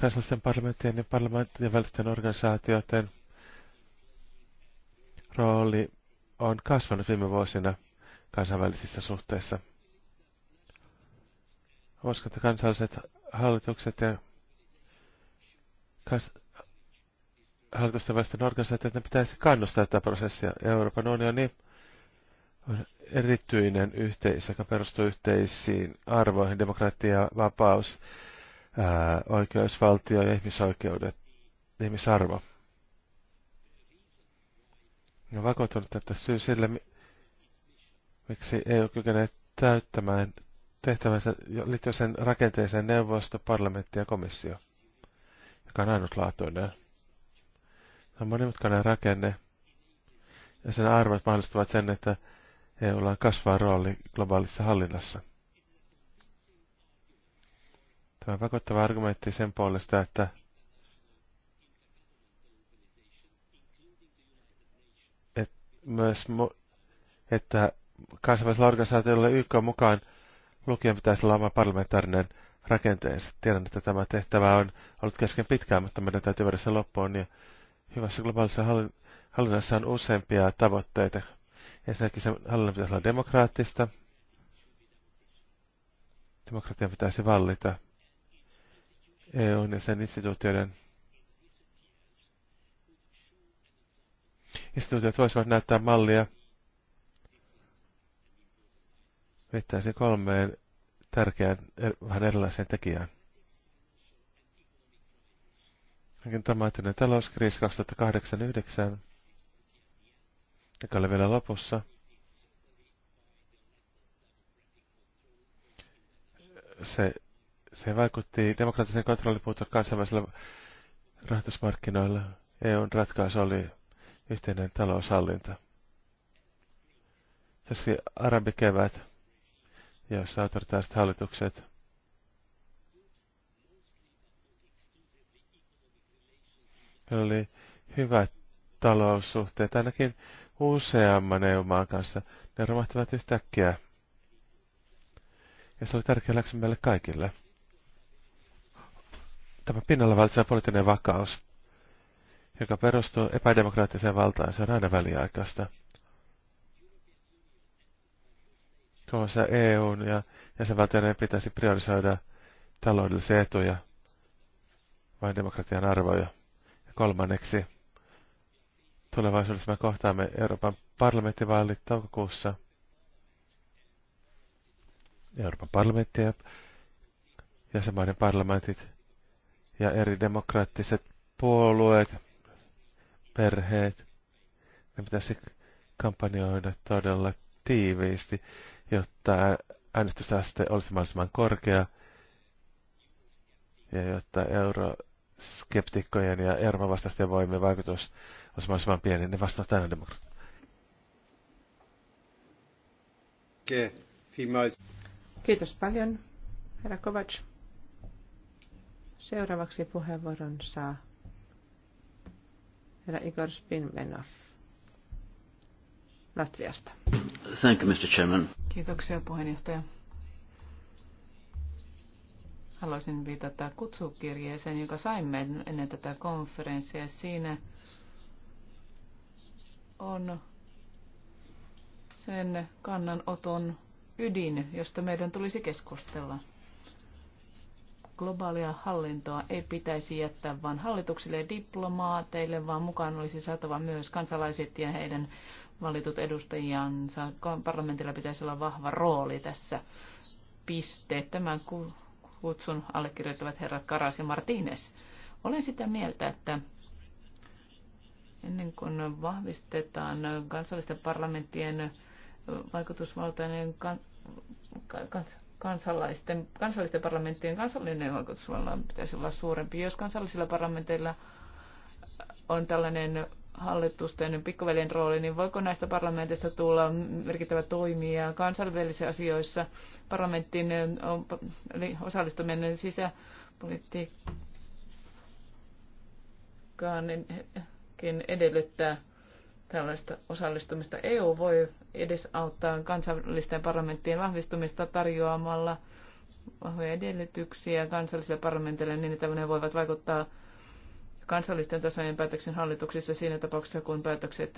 Speaker 1: Kansallisten parlamenttien ja parlamenttien välisten organisaatioiden rooli on kasvanut viime vuosina kansainvälisissä suhteissa. Uskon, että kansalliset hallitukset ja hallitusten väestön organisaatiot, ne pitäisi kannustaa tätä prosessia. Euroopan unioni on erityinen yhteisö, joka perustuu yhteisiin arvoihin, demokratia, vapaus, ää, oikeusvaltio ja ihmisoikeudet, ihmisarvo. Ja vakuuttunut, että syy sille, miksi EU kykenee täyttämään tehtävänsä liittyy sen rakenteeseen neuvosto, parlamentti ja komissio, joka on ainutlaatuinen. Se on monimutkainen rakenne, ja sen arvot mahdollistavat sen, että EUlla on kasvaa rooli globaalissa hallinnassa. Tämä on pakottava argumentti sen puolesta, että myös että kansainvälisellä organisaatiolla YK mukaan Lukion pitäisi olla oma parlamentaarinen rakenteensa. Tiedän, että tämä tehtävä on ollut kesken pitkään, mutta meidän täytyy viedä se loppuun. Ja hyvässä globaalissa hallinnassa on useampia tavoitteita. Ensinnäkin se hallinnan pitäisi olla demokraattista. Demokratian pitäisi vallita. EU ja sen instituutioiden instituutiot voisivat näyttää mallia – se kolmeen tärkeään, er, vähän erilaiseen tekijään. Hänkin dramaattinen talouskriisi 2008-2009, joka oli vielä lopussa. Se, se vaikutti demokraattisen kontrollin puuttua kansainvälisillä rahoitusmarkkinoilla. EUn ratkaisu oli yhteinen taloushallinta. Tässä arabikevät ja autoritaariset hallitukset oli hyvät taloussuhteet ainakin useamman EU-maan kanssa. Ne romahtivat yhtäkkiä. Ja se oli tärkeä läksy meille kaikille. Tämä pinnalla valitsee poliittinen vakaus, joka perustuu epädemokraattiseen valtaan. Se on aina väliaikaista. Tuossa EUn ja jäsenvaltioiden pitäisi priorisoida taloudellisia etuja, vain demokratian arvoja. Ja kolmanneksi, tulevaisuudessa me kohtaamme Euroopan parlamenttivaalit toukokuussa. Euroopan parlamentti ja jäsenmaiden parlamentit ja eri demokraattiset puolueet, perheet, ne pitäisi kampanjoida todella tiiviisti jotta äänestysaste olisi mahdollisimman korkea ja jotta euroskeptikkojen ja Euroopan vastaisten voimien vaikutus olisi mahdollisimman pieni, niin demokrat. aina demokratiaa.
Speaker 3: Kiitos paljon, herra Kovac. Seuraavaksi puheenvuoron saa herra Igor Spinvenov. Latviasta.
Speaker 2: Thank you, Mr. Chairman. Kiitoksia puheenjohtaja. Haluaisin viitata kutsukirjeeseen, joka saimme ennen tätä konferenssia. Siinä on sen kannanoton ydin, josta meidän tulisi keskustella. Globaalia hallintoa ei pitäisi jättää vain hallituksille ja diplomaateille, vaan mukaan olisi saatava myös kansalaiset ja heidän valitut edustajansa. Parlamentilla pitäisi olla vahva rooli tässä piste. Tämän kutsun allekirjoittavat herrat Karas ja Martínez. Olen sitä mieltä, että ennen kuin vahvistetaan kansallisten parlamenttien vaikutusvaltainen kan, kansalaisten, kansallisten parlamenttien kansallinen vaikutusvalta pitäisi olla suurempi. Jos kansallisilla parlamenteilla on tällainen hallitusten pikkuveljen rooli, niin voiko näistä parlamentista tulla merkittävä toimija kansainvälisissä asioissa? Parlamenttiin osallistuminen sisäpolitiikkaan niin edellyttää tällaista osallistumista. EU voi edesauttaa kansallisten parlamenttien vahvistumista tarjoamalla vahvoja edellytyksiä kansallisille parlamentille niin, ne voivat vaikuttaa kansallisten tasojen päätöksen hallituksissa siinä tapauksessa, kun päätökset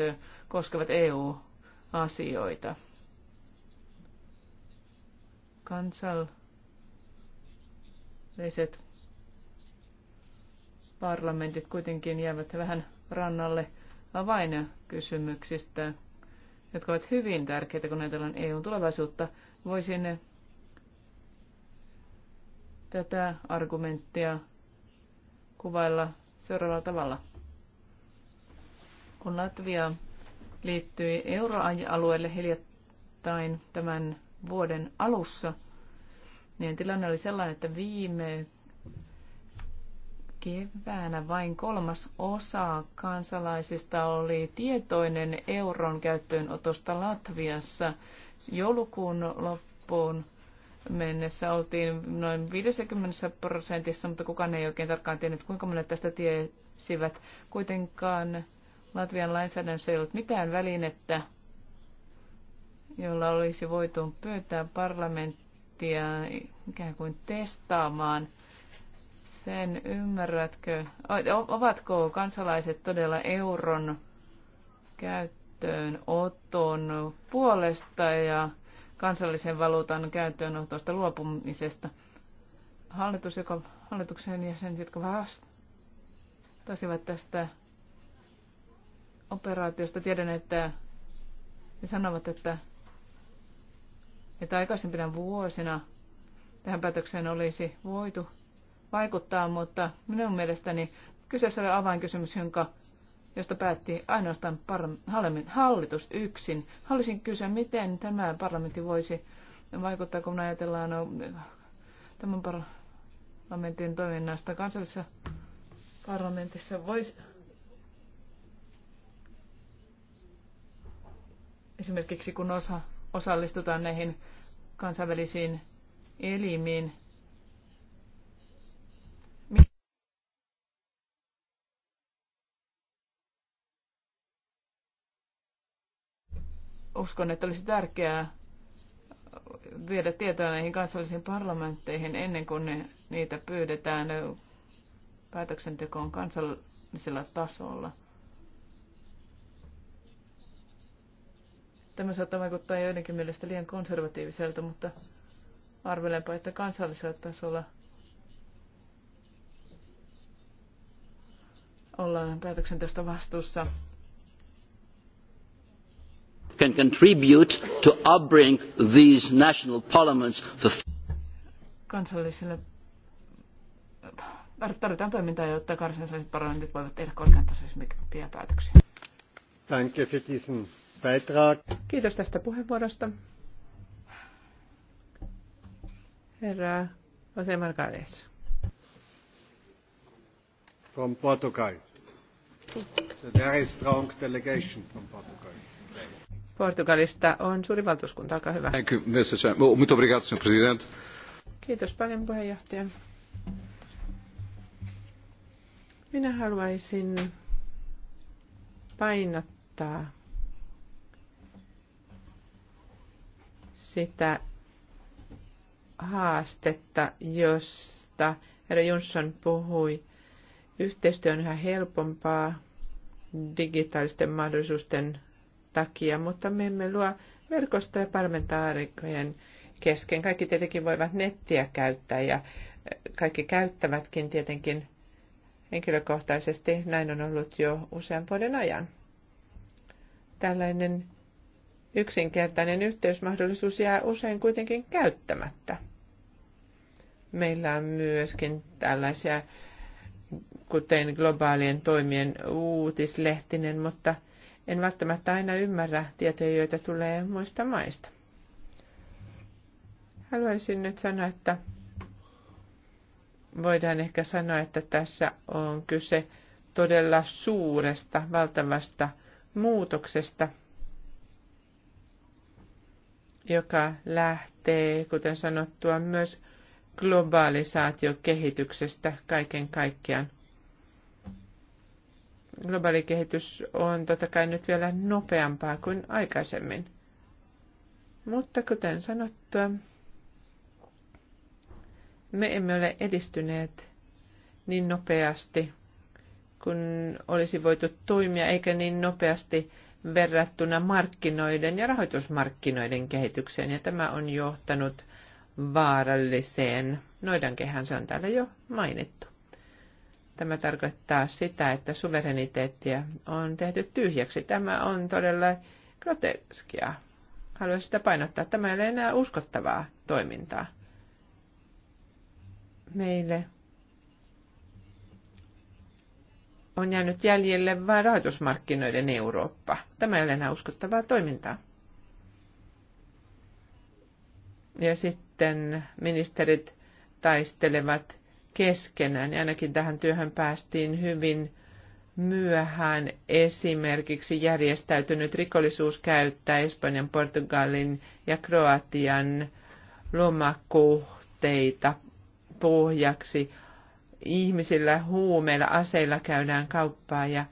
Speaker 2: koskevat EU-asioita. Kansalliset parlamentit kuitenkin jäävät vähän rannalle avainkysymyksistä, jotka ovat hyvin tärkeitä, kun ajatellaan EUn tulevaisuutta. Voisin tätä argumenttia kuvailla seuraavalla tavalla. Kun Latvia liittyi euroalueelle hiljattain tämän vuoden alussa, niin tilanne oli sellainen, että viime keväänä vain kolmas osa kansalaisista oli tietoinen euron käyttöönotosta Latviassa. Joulukuun loppuun mennessä oltiin noin 50 prosentissa, mutta kukaan ei oikein tarkkaan tiennyt, kuinka monet tästä tiesivät. Kuitenkaan Latvian lainsäädännössä ei ollut mitään välinettä, jolla olisi voitu pyytää parlamenttia ikään kuin testaamaan sen, ymmärrätkö, ovatko kansalaiset todella euron käyttöön oton puolesta ja kansallisen valuutan käyttöönotosta luopumisesta. Hallitus, joka, hallituksen jäsenet, jotka vastasivat tästä operaatiosta, tiedän, että he sanovat, että, että aikaisempina vuosina tähän päätökseen olisi voitu vaikuttaa, mutta minun mielestäni kyseessä oli avainkysymys, jonka josta päätti ainoastaan hallitus yksin. Haluaisin kysyä, miten tämä parlamentti voisi vaikuttaa, kun ajatellaan no, tämän parlamentin toiminnasta kansallisessa parlamentissa. Voisi, esimerkiksi kun osa, osallistutaan näihin kansainvälisiin elimiin, Uskon, että olisi tärkeää viedä tietoa näihin kansallisiin parlamentteihin ennen kuin ne, niitä pyydetään päätöksentekoon kansallisella tasolla. Tämä saattaa vaikuttaa joidenkin mielestä liian konservatiiviselta, mutta arvelenpa, että kansallisella tasolla ollaan päätöksenteosta vastuussa can contribute to upbring these national parliaments for kansallisille tarvitaan toimintaa, jotta kansalliset parlamentit voivat tehdä korkean tasoisia päätöksiä.
Speaker 1: Danke für diesen Beitrag.
Speaker 2: Kiitos tästä puheenvuorosta.
Speaker 3: Herra José Margales.
Speaker 1: From Portugal.
Speaker 3: The strong delegation from Portugal. Portugalista on suuri valtuuskunta. Olkaa hyvä. Thank you, Kiitos paljon puheenjohtaja. Minä haluaisin painottaa sitä haastetta, josta herra Jonsson puhui. Yhteistyö on yhä helpompaa digitaalisten mahdollisuusten takia, mutta me emme luo verkostoja parlamentaarikkojen kesken. Kaikki tietenkin voivat nettiä käyttää ja eh, kaikki käyttävätkin tietenkin henkilökohtaisesti. Näin on ollut jo usean vuoden ajan. Tällainen yksinkertainen yhteysmahdollisuus jää usein kuitenkin käyttämättä. Meillä on myöskin tällaisia, kuten globaalien toimien uutislehtinen, mutta – en välttämättä aina ymmärrä tietoja, joita tulee muista maista. Haluaisin nyt sanoa, että voidaan ehkä sanoa, että tässä on kyse todella suuresta, valtavasta muutoksesta, joka lähtee, kuten sanottua, myös globaalisaatiokehityksestä kaiken kaikkiaan globaali kehitys on totta kai nyt vielä nopeampaa kuin aikaisemmin. Mutta kuten sanottua, me emme ole edistyneet niin nopeasti kun olisi voitu toimia, eikä niin nopeasti verrattuna markkinoiden ja rahoitusmarkkinoiden kehitykseen. Ja tämä on johtanut vaaralliseen noidankehän, se on täällä jo mainittu. Tämä tarkoittaa sitä, että suvereniteettia on tehty tyhjäksi. Tämä on todella groteskia. Haluaisin sitä painottaa. Tämä ei ole enää uskottavaa toimintaa. Meille on jäänyt jäljelle vain rahoitusmarkkinoiden Eurooppa. Tämä ei ole enää uskottavaa toimintaa. Ja sitten ministerit taistelevat keskenään. Ja ainakin tähän työhön päästiin hyvin myöhään. Esimerkiksi järjestäytynyt rikollisuus käyttää Espanjan, Portugalin ja Kroatian lomakohteita pohjaksi. Ihmisillä, huumeilla, aseilla käydään kauppaa ja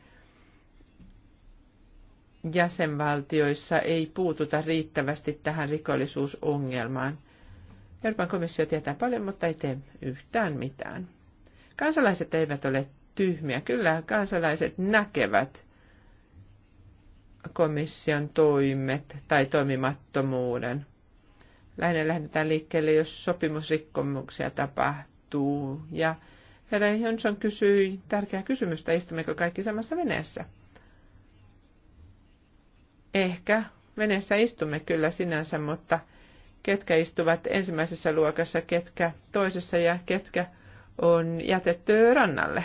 Speaker 3: jäsenvaltioissa ei puututa riittävästi tähän rikollisuusongelmaan. Euroopan komissio tietää paljon, mutta ei tee yhtään mitään. Kansalaiset eivät ole tyhmiä. Kyllä kansalaiset näkevät komission toimet tai toimimattomuuden. Lähinnä lähdetään liikkeelle, jos sopimusrikkomuksia tapahtuu. Ja herra Johnson kysyi tärkeää kysymystä, istummeko kaikki samassa veneessä. Ehkä veneessä istumme kyllä sinänsä, mutta – ketkä istuvat ensimmäisessä luokassa, ketkä toisessa ja ketkä on jätetty rannalle.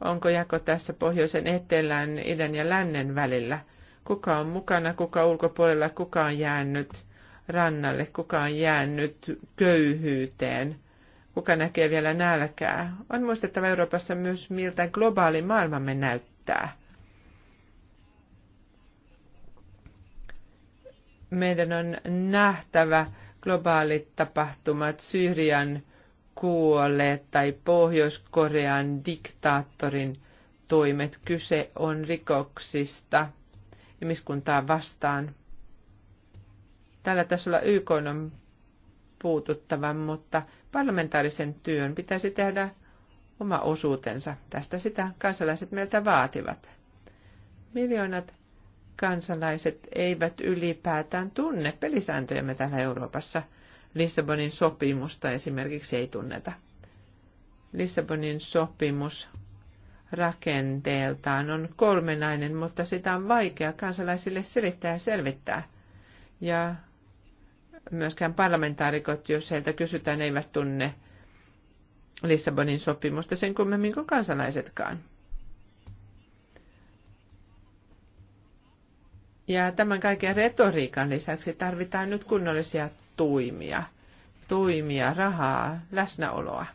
Speaker 3: Onko jako tässä pohjoisen etelän, idän ja lännen välillä? Kuka on mukana, kuka ulkopuolella, kuka on jäänyt rannalle, kuka on jäänyt köyhyyteen, kuka näkee vielä nälkää. On muistettava Euroopassa myös, miltä globaali maailmamme näyttää. meidän on nähtävä globaalit tapahtumat, Syyrian kuolleet tai Pohjois-Korean diktaattorin toimet. Kyse on rikoksista ihmiskuntaa vastaan. Tällä tasolla YK on puututtava, mutta parlamentaarisen työn pitäisi tehdä oma osuutensa. Tästä sitä kansalaiset meiltä vaativat. Miljoonat kansalaiset eivät ylipäätään tunne pelisääntöjämme täällä Euroopassa. Lissabonin sopimusta esimerkiksi ei tunneta. Lissabonin sopimus rakenteeltaan on kolmenainen, mutta sitä on vaikea kansalaisille selittää ja selvittää. Ja myöskään parlamentaarikot, jos heiltä kysytään, eivät tunne Lissabonin sopimusta sen kummemmin kuin kansalaisetkaan. Ja tämän kaiken retoriikan lisäksi tarvitaan nyt kunnollisia tuimia, tuimia, rahaa, läsnäoloa.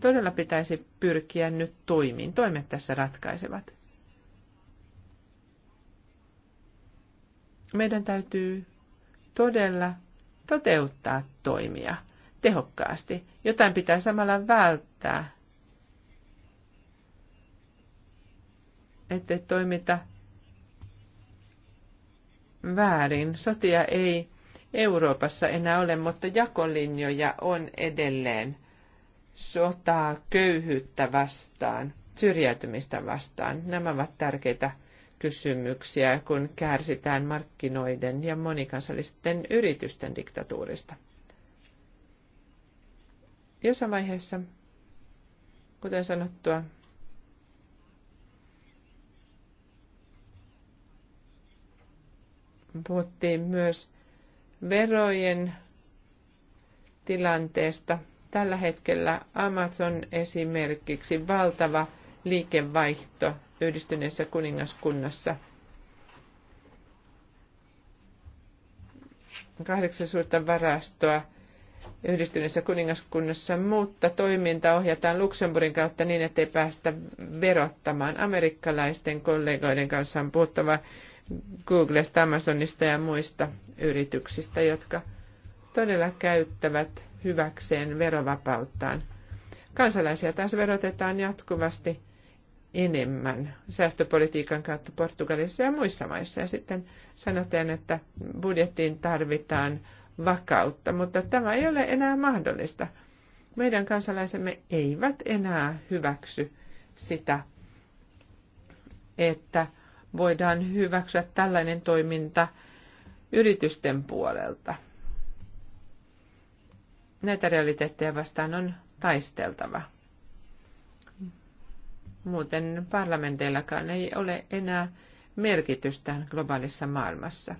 Speaker 3: Todella pitäisi pyrkiä nyt toimiin. Toimet tässä ratkaisevat. Meidän täytyy todella toteuttaa toimia tehokkaasti. Jotain pitää samalla välttää ettei toimita väärin. Sotia ei Euroopassa enää ole, mutta jakolinjoja on edelleen. Sotaa köyhyyttä vastaan, syrjäytymistä vastaan. Nämä ovat tärkeitä kysymyksiä, kun kärsitään markkinoiden ja monikansallisten yritysten diktatuurista. Jossain vaiheessa, kuten sanottua, Puhuttiin myös verojen tilanteesta. Tällä hetkellä Amazon esimerkiksi valtava liikevaihto yhdistyneessä kuningaskunnassa. Kahdeksan suurta varastoa yhdistyneessä kuningaskunnassa, mutta toiminta ohjataan Luxemburgin kautta niin, ettei päästä verottamaan. Amerikkalaisten kollegoiden kanssa on puhuttava Googlesta, Amazonista ja muista yrityksistä, jotka todella käyttävät hyväkseen verovapauttaan. Kansalaisia taas verotetaan jatkuvasti enemmän säästöpolitiikan kautta Portugalissa ja muissa maissa. Ja sitten sanotaan, että budjettiin tarvitaan vakautta, mutta tämä ei ole enää mahdollista. Meidän kansalaisemme eivät enää hyväksy sitä, että voidaan hyväksyä tällainen toiminta yritysten puolelta. Näitä realiteetteja vastaan on taisteltava. Muuten parlamenteillakaan ei ole enää merkitystä globaalissa maailmassa.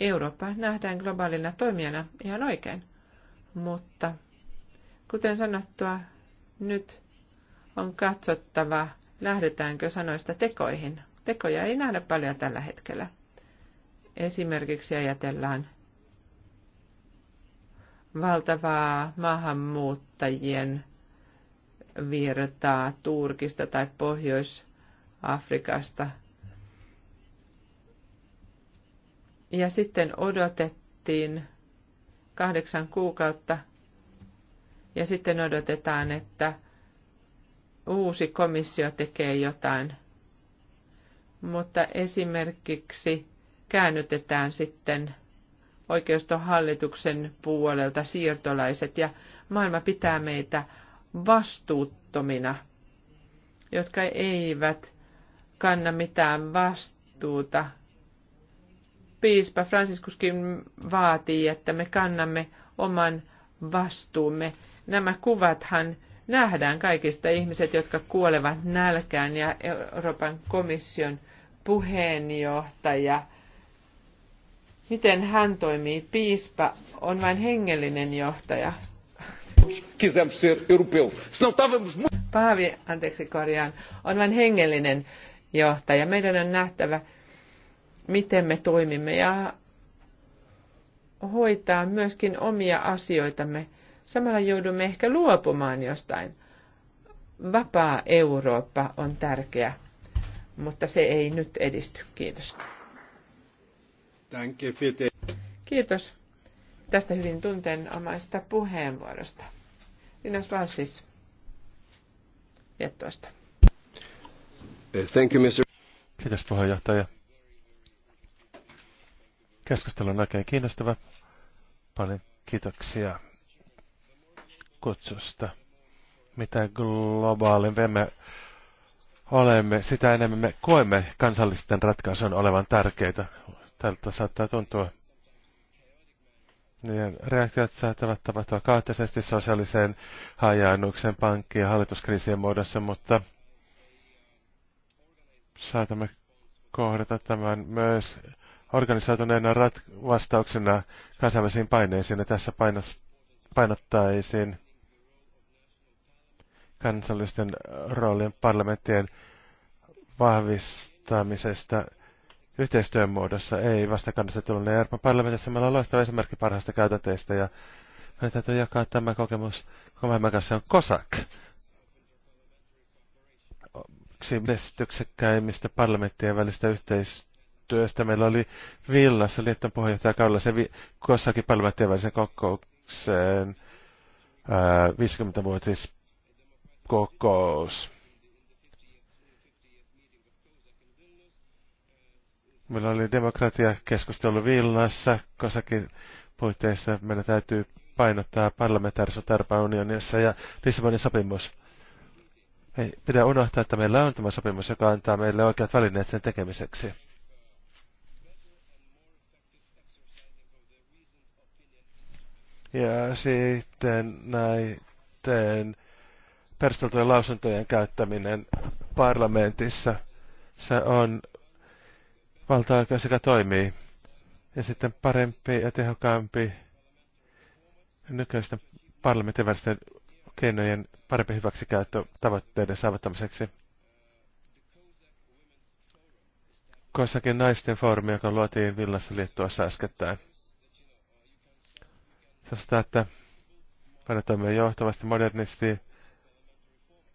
Speaker 3: Eurooppa nähdään globaalina toimijana ihan oikein, mutta kuten sanottua, nyt on katsottava, lähdetäänkö sanoista tekoihin. Tekoja ei nähdä paljon tällä hetkellä. Esimerkiksi ajatellaan valtavaa maahanmuuttajien virtaa Turkista tai Pohjois-Afrikasta. Ja sitten odotettiin kahdeksan kuukautta ja sitten odotetaan, että uusi komissio tekee jotain – mutta esimerkiksi käännytetään sitten oikeistohallituksen puolelta siirtolaiset ja maailma pitää meitä vastuuttomina, jotka eivät kanna mitään vastuuta. Piispa Franciscuskin vaatii, että me kannamme oman vastuumme. Nämä kuvathan nähdään kaikista ihmiset, jotka kuolevat nälkään ja Euroopan komission puheenjohtaja, miten hän toimii. Piispa on vain hengellinen johtaja. Paavi, anteeksi korjaan, on vain hengellinen johtaja. Meidän on nähtävä, miten me toimimme ja hoitaa myöskin omia asioitamme. Samalla joudumme ehkä luopumaan jostain. Vapaa Eurooppa on tärkeä mutta se ei nyt edisty. Kiitos. Kiitos tästä hyvin tunteenomaista puheenvuorosta. Linas Valsis Liettuasta.
Speaker 1: Thank you, Mr. Kiitos puheenjohtaja. Keskustelu on oikein kiinnostava. Paljon kiitoksia kutsusta. Mitä globaalin vemme olemme, sitä enemmän me koemme kansallisten ratkaisujen olevan tärkeitä. Tältä saattaa tuntua. Niin, reaktiot saattavat tapahtua kaoottisesti sosiaaliseen hajaannuksen pankki- ja hallituskriisien muodossa, mutta saatamme kohdata tämän myös organisoituneena rat- vastauksena kansainvälisiin paineisiin, ja tässä painottaisin kansallisten äh, roolien parlamenttien vahvistamisesta yhteistyön muodossa, ei vastakkainasettelun Euroopan parlamentissa. Meillä on loistava esimerkki parhaista käytänteistä ja meidän täytyy jakaa tämä kokemus maailman kanssa on COSAC. Yksi parlamenttien välistä yhteistyöstä. Meillä oli Villassa liitton puheenjohtajakaudella se COSACin parlamenttien välisen kokoukseen 50-vuotis äh, kokous. Meillä oli demokratiakeskustelu Vilnassa, kosakin puitteissa meillä täytyy painottaa parlamentaarisuutta tarpeen unionissa ja Lissabonin sopimus. Ei pidä unohtaa, että meillä on tämä sopimus, joka antaa meille oikeat välineet sen tekemiseksi. Ja sitten näiden perusteltujen lausuntojen käyttäminen parlamentissa. Se on valtaoikeus, joka toimii. Ja sitten parempi ja tehokkaampi nykyisten parlamentin keinojen parempi hyväksikäyttö tavoitteiden saavuttamiseksi. Koissakin naisten foorumi, joka luotiin Villassa liittuessa äskettäin. Sanotaan, että voidaan toimia johtavasti, modernisti,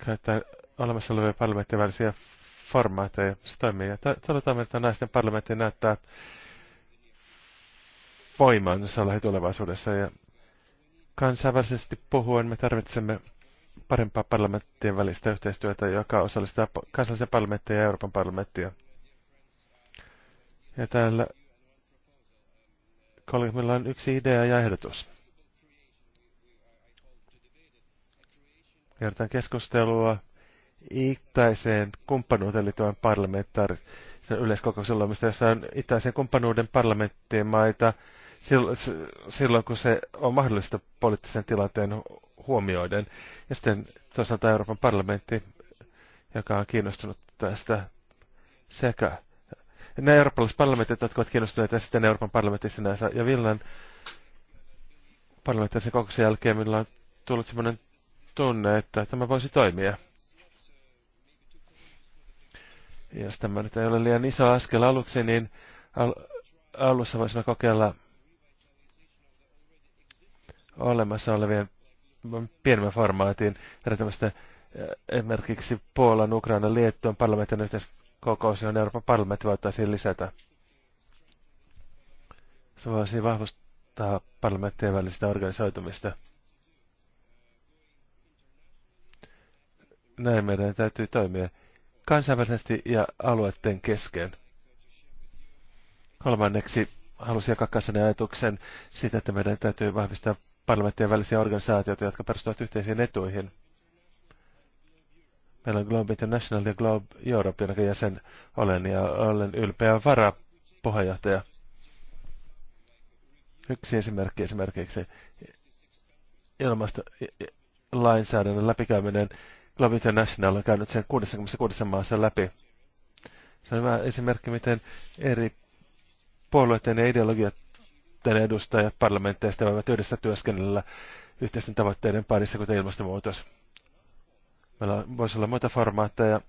Speaker 1: käyttää olemassa olevia parlamenttien välisiä formaateja. Se toimii. Ja todetaan, että naisten parlamentti näyttää voimansa lähitulevaisuudessa. Ja kansainvälisesti puhuen me tarvitsemme parempaa parlamenttien välistä yhteistyötä, joka osallistaa kansallisia parlamentteja ja Euroopan parlamenttia. Ja täällä kolmella on yksi idea ja ehdotus. Jatketaan keskustelua itäiseen kumppanuuteen liittyvän parlamentaarisen yleiskokouksen luomista, jossa on itäisen kumppanuuden parlamenttien maita silloin, kun se on mahdollista poliittisen tilanteen huomioiden. Ja sitten toisaalta Euroopan parlamentti, joka on kiinnostunut tästä sekä ne eurooppalaiset parlamentit, jotka ovat kiinnostuneita, ja sitten Euroopan parlamentti sinänsä. Ja Villan parlamentin kokouksen jälkeen minulla on tullut sellainen tunne, että tämä voisi toimia. Ja jos tämä nyt ei ole liian iso askel aluksi, niin al alussa voisimme kokeilla olemassa olevien pienemmän formaatin, tämmöistä äh, esimerkiksi Puolan, Ukraina, Liettuan parlamentin yhteiskokous, johon Euroopan parlamentti voitaisiin lisätä. Se voisi vahvistaa parlamenttien välistä organisoitumista. näin meidän täytyy toimia kansainvälisesti ja alueiden kesken. Kolmanneksi halusin jakaa kanssani ajatuksen siitä, että meidän täytyy vahvistaa parlamenttien välisiä organisaatioita, jotka perustuvat yhteisiin etuihin. Meillä on Globe International ja Globe Europe, jonka jäsen olen, ja olen ylpeä varapuheenjohtaja. Yksi esimerkki esimerkiksi ilmastolainsäädännön läpikäyminen Love International on käynyt sen 66 maassa läpi. Se on hyvä esimerkki, miten eri puolueiden ja ideologioiden edustajat parlamentteista voivat yhdessä työskennellä yhteisten tavoitteiden parissa, kuten ilmastonmuutos. Meillä voisi olla muita formaatteja,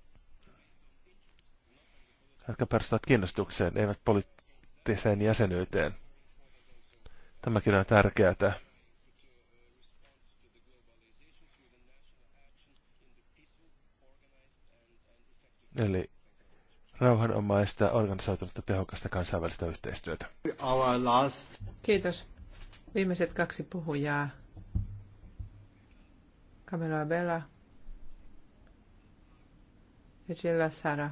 Speaker 1: jotka perustuvat kiinnostukseen, eivät poliittiseen jäsenyyteen. Tämäkin on tärkeää. Eli rauhanomaista, organisoitunutta, tehokasta kansainvälistä yhteistyötä.
Speaker 3: Kiitos. Viimeiset kaksi puhujaa. Camilla Bella ja Gilla Sara.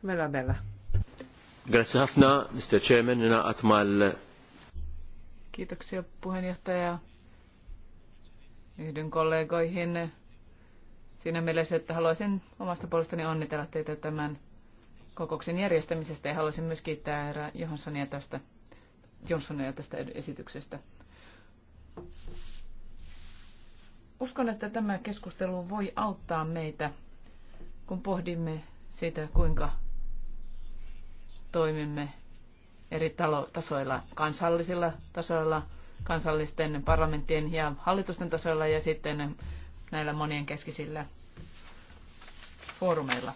Speaker 3: Camilla Bella.
Speaker 2: Grazie hafna, Mr. Chairman, ja Atmal. Kiitoksia puheenjohtaja. Yhdyn kollegoihin siinä mielessä, että haluaisin omasta puolestani onnitella teitä tämän kokouksen järjestämisestä ja haluaisin myös kiittää herra Johanssonia tästä, Johnsonia tästä esityksestä. Uskon, että tämä keskustelu voi auttaa meitä, kun pohdimme siitä kuinka toimimme eri talo tasoilla, kansallisilla tasoilla, kansallisten parlamenttien ja hallitusten tasoilla ja sitten näillä monien keskisillä foorumeilla.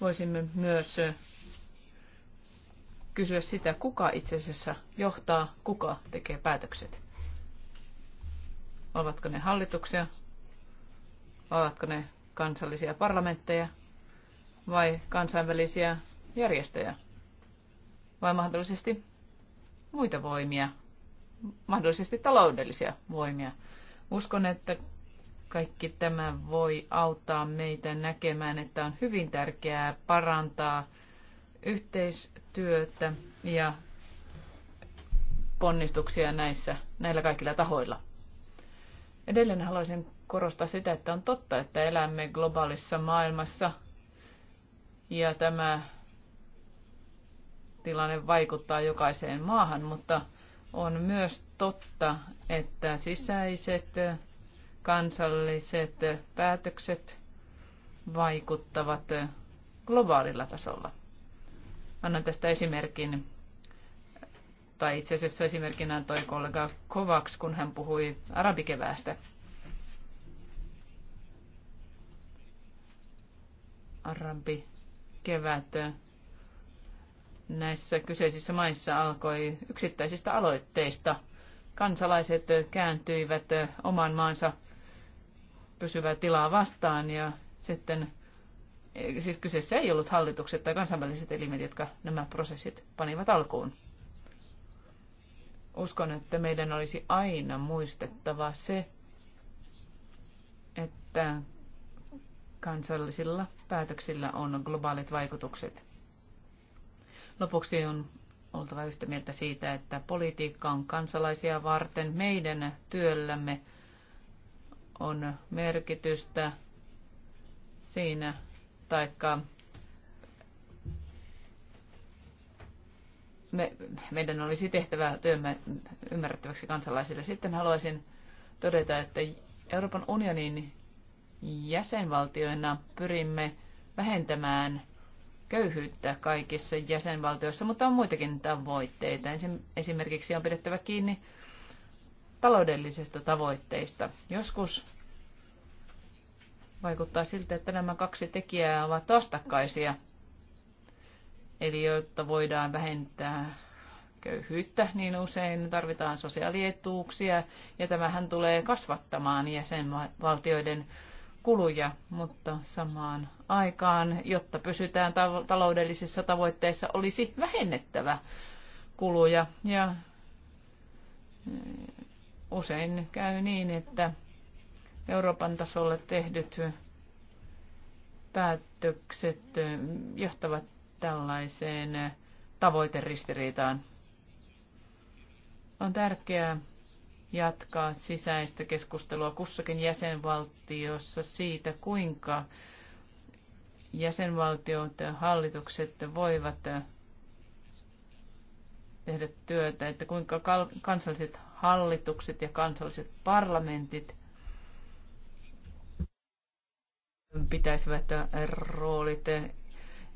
Speaker 2: Voisimme myös kysyä sitä, kuka itse asiassa johtaa, kuka tekee päätökset. Ovatko ne hallituksia, ovatko ne kansallisia parlamentteja vai kansainvälisiä järjestöjä vai mahdollisesti muita voimia, mahdollisesti taloudellisia voimia – Uskon, että kaikki tämä voi auttaa meitä näkemään, että on hyvin tärkeää parantaa yhteistyötä ja ponnistuksia näissä, näillä kaikilla tahoilla. Edelleen haluaisin korostaa sitä, että on totta, että elämme globaalissa maailmassa ja tämä tilanne vaikuttaa jokaiseen maahan, mutta on myös totta, että sisäiset kansalliset päätökset vaikuttavat globaalilla tasolla. Annan tästä esimerkin, tai itse asiassa esimerkin antoi kollega Kovaks, kun hän puhui arabikeväästä. Arabi kevät näissä kyseisissä maissa alkoi yksittäisistä aloitteista. Kansalaiset kääntyivät oman maansa pysyvää tilaa vastaan ja sitten, siis kyseessä ei ollut hallitukset tai kansainväliset elimet, jotka nämä prosessit panivat alkuun. Uskon, että meidän olisi aina muistettava se, että kansallisilla päätöksillä on globaalit vaikutukset. Lopuksi on oltava yhtä mieltä siitä, että politiikka on kansalaisia varten. Meidän työllämme on merkitystä siinä, taikka me, meidän olisi tehtävä työmme ymmärrettäväksi kansalaisille. Sitten haluaisin todeta, että Euroopan unionin jäsenvaltioina pyrimme vähentämään – köyhyyttä kaikissa jäsenvaltioissa, mutta on muitakin tavoitteita. Esimerkiksi on pidettävä kiinni taloudellisista tavoitteista. Joskus vaikuttaa siltä, että nämä kaksi tekijää ovat vastakkaisia. Eli jotta voidaan vähentää köyhyyttä, niin usein tarvitaan sosiaalietuuksia, ja tämähän tulee kasvattamaan jäsenvaltioiden kuluja, mutta samaan aikaan, jotta pysytään taloudellisissa tavoitteissa, olisi vähennettävä kuluja. Ja mm, usein käy niin, että Euroopan tasolla tehdyt päätökset johtavat tällaiseen tavoiteristiriitaan. On tärkeää jatkaa sisäistä keskustelua kussakin jäsenvaltiossa siitä, kuinka jäsenvaltiot ja hallitukset voivat tehdä työtä, että kuinka kansalliset hallitukset ja kansalliset parlamentit pitäisivät roolit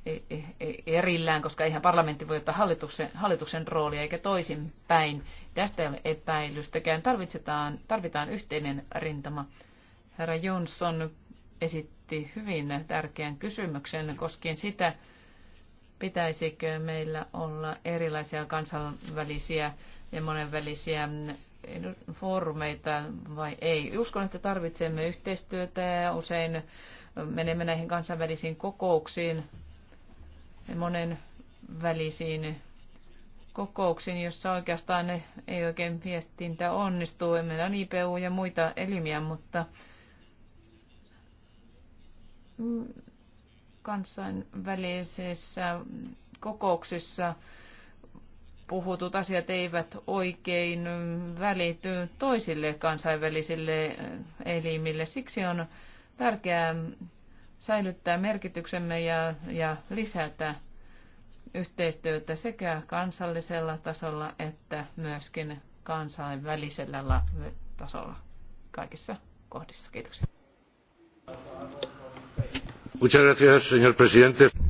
Speaker 2: E, e, e, erillään, koska eihän parlamentti voi ottaa hallituksen, hallituksen roolia eikä toisinpäin. Tästä ei ole epäilystäkään. Tarvitsetaan, tarvitaan yhteinen rintama. Herra Johnson esitti hyvin tärkeän kysymyksen koskien sitä, pitäisikö meillä olla erilaisia kansainvälisiä ja monenvälisiä foorumeita vai ei. Uskon, että tarvitsemme yhteistyötä ja usein menemme näihin kansainvälisiin kokouksiin, monen välisiin kokouksiin, jossa oikeastaan ne ei oikein viestintä onnistu Meillä on IPU ja muita elimiä, mutta kansainvälisissä kokouksissa puhutut asiat eivät oikein välity toisille kansainvälisille elimille. Siksi on tärkeää säilyttää merkityksemme ja, ja lisätä yhteistyötä sekä kansallisella tasolla että myöskin kansainvälisellä tasolla kaikissa kohdissa. Kiitoksia.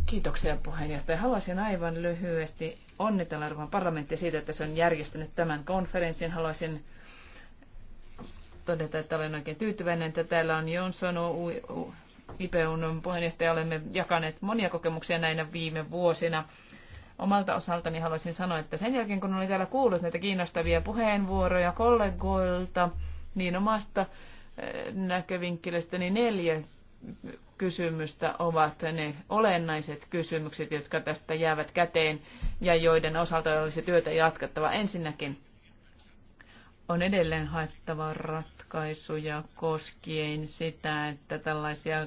Speaker 2: Kiitoksia puheenjohtaja. Haluaisin aivan lyhyesti onnitella Euroopan parlamentti siitä, että se on järjestänyt tämän konferenssin. Haluaisin todeta, että olen oikein tyytyväinen, että täällä on Johnson, IPUn puheenjohtaja olemme jakaneet monia kokemuksia näinä viime vuosina. Omalta osaltani haluaisin sanoa, että sen jälkeen kun olin täällä kuullut näitä kiinnostavia puheenvuoroja kollegoilta, niin omasta eh, näkövinkkelestäni neljä kysymystä ovat ne olennaiset kysymykset, jotka tästä jäävät käteen ja joiden osalta olisi työtä jatkettava. Ensinnäkin on edelleen haettava ratkaisuja koskien sitä, että tällaisia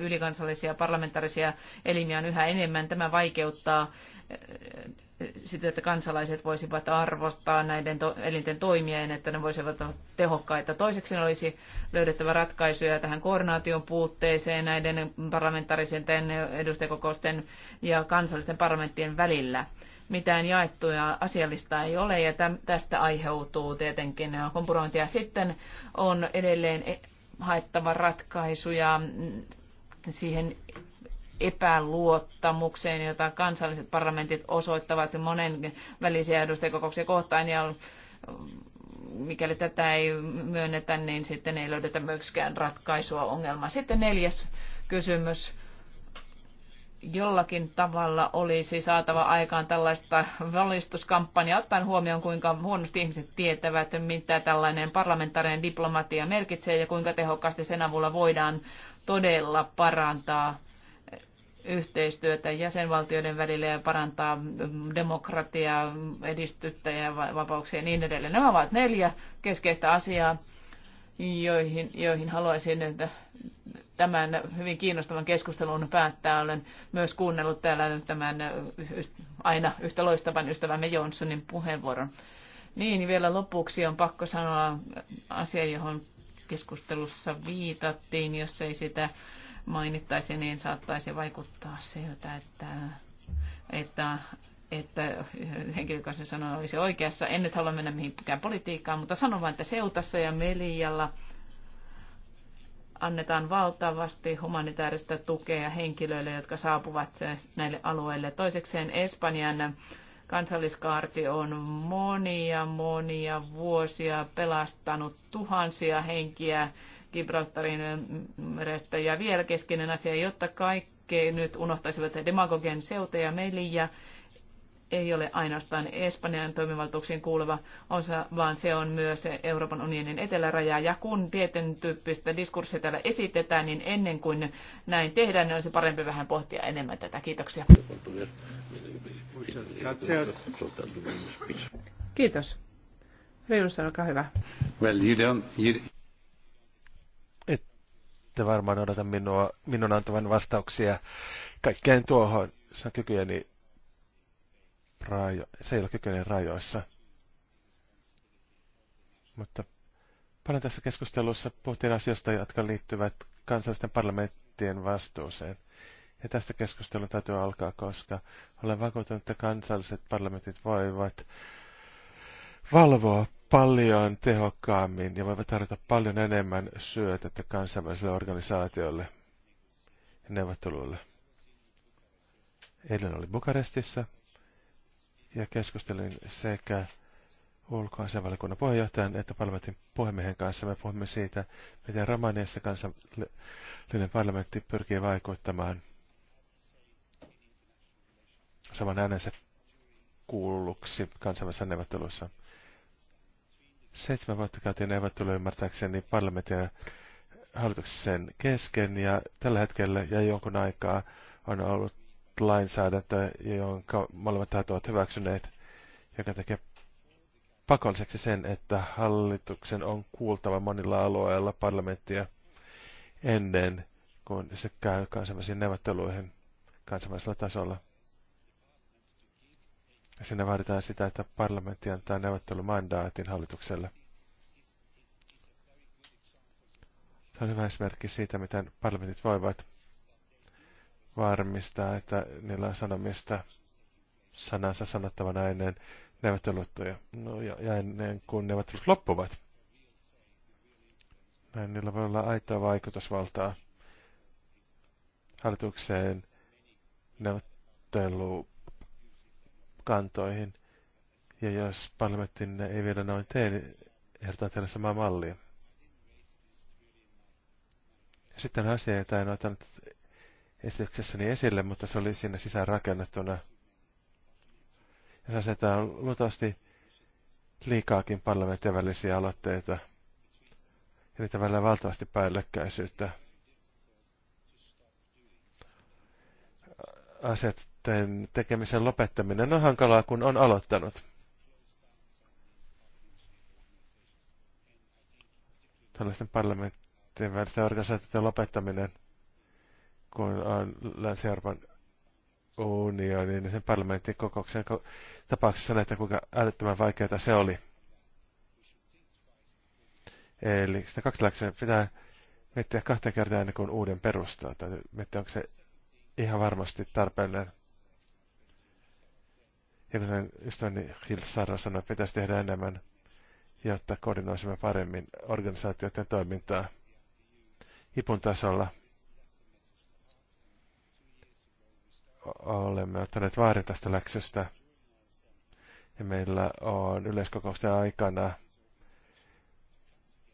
Speaker 2: ylikansallisia parlamentaarisia elimiä on yhä enemmän. Tämä vaikeuttaa eh, eh, sitä, että kansalaiset voisivat arvostaa näiden to- elinten toimien, että ne voisivat olla tehokkaita. Toiseksi olisi löydettävä ratkaisuja tähän koordinaation puutteeseen näiden parlamentaarisen edustajakokousten ja kansallisten parlamenttien välillä mitään jaettuja asiallista ei ole ja tästä aiheutuu tietenkin kompurointia. Sitten on edelleen e-, haettava ratkaisuja mm, siihen epäluottamukseen, jota kansalliset parlamentit osoittavat monen välisiä edustajakokouksia kohtaan ja mikäli tätä ei myönnetä, niin sitten ei löydetä myöskään ratkaisua ongelmaan. Sitten neljäs kysymys jollakin tavalla olisi saatava aikaan tällaista valistuskampanjaa, ottaen huomioon, kuinka huonosti ihmiset tietävät, mitä tällainen parlamentaarinen diplomatia merkitsee ja kuinka tehokkaasti sen avulla voidaan todella parantaa yhteistyötä jäsenvaltioiden välillä ja parantaa demokratiaa, edistyttä ja vapauksia ja niin edelleen. Nämä ovat neljä keskeistä asiaa, joihin, joihin haluaisin tämän hyvin kiinnostavan keskustelun päättää. Olen myös kuunnellut täällä tämän äh, aina yhtä loistavan ystävämme Johnsonin puheenvuoron. Niin, vielä lopuksi on pakko sanoa asia, johon keskustelussa viitattiin. Jos ei sitä mainittaisi, niin saattaisi vaikuttaa siltä, että, että että henkilökohtaisesti sanoa olisi oikeassa. En nyt halua mennä mihinkään politiikkaan, mutta sanon vain, että Seutassa ja Melialla – annetaan valtavasti humanitaarista tukea henkilöille, jotka saapuvat näille alueille. Toisekseen Espanjan kansalliskaarti on monia, monia vuosia pelastanut tuhansia henkiä Gibraltarin merestä. Ja vielä keskeinen asia, jotta kaikki nyt unohtaisivat demagogian seuteja meliä, ei ole ainoastaan Espanjan toimivaltuuksiin kuuluva osa, vaan se on myös Euroopan unionin eteläraja. Ja kun tietyn tyyppistä diskurssia täällä esitetään, niin ennen kuin näin tehdään, niin olisi parempi vähän pohtia enemmän tätä. Kiitoksia. Kiitos.
Speaker 3: Reilus, olkaa hyvä.
Speaker 1: Well, you don't, you... Ette varmaan odota minua, minun antavan vastauksia kaikkeen tuohon kykyjeni rajo, se ei ole kykyinen rajoissa. Mutta paljon tässä keskustelussa puhuttiin asioista, jotka liittyvät kansallisten parlamenttien vastuuseen. Ja tästä keskustelun täytyy alkaa, koska olen vakuutunut, että kansalliset parlamentit voivat valvoa paljon tehokkaammin ja voivat tarjota paljon enemmän syötettä kansainvälisille organisaatioille ja neuvotteluille. Eilen oli Bukarestissa ja keskustelin sekä ulkoasianvaliokunnan puheenjohtajan että parlamentin puhemiehen kanssa. Me puhumme siitä, miten Romaniassa kansallinen parlamentti pyrkii vaikuttamaan saman äänensä kuulluksi kansainvälisessä neuvottelussa. Seitsemän vuotta käytiin neuvotteluja ymmärtääkseni parlamentin ja hallituksen kesken ja tällä hetkellä ja jonkun aikaa on ollut lainsäädäntö, jonka molemmat tahot ovat hyväksyneet, joka tekee pakolliseksi sen, että hallituksen on kuultava monilla alueilla parlamenttia ennen kuin se käy kansainvälisiin neuvotteluihin kansainvälisellä tasolla. Ja siinä vaaditaan sitä, että parlamentti antaa neuvottelumandaatin hallitukselle. Se on hyvä esimerkki siitä, miten parlamentit voivat varmistaa, että niillä on sanomista sanansa sanottavana ennen neuvotteluttuja no, ja, ja ennen kuin neuvottelut loppuvat. Näin niillä voi olla aitoa vaikutusvaltaa hallitukseen neuvottelukantoihin. Ja jos parlamentin ei vielä noin tee, niin ehdotan teille samaa mallia. Sitten asia, jota en ole esityksessäni esille, mutta se oli siinä sisään rakennettuna. Ja se asettaa luultavasti liikaakin parlamentin välisiä aloitteita ja niitä välillä valtavasti päällekkäisyyttä. Asetteen tekemisen lopettaminen on hankalaa, kun on aloittanut. Tällaisten parlamentin välisten organisaatioiden lopettaminen kun on Länsi-Euroopan unionin niin ja sen parlamentin kokouksen tapauksessa näitä, kuinka älyttömän vaikeaa se oli. Eli sitä kaksi läksyä pitää miettiä kahteen kertaa ennen kuin uuden perustaa. Tai miettiä, onko se ihan varmasti tarpeellinen. Ja kuten ystäväni Hilsara sanoi, että pitäisi tehdä enemmän, jotta koordinoisimme paremmin organisaatioiden toimintaa hipun tasolla – olemme ottaneet vaarin tästä läksestä. Ja meillä on yleiskokousten aikana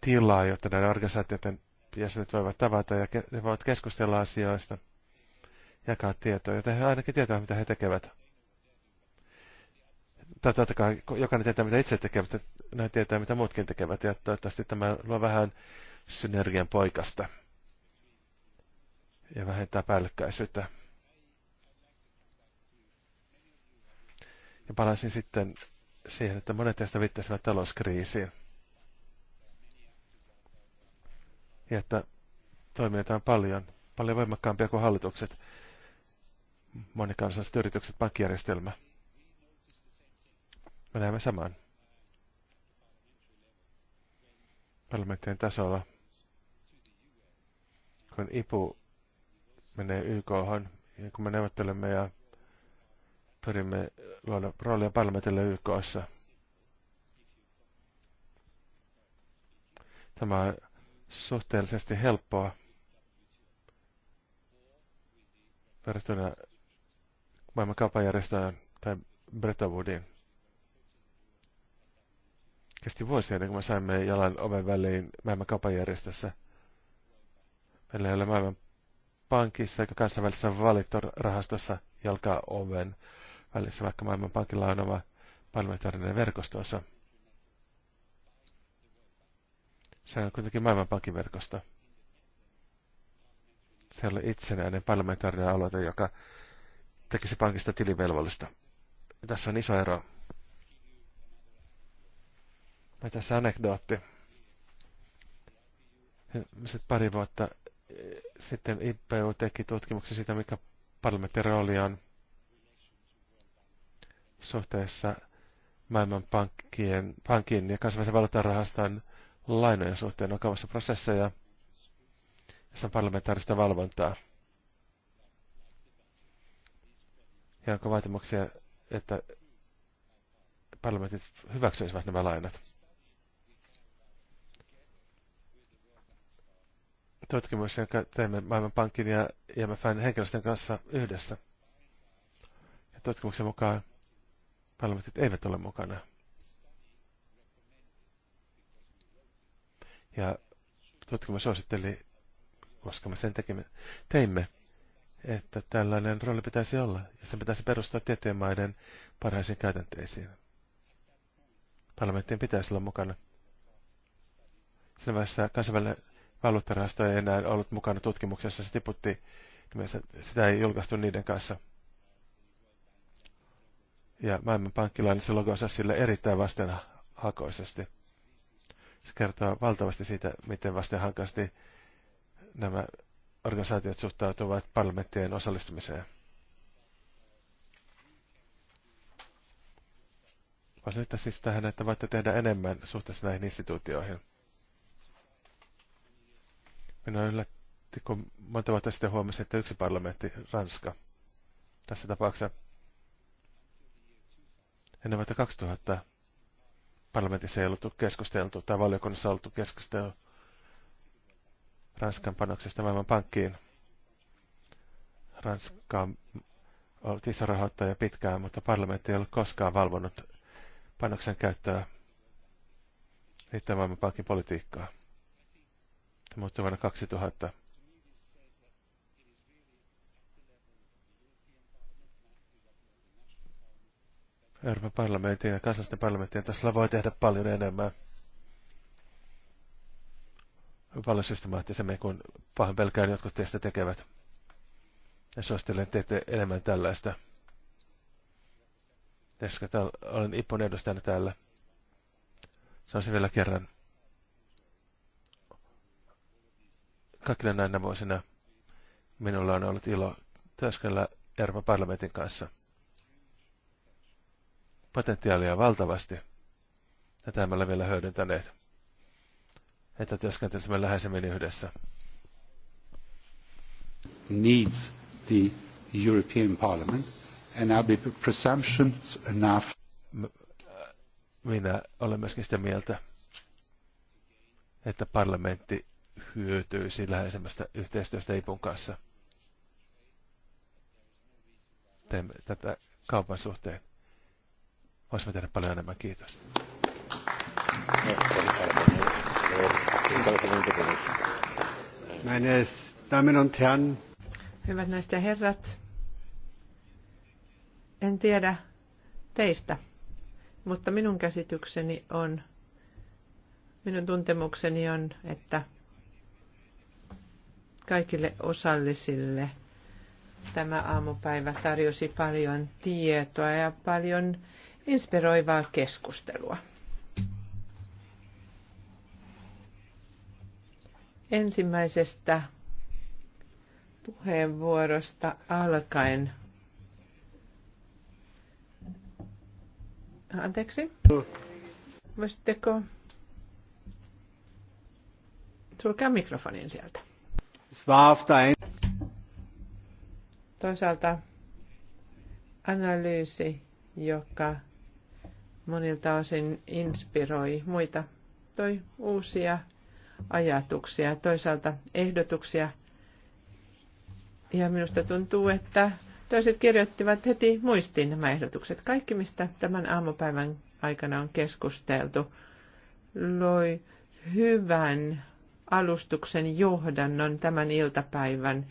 Speaker 1: tilaa, jotta näiden organisaatioiden jäsenet voivat tavata ja ne voivat keskustella asioista, jakaa tietoa, joten he ainakin tietävät, mitä he tekevät. Tai totta kai jokainen tietää, mitä itse tekevät, ja näin tietää, mitä muutkin tekevät, ja toivottavasti tämä luo vähän synergian poikasta ja vähentää päällekkäisyyttä. Ja palasin sitten siihen, että monet teistä viittasivat talouskriisiin. Ja että toimijoita on paljon, paljon voimakkaampia kuin hallitukset, monikansalliset yritykset, pankkijärjestelmä. Me näemme saman. Parlamenttien tasolla, kun IPU menee YK, ja kun me neuvottelemme ja pyrimme luoda roolia parlamentille YKssa. Tämä on suhteellisesti helppoa verrattuna maailman kaupanjärjestöön tai Bretton Woodiin. Kesti vuosia ennen kuin me saimme jalan oven väliin maailman kaupanjärjestössä. Meillä ei ole maailman pankissa eikä kansainvälisessä valittorahastossa jalkaa oven välissä, vaikka Maailmanpankilla on oma parlamentaarinen verkostonsa. Se on kuitenkin Maailmanpankin verkosto. Se oli itsenäinen parlamentaarinen aloite, joka tekisi pankista tilivelvollista. Ja tässä on iso ero. Ja tässä anekdootti. Sitten pari vuotta sitten IPU teki tutkimuksen siitä, mikä parlamentin rooli on suhteessa pankkien, pankin ja kansainvälisen valuuttarahaston lainojen suhteen on kauassa prosesseja, jossa on parlamentaarista valvontaa. Ja onko vaatimuksia, että parlamentit hyväksyisivät nämä lainat? Tutkimus, jonka teemme Maailmanpankin ja IMFn henkilöstön kanssa yhdessä. Ja tutkimuksen mukaan parlamentit eivät ole mukana. Ja tutkimus suositteli, koska me sen tekimme, teimme, että tällainen rooli pitäisi olla, ja sen pitäisi perustua tiettyjen maiden parhaisiin käytänteisiin. Parlamenttien pitäisi olla mukana. Sen vaiheessa kansainvälinen valuuttarahasto ei enää ollut mukana tutkimuksessa, se tiputti, sitä ei julkaistu niiden kanssa ja maailman logo logonsa sille erittäin vastenhakoisesti. Se kertoo valtavasti siitä, miten vastenhankasti nämä organisaatiot suhtautuvat parlamenttien osallistumiseen. Voisi nyt siis tähän, että voitte tehdä enemmän suhteessa näihin instituutioihin. Minä yllätti, kun monta vuotta sitten huomasin, että yksi parlamentti, Ranska, tässä tapauksessa ennen vuotta 2000 parlamentissa ei ollut keskusteltu tai valiokunnassa ollut keskustelu Ranskan panoksesta maailman pankkiin. Ranska on ollut iso rahoittaja pitkään, mutta parlamentti ei ollut koskaan valvonut panoksen käyttöä liittyen pankin politiikkaa. Tämä muuttui vuonna 2000. Euroopan parlamentin ja kansallisten parlamenttien tasolla voi tehdä paljon enemmän. Paljon systemaattisemmin kuin pahan pelkään jotkut teistä tekevät. Ja suosittelen teette enemmän tällaista. Koska olen Ippon edustajana täällä. Sanoisin vielä kerran. Kaikille näinä vuosina minulla on ollut ilo työskennellä Euroopan parlamentin kanssa potentiaalia valtavasti. Tätä emme ole vielä hyödyntäneet. Että työskentelisimme läheisemmin yhdessä. Needs the European Parliament and I'll be presumptions enough. Minä olen myöskin sitä mieltä, että parlamentti hyötyisi läheisemmästä yhteistyöstä IPUn kanssa. Teemme tätä kaupan suhteen. Voisimme tehdä paljon enemmän. Kiitos. Meine Damen und Herren.
Speaker 3: Hyvät naiset ja herrat, en tiedä teistä, mutta minun käsitykseni on, minun tuntemukseni on, että kaikille osallisille tämä aamupäivä tarjosi paljon tietoa ja paljon inspiroivaa keskustelua. Ensimmäisestä puheenvuorosta alkaen. Anteeksi? Voisitteko sulkea mikrofonin sieltä? Toisaalta analyysi, joka monilta osin inspiroi muita, toi uusia ajatuksia, toisaalta ehdotuksia. Ja minusta tuntuu, että toiset kirjoittivat heti muistiin nämä ehdotukset. Kaikki, mistä tämän aamupäivän aikana on keskusteltu, loi hyvän alustuksen johdannon tämän iltapäivän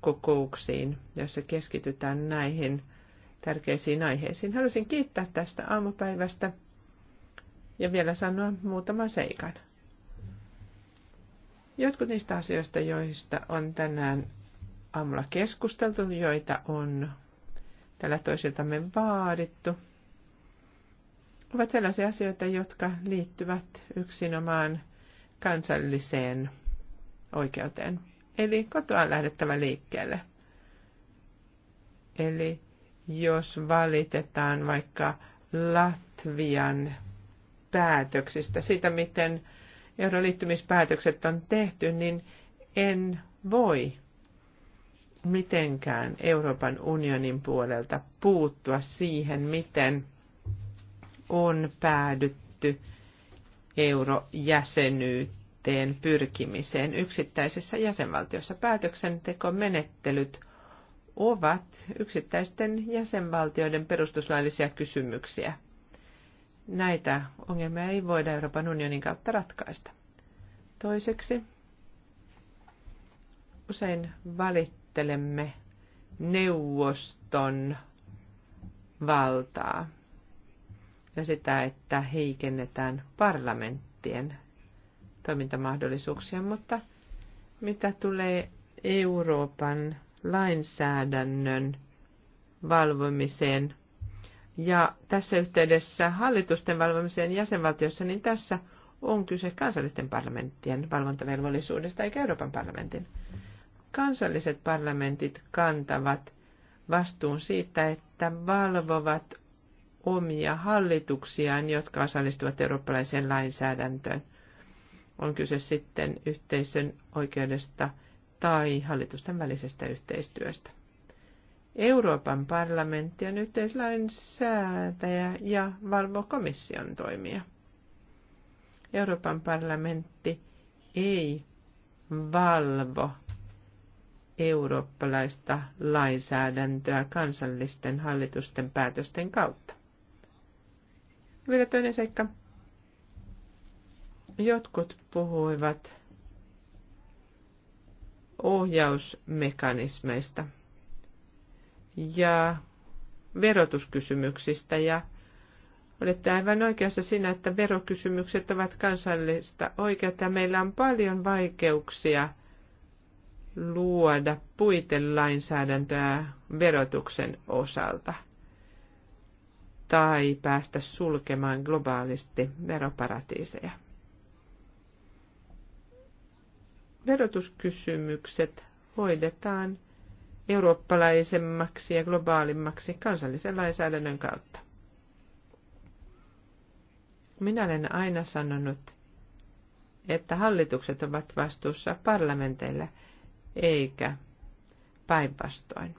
Speaker 3: kokouksiin, jossa keskitytään näihin – tärkeisiin aiheisiin. Haluaisin kiittää tästä aamupäivästä ja vielä sanoa muutaman seikan. Jotkut niistä asioista, joista on tänään aamulla keskusteltu, joita on tällä toisiltamme vaadittu, ovat sellaisia asioita, jotka liittyvät yksinomaan kansalliseen oikeuteen. Eli kotoa lähdettävä liikkeelle. Eli jos valitetaan vaikka Latvian päätöksistä, siitä miten euroliittymispäätökset on tehty, niin en voi mitenkään Euroopan unionin puolelta puuttua siihen, miten on päädytty eurojäsenyyteen pyrkimiseen yksittäisessä jäsenvaltiossa. Päätöksentekomenettelyt ovat yksittäisten jäsenvaltioiden perustuslaillisia kysymyksiä. Näitä ongelmia ei voida Euroopan unionin kautta ratkaista. Toiseksi, usein valittelemme neuvoston valtaa ja sitä, että heikennetään parlamenttien toimintamahdollisuuksia, mutta mitä tulee Euroopan lainsäädännön valvomiseen ja tässä yhteydessä hallitusten valvomiseen jäsenvaltiossa, niin tässä on kyse kansallisten parlamenttien valvontavelvollisuudesta eikä Euroopan parlamentin. Kansalliset parlamentit kantavat vastuun siitä, että valvovat omia hallituksiaan, jotka osallistuvat eurooppalaiseen lainsäädäntöön. On kyse sitten yhteisön oikeudesta – tai hallitusten välisestä yhteistyöstä. Euroopan parlamentti on yhteislainsäätäjä ja valvoo komission toimia. Euroopan parlamentti ei valvo eurooppalaista lainsäädäntöä kansallisten hallitusten päätösten kautta. Vielä toinen seikka. Jotkut puhuivat ohjausmekanismeista ja verotuskysymyksistä ja olette aivan oikeassa siinä, että verokysymykset ovat kansallista oikeutta. Meillä on paljon vaikeuksia luoda puitelainsäädäntöä verotuksen osalta tai päästä sulkemaan globaalisti veroparatiiseja. verotuskysymykset hoidetaan eurooppalaisemmaksi ja globaalimmaksi kansallisen lainsäädännön kautta. Minä olen aina sanonut, että hallitukset ovat vastuussa parlamenteille, eikä päinvastoin.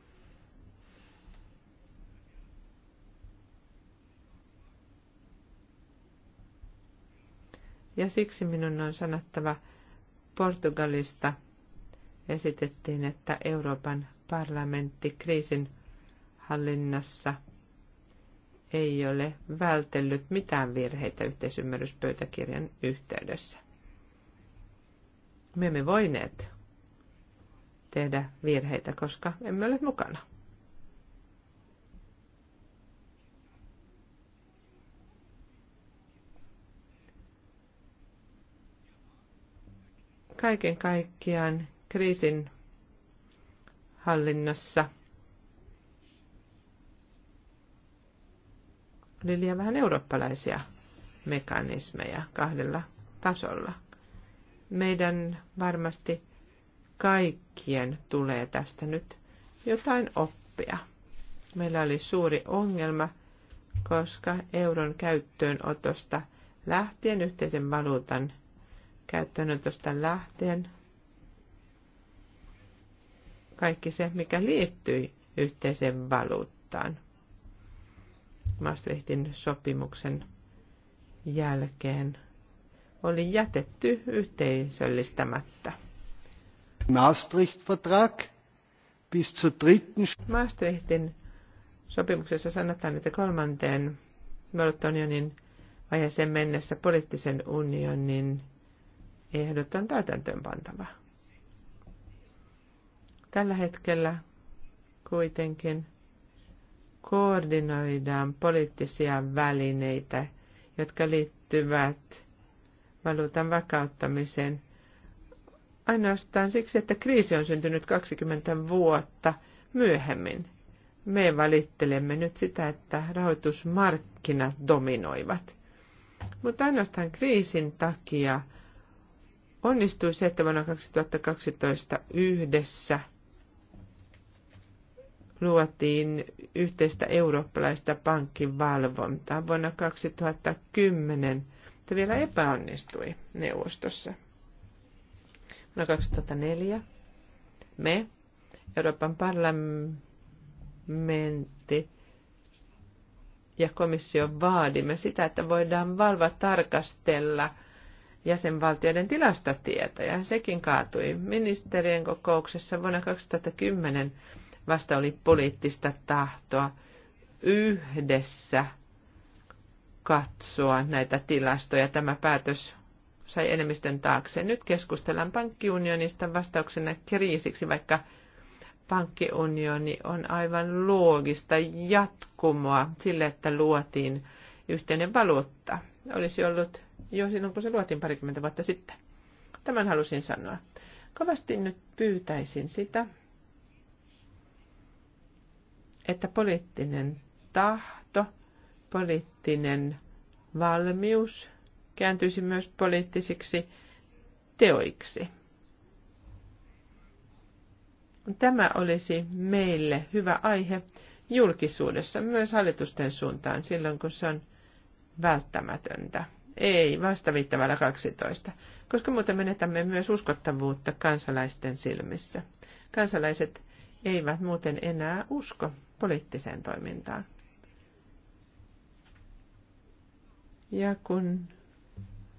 Speaker 3: Ja siksi minun on sanottava, Portugalista esitettiin, että Euroopan parlamentti kriisin hallinnassa ei ole vältellyt mitään virheitä yhteisymmärryspöytäkirjan yhteydessä. Me emme voineet tehdä virheitä, koska emme ole mukana. Kaiken kaikkiaan kriisin hallinnassa oli liian vähän eurooppalaisia mekanismeja kahdella tasolla. Meidän varmasti kaikkien tulee tästä nyt jotain oppia. Meillä oli suuri ongelma, koska euron käyttöönotosta lähtien yhteisen valuutan käyttöönotosta lähtien kaikki se, mikä liittyi yhteiseen valuuttaan Maastrichtin sopimuksen jälkeen, oli jätetty yhteisöllistämättä. Maastricht-vertrag bis zur dritten... Maastrichtin sopimuksessa sanotaan, että kolmanteen Euroopan unionin vaiheeseen mennessä poliittisen unionin ehdotan täytäntöönpantavaa. Tällä hetkellä kuitenkin koordinoidaan poliittisia välineitä, jotka liittyvät valuutan vakauttamiseen ainoastaan siksi, että kriisi on syntynyt 20 vuotta myöhemmin. Me valittelemme nyt sitä, että rahoitusmarkkinat dominoivat. Mutta ainoastaan kriisin takia onnistui se, että vuonna 2012 yhdessä luotiin yhteistä eurooppalaista pankkivalvontaa. Vuonna 2010 se vielä epäonnistui neuvostossa. Vuonna 2004 me, Euroopan parlamentti ja komissio vaadimme sitä, että voidaan valva tarkastella – jäsenvaltioiden tilastotietoja. Sekin kaatui ministerien kokouksessa vuonna 2010 vasta oli poliittista tahtoa yhdessä katsoa näitä tilastoja. Tämä päätös sai enemmistön taakse. Nyt keskustellaan pankkiunionista vastauksena kriisiksi, vaikka pankkiunioni on aivan loogista jatkumoa sille, että luotiin yhteinen valuutta. Olisi ollut jo silloin, kun se luotiin parikymmentä vuotta sitten. Tämän halusin sanoa. Kovasti nyt pyytäisin sitä, että poliittinen tahto, poliittinen valmius kääntyisi myös poliittisiksi teoiksi. Tämä olisi meille hyvä aihe julkisuudessa, myös hallitusten suuntaan, silloin kun se on välttämätöntä ei, vasta viittavalla 12, koska muuten menetämme myös uskottavuutta kansalaisten silmissä. Kansalaiset eivät muuten enää usko poliittiseen toimintaan. Ja kun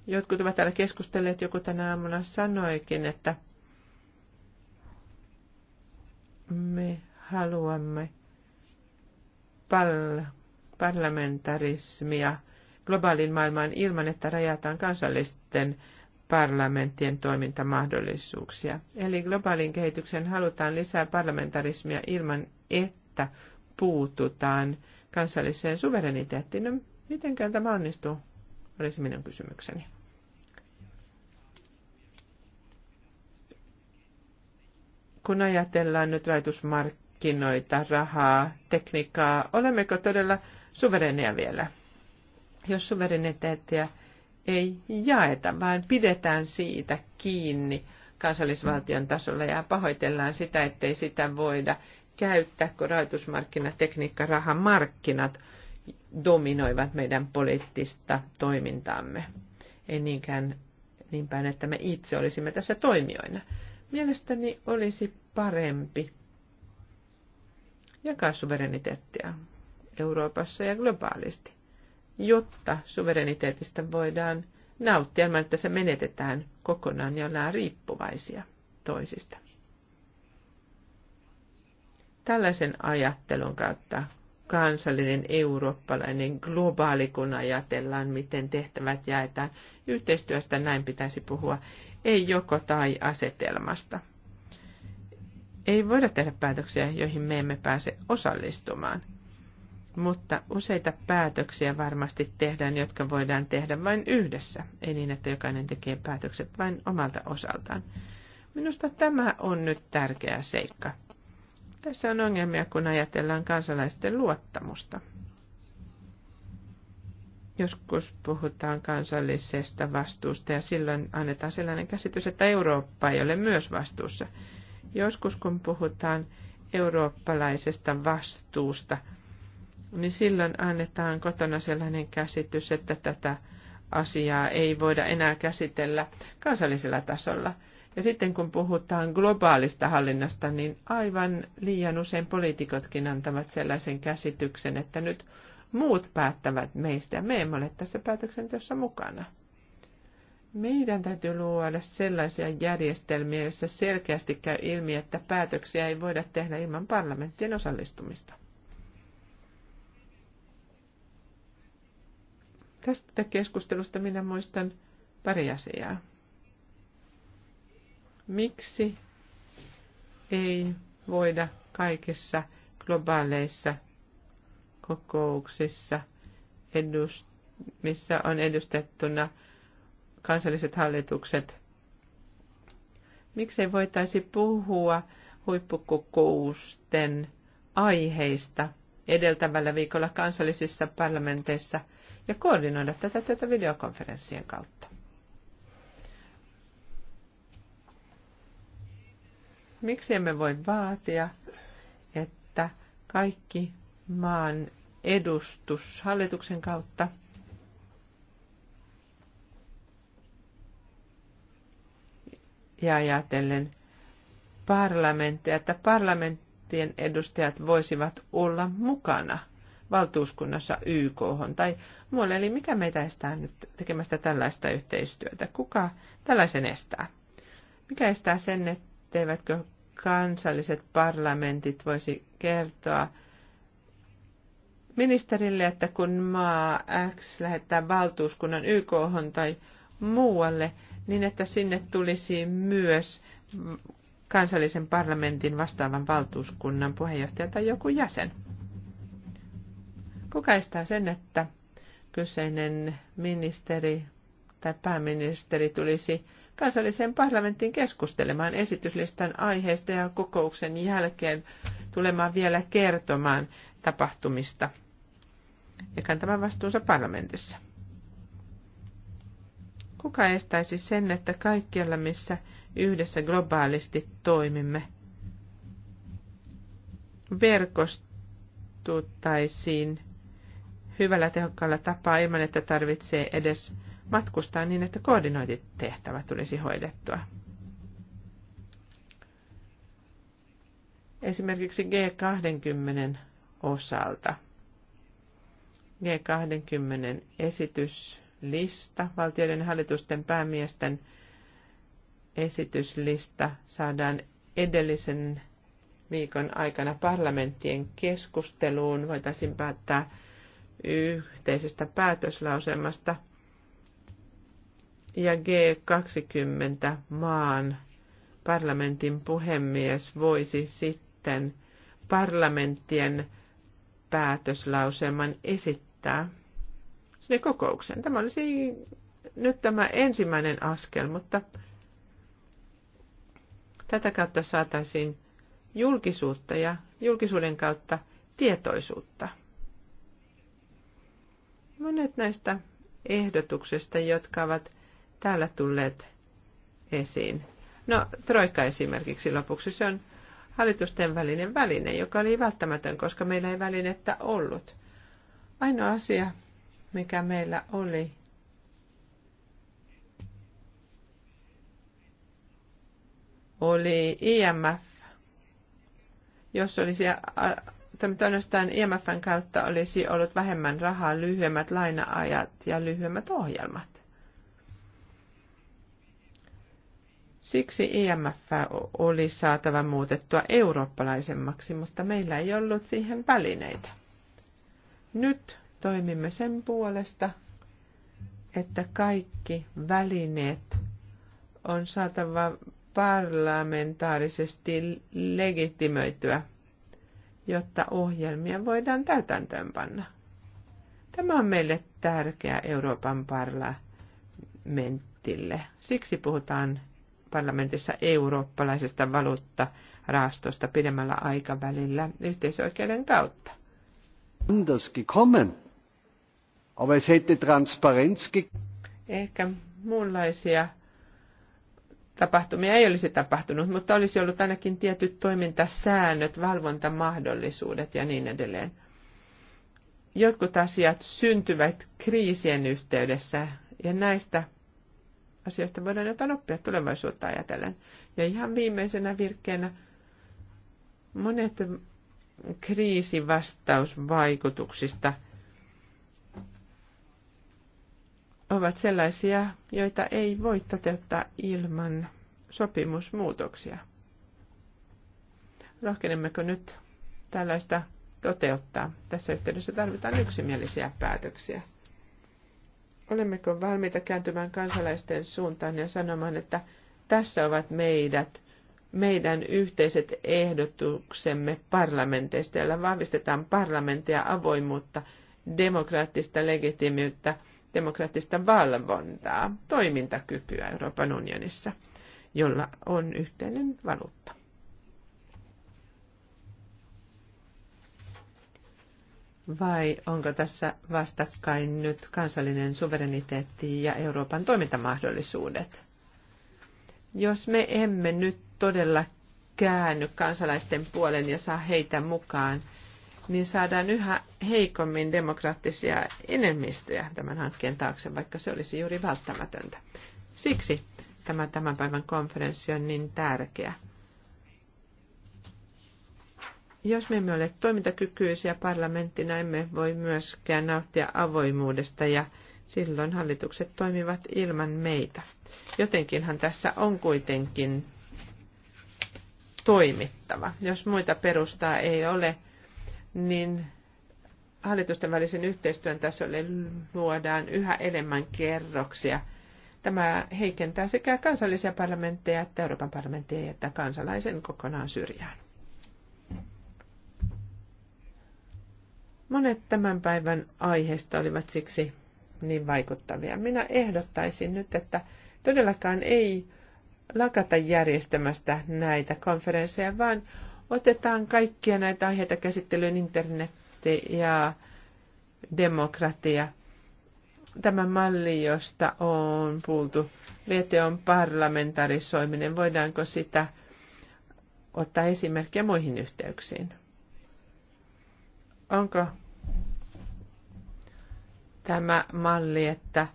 Speaker 3: jotkut ovat täällä keskustelleet, joku tänä aamuna sanoikin, että me haluamme pal- parlamentarismia – globaalin maailmaan ilman, että rajataan kansallisten parlamenttien toimintamahdollisuuksia. Eli globaalin kehityksen halutaan lisää parlamentarismia ilman, että puututaan kansalliseen suvereniteettiin. No, miten tämä onnistuu? Olisi minun kysymykseni. Kun ajatellaan nyt rajoitusmarkkinoita, rahaa, tekniikkaa, olemmeko todella suvereneja vielä? jos suvereniteettia ei jaeta, vaan pidetään siitä kiinni kansallisvaltion tasolla ja pahoitellaan sitä, ettei sitä voida käyttää, kun rahoitusmarkkinatekniikka, rahamarkkinat dominoivat meidän poliittista toimintaamme. Ei niinkään niin päin, että me itse olisimme tässä toimijoina. Mielestäni olisi parempi jakaa suvereniteettia Euroopassa ja globaalisti jotta suvereniteetista voidaan nauttia ilman, että se menetetään kokonaan ja ollaan riippuvaisia toisista. Tällaisen ajattelun kautta kansallinen, eurooppalainen, globaali, kun ajatellaan, miten tehtävät jaetaan. Yhteistyöstä näin pitäisi puhua, ei joko tai asetelmasta. Ei voida tehdä päätöksiä, joihin me emme pääse osallistumaan – mutta useita päätöksiä varmasti tehdään, jotka voidaan tehdä vain yhdessä, ei niin, että jokainen tekee päätökset vain omalta osaltaan. Minusta tämä on nyt tärkeä seikka. Tässä on ongelmia, kun ajatellaan kansalaisten luottamusta. Joskus puhutaan kansallisesta vastuusta ja silloin annetaan sellainen käsitys, että Eurooppa ei ole myös vastuussa. Joskus kun puhutaan eurooppalaisesta vastuusta, niin silloin annetaan kotona sellainen käsitys, että tätä asiaa ei voida enää käsitellä kansallisella tasolla. Ja sitten kun puhutaan globaalista hallinnasta, niin aivan liian usein poliitikotkin antavat sellaisen käsityksen, että nyt muut päättävät meistä ja me emme ole tässä päätöksenteossa mukana. Meidän täytyy luoda sellaisia järjestelmiä, joissa selkeästi käy ilmi, että päätöksiä ei voida tehdä ilman parlamenttien osallistumista. Tästä keskustelusta minä muistan pari asiaa. Miksi ei voida kaikissa globaaleissa kokouksissa, edust- missä on edustettuna kansalliset hallitukset, miksei voitaisi puhua huippukokousten aiheista edeltävällä viikolla kansallisissa parlamenteissa – ja koordinoida tätä työtä videokonferenssien kautta. Miksi emme voi vaatia, että kaikki maan edustus hallituksen kautta ja ajatellen parlamentteja, että parlamenttien edustajat voisivat olla mukana – valtuuskunnassa YK tai muualle. Eli mikä meitä estää nyt tekemästä tällaista yhteistyötä? Kuka tällaisen estää? Mikä estää sen, etteivätkö kansalliset parlamentit voisi kertoa ministerille, että kun maa X lähettää valtuuskunnan YK tai muualle, niin että sinne tulisi myös kansallisen parlamentin vastaavan valtuuskunnan puheenjohtaja tai joku jäsen. Kukaistaa sen, että kyseinen ministeri tai pääministeri tulisi kansalliseen parlamenttiin keskustelemaan esityslistan aiheesta ja kokouksen jälkeen tulemaan vielä kertomaan tapahtumista ja kantamaan vastuunsa parlamentissa. Kuka estäisi sen, että kaikkialla missä yhdessä globaalisti toimimme, verkostuttaisiin hyvällä tehokkaalla tapaa ilman, että tarvitsee edes matkustaa niin, että koordinointitehtävä tulisi hoidettua. Esimerkiksi G20 osalta. G20 esityslista, valtioiden ja hallitusten päämiesten esityslista saadaan edellisen viikon aikana parlamenttien keskusteluun. Voitaisiin päättää yhteisestä päätöslauselmasta ja G20 maan parlamentin puhemies voisi sitten parlamenttien päätöslauselman esittää sinne kokoukseen. Tämä olisi nyt tämä ensimmäinen askel, mutta tätä kautta saataisiin julkisuutta ja julkisuuden kautta tietoisuutta – Monet näistä ehdotuksista, jotka ovat täällä tulleet esiin. No, Troika esimerkiksi lopuksi, se on hallitusten välinen väline, joka oli välttämätön, koska meillä ei välinettä ollut. Ainoa asia, mikä meillä oli, oli IMF, jos olisi mutta ainoastaan IMFn kautta olisi ollut vähemmän rahaa, lyhyemmät lainaajat ja lyhyemmät ohjelmat. Siksi IMF oli saatava muutettua eurooppalaisemmaksi, mutta meillä ei ollut siihen välineitä. Nyt toimimme sen puolesta, että kaikki välineet on saatava parlamentaarisesti legitimöityä jotta ohjelmia voidaan täytäntöönpanna. Tämä on meille tärkeä Euroopan parlamentille. Siksi puhutaan parlamentissa eurooppalaisesta valuuttaraastosta pidemmällä aikavälillä yhteisoikeuden kautta. Anders Ehkä muunlaisia tapahtumia ei olisi tapahtunut, mutta olisi ollut ainakin tietyt toimintasäännöt, valvontamahdollisuudet ja niin edelleen. Jotkut asiat syntyvät kriisien yhteydessä ja näistä asioista voidaan jotain oppia tulevaisuutta ajatellen. Ja ihan viimeisenä virkkeenä monet kriisivastausvaikutuksista – ovat sellaisia, joita ei voi toteuttaa ilman sopimusmuutoksia. Rohkenemmeko nyt tällaista toteuttaa? Tässä yhteydessä tarvitaan yksimielisiä päätöksiä. Olemmeko valmiita kääntymään kansalaisten suuntaan ja sanomaan, että tässä ovat meidät, meidän yhteiset ehdotuksemme parlamenteista, joilla vahvistetaan parlamenttia avoimuutta, demokraattista legitimiyttä – demokraattista valvontaa, toimintakykyä Euroopan unionissa, jolla on yhteinen valuutta. Vai onko tässä vastakkain nyt kansallinen suvereniteetti ja Euroopan toimintamahdollisuudet? Jos me emme nyt todella käänny kansalaisten puolen ja saa heitä mukaan, niin saadaan yhä heikommin demokraattisia enemmistöjä tämän hankkeen taakse, vaikka se olisi juuri välttämätöntä. Siksi tämä tämän päivän konferenssi on niin tärkeä. Jos me emme ole toimintakykyisiä parlamenttina, emme voi myöskään nauttia avoimuudesta ja silloin hallitukset toimivat ilman meitä. Jotenkinhan tässä on kuitenkin toimittava. Jos muita perustaa ei ole, niin hallitusten välisen yhteistyön tasolle luodaan yhä enemmän kerroksia. Tämä heikentää sekä kansallisia parlamentteja että Euroopan parlamenttia että kansalaisen kokonaan syrjään. Monet tämän päivän aiheista olivat siksi niin vaikuttavia. Minä ehdottaisin nyt, että todellakaan ei lakata järjestämästä näitä konferensseja, vaan otetaan kaikkia näitä aiheita käsittelyyn internetti ja demokratia. Tämä malli, josta on puhuttu, VTOn parlamentarisoiminen, voidaanko sitä ottaa esimerkkiä muihin yhteyksiin? Onko tämä malli, että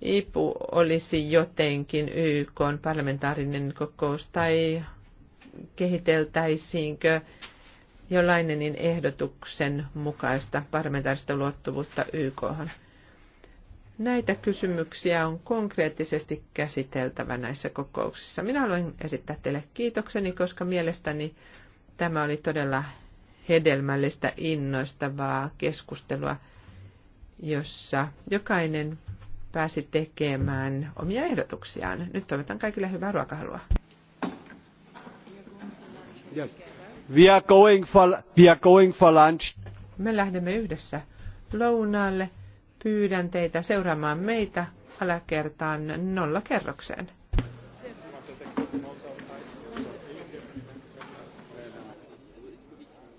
Speaker 3: IPU olisi jotenkin YK parlamentaarinen kokous tai kehiteltäisiinkö jollainen ehdotuksen mukaista parlamentaarista luottuvuutta YK. :han. Näitä kysymyksiä on konkreettisesti käsiteltävä näissä kokouksissa. Minä haluan esittää teille kiitokseni, koska mielestäni tämä oli todella hedelmällistä, innoistavaa keskustelua, jossa jokainen pääsi tekemään omia ehdotuksiaan. Nyt toivotan kaikille hyvää ruokahalua. Me lähdemme yhdessä lounaalle. Pyydän teitä seuraamaan meitä alakertaan nollakerrokseen.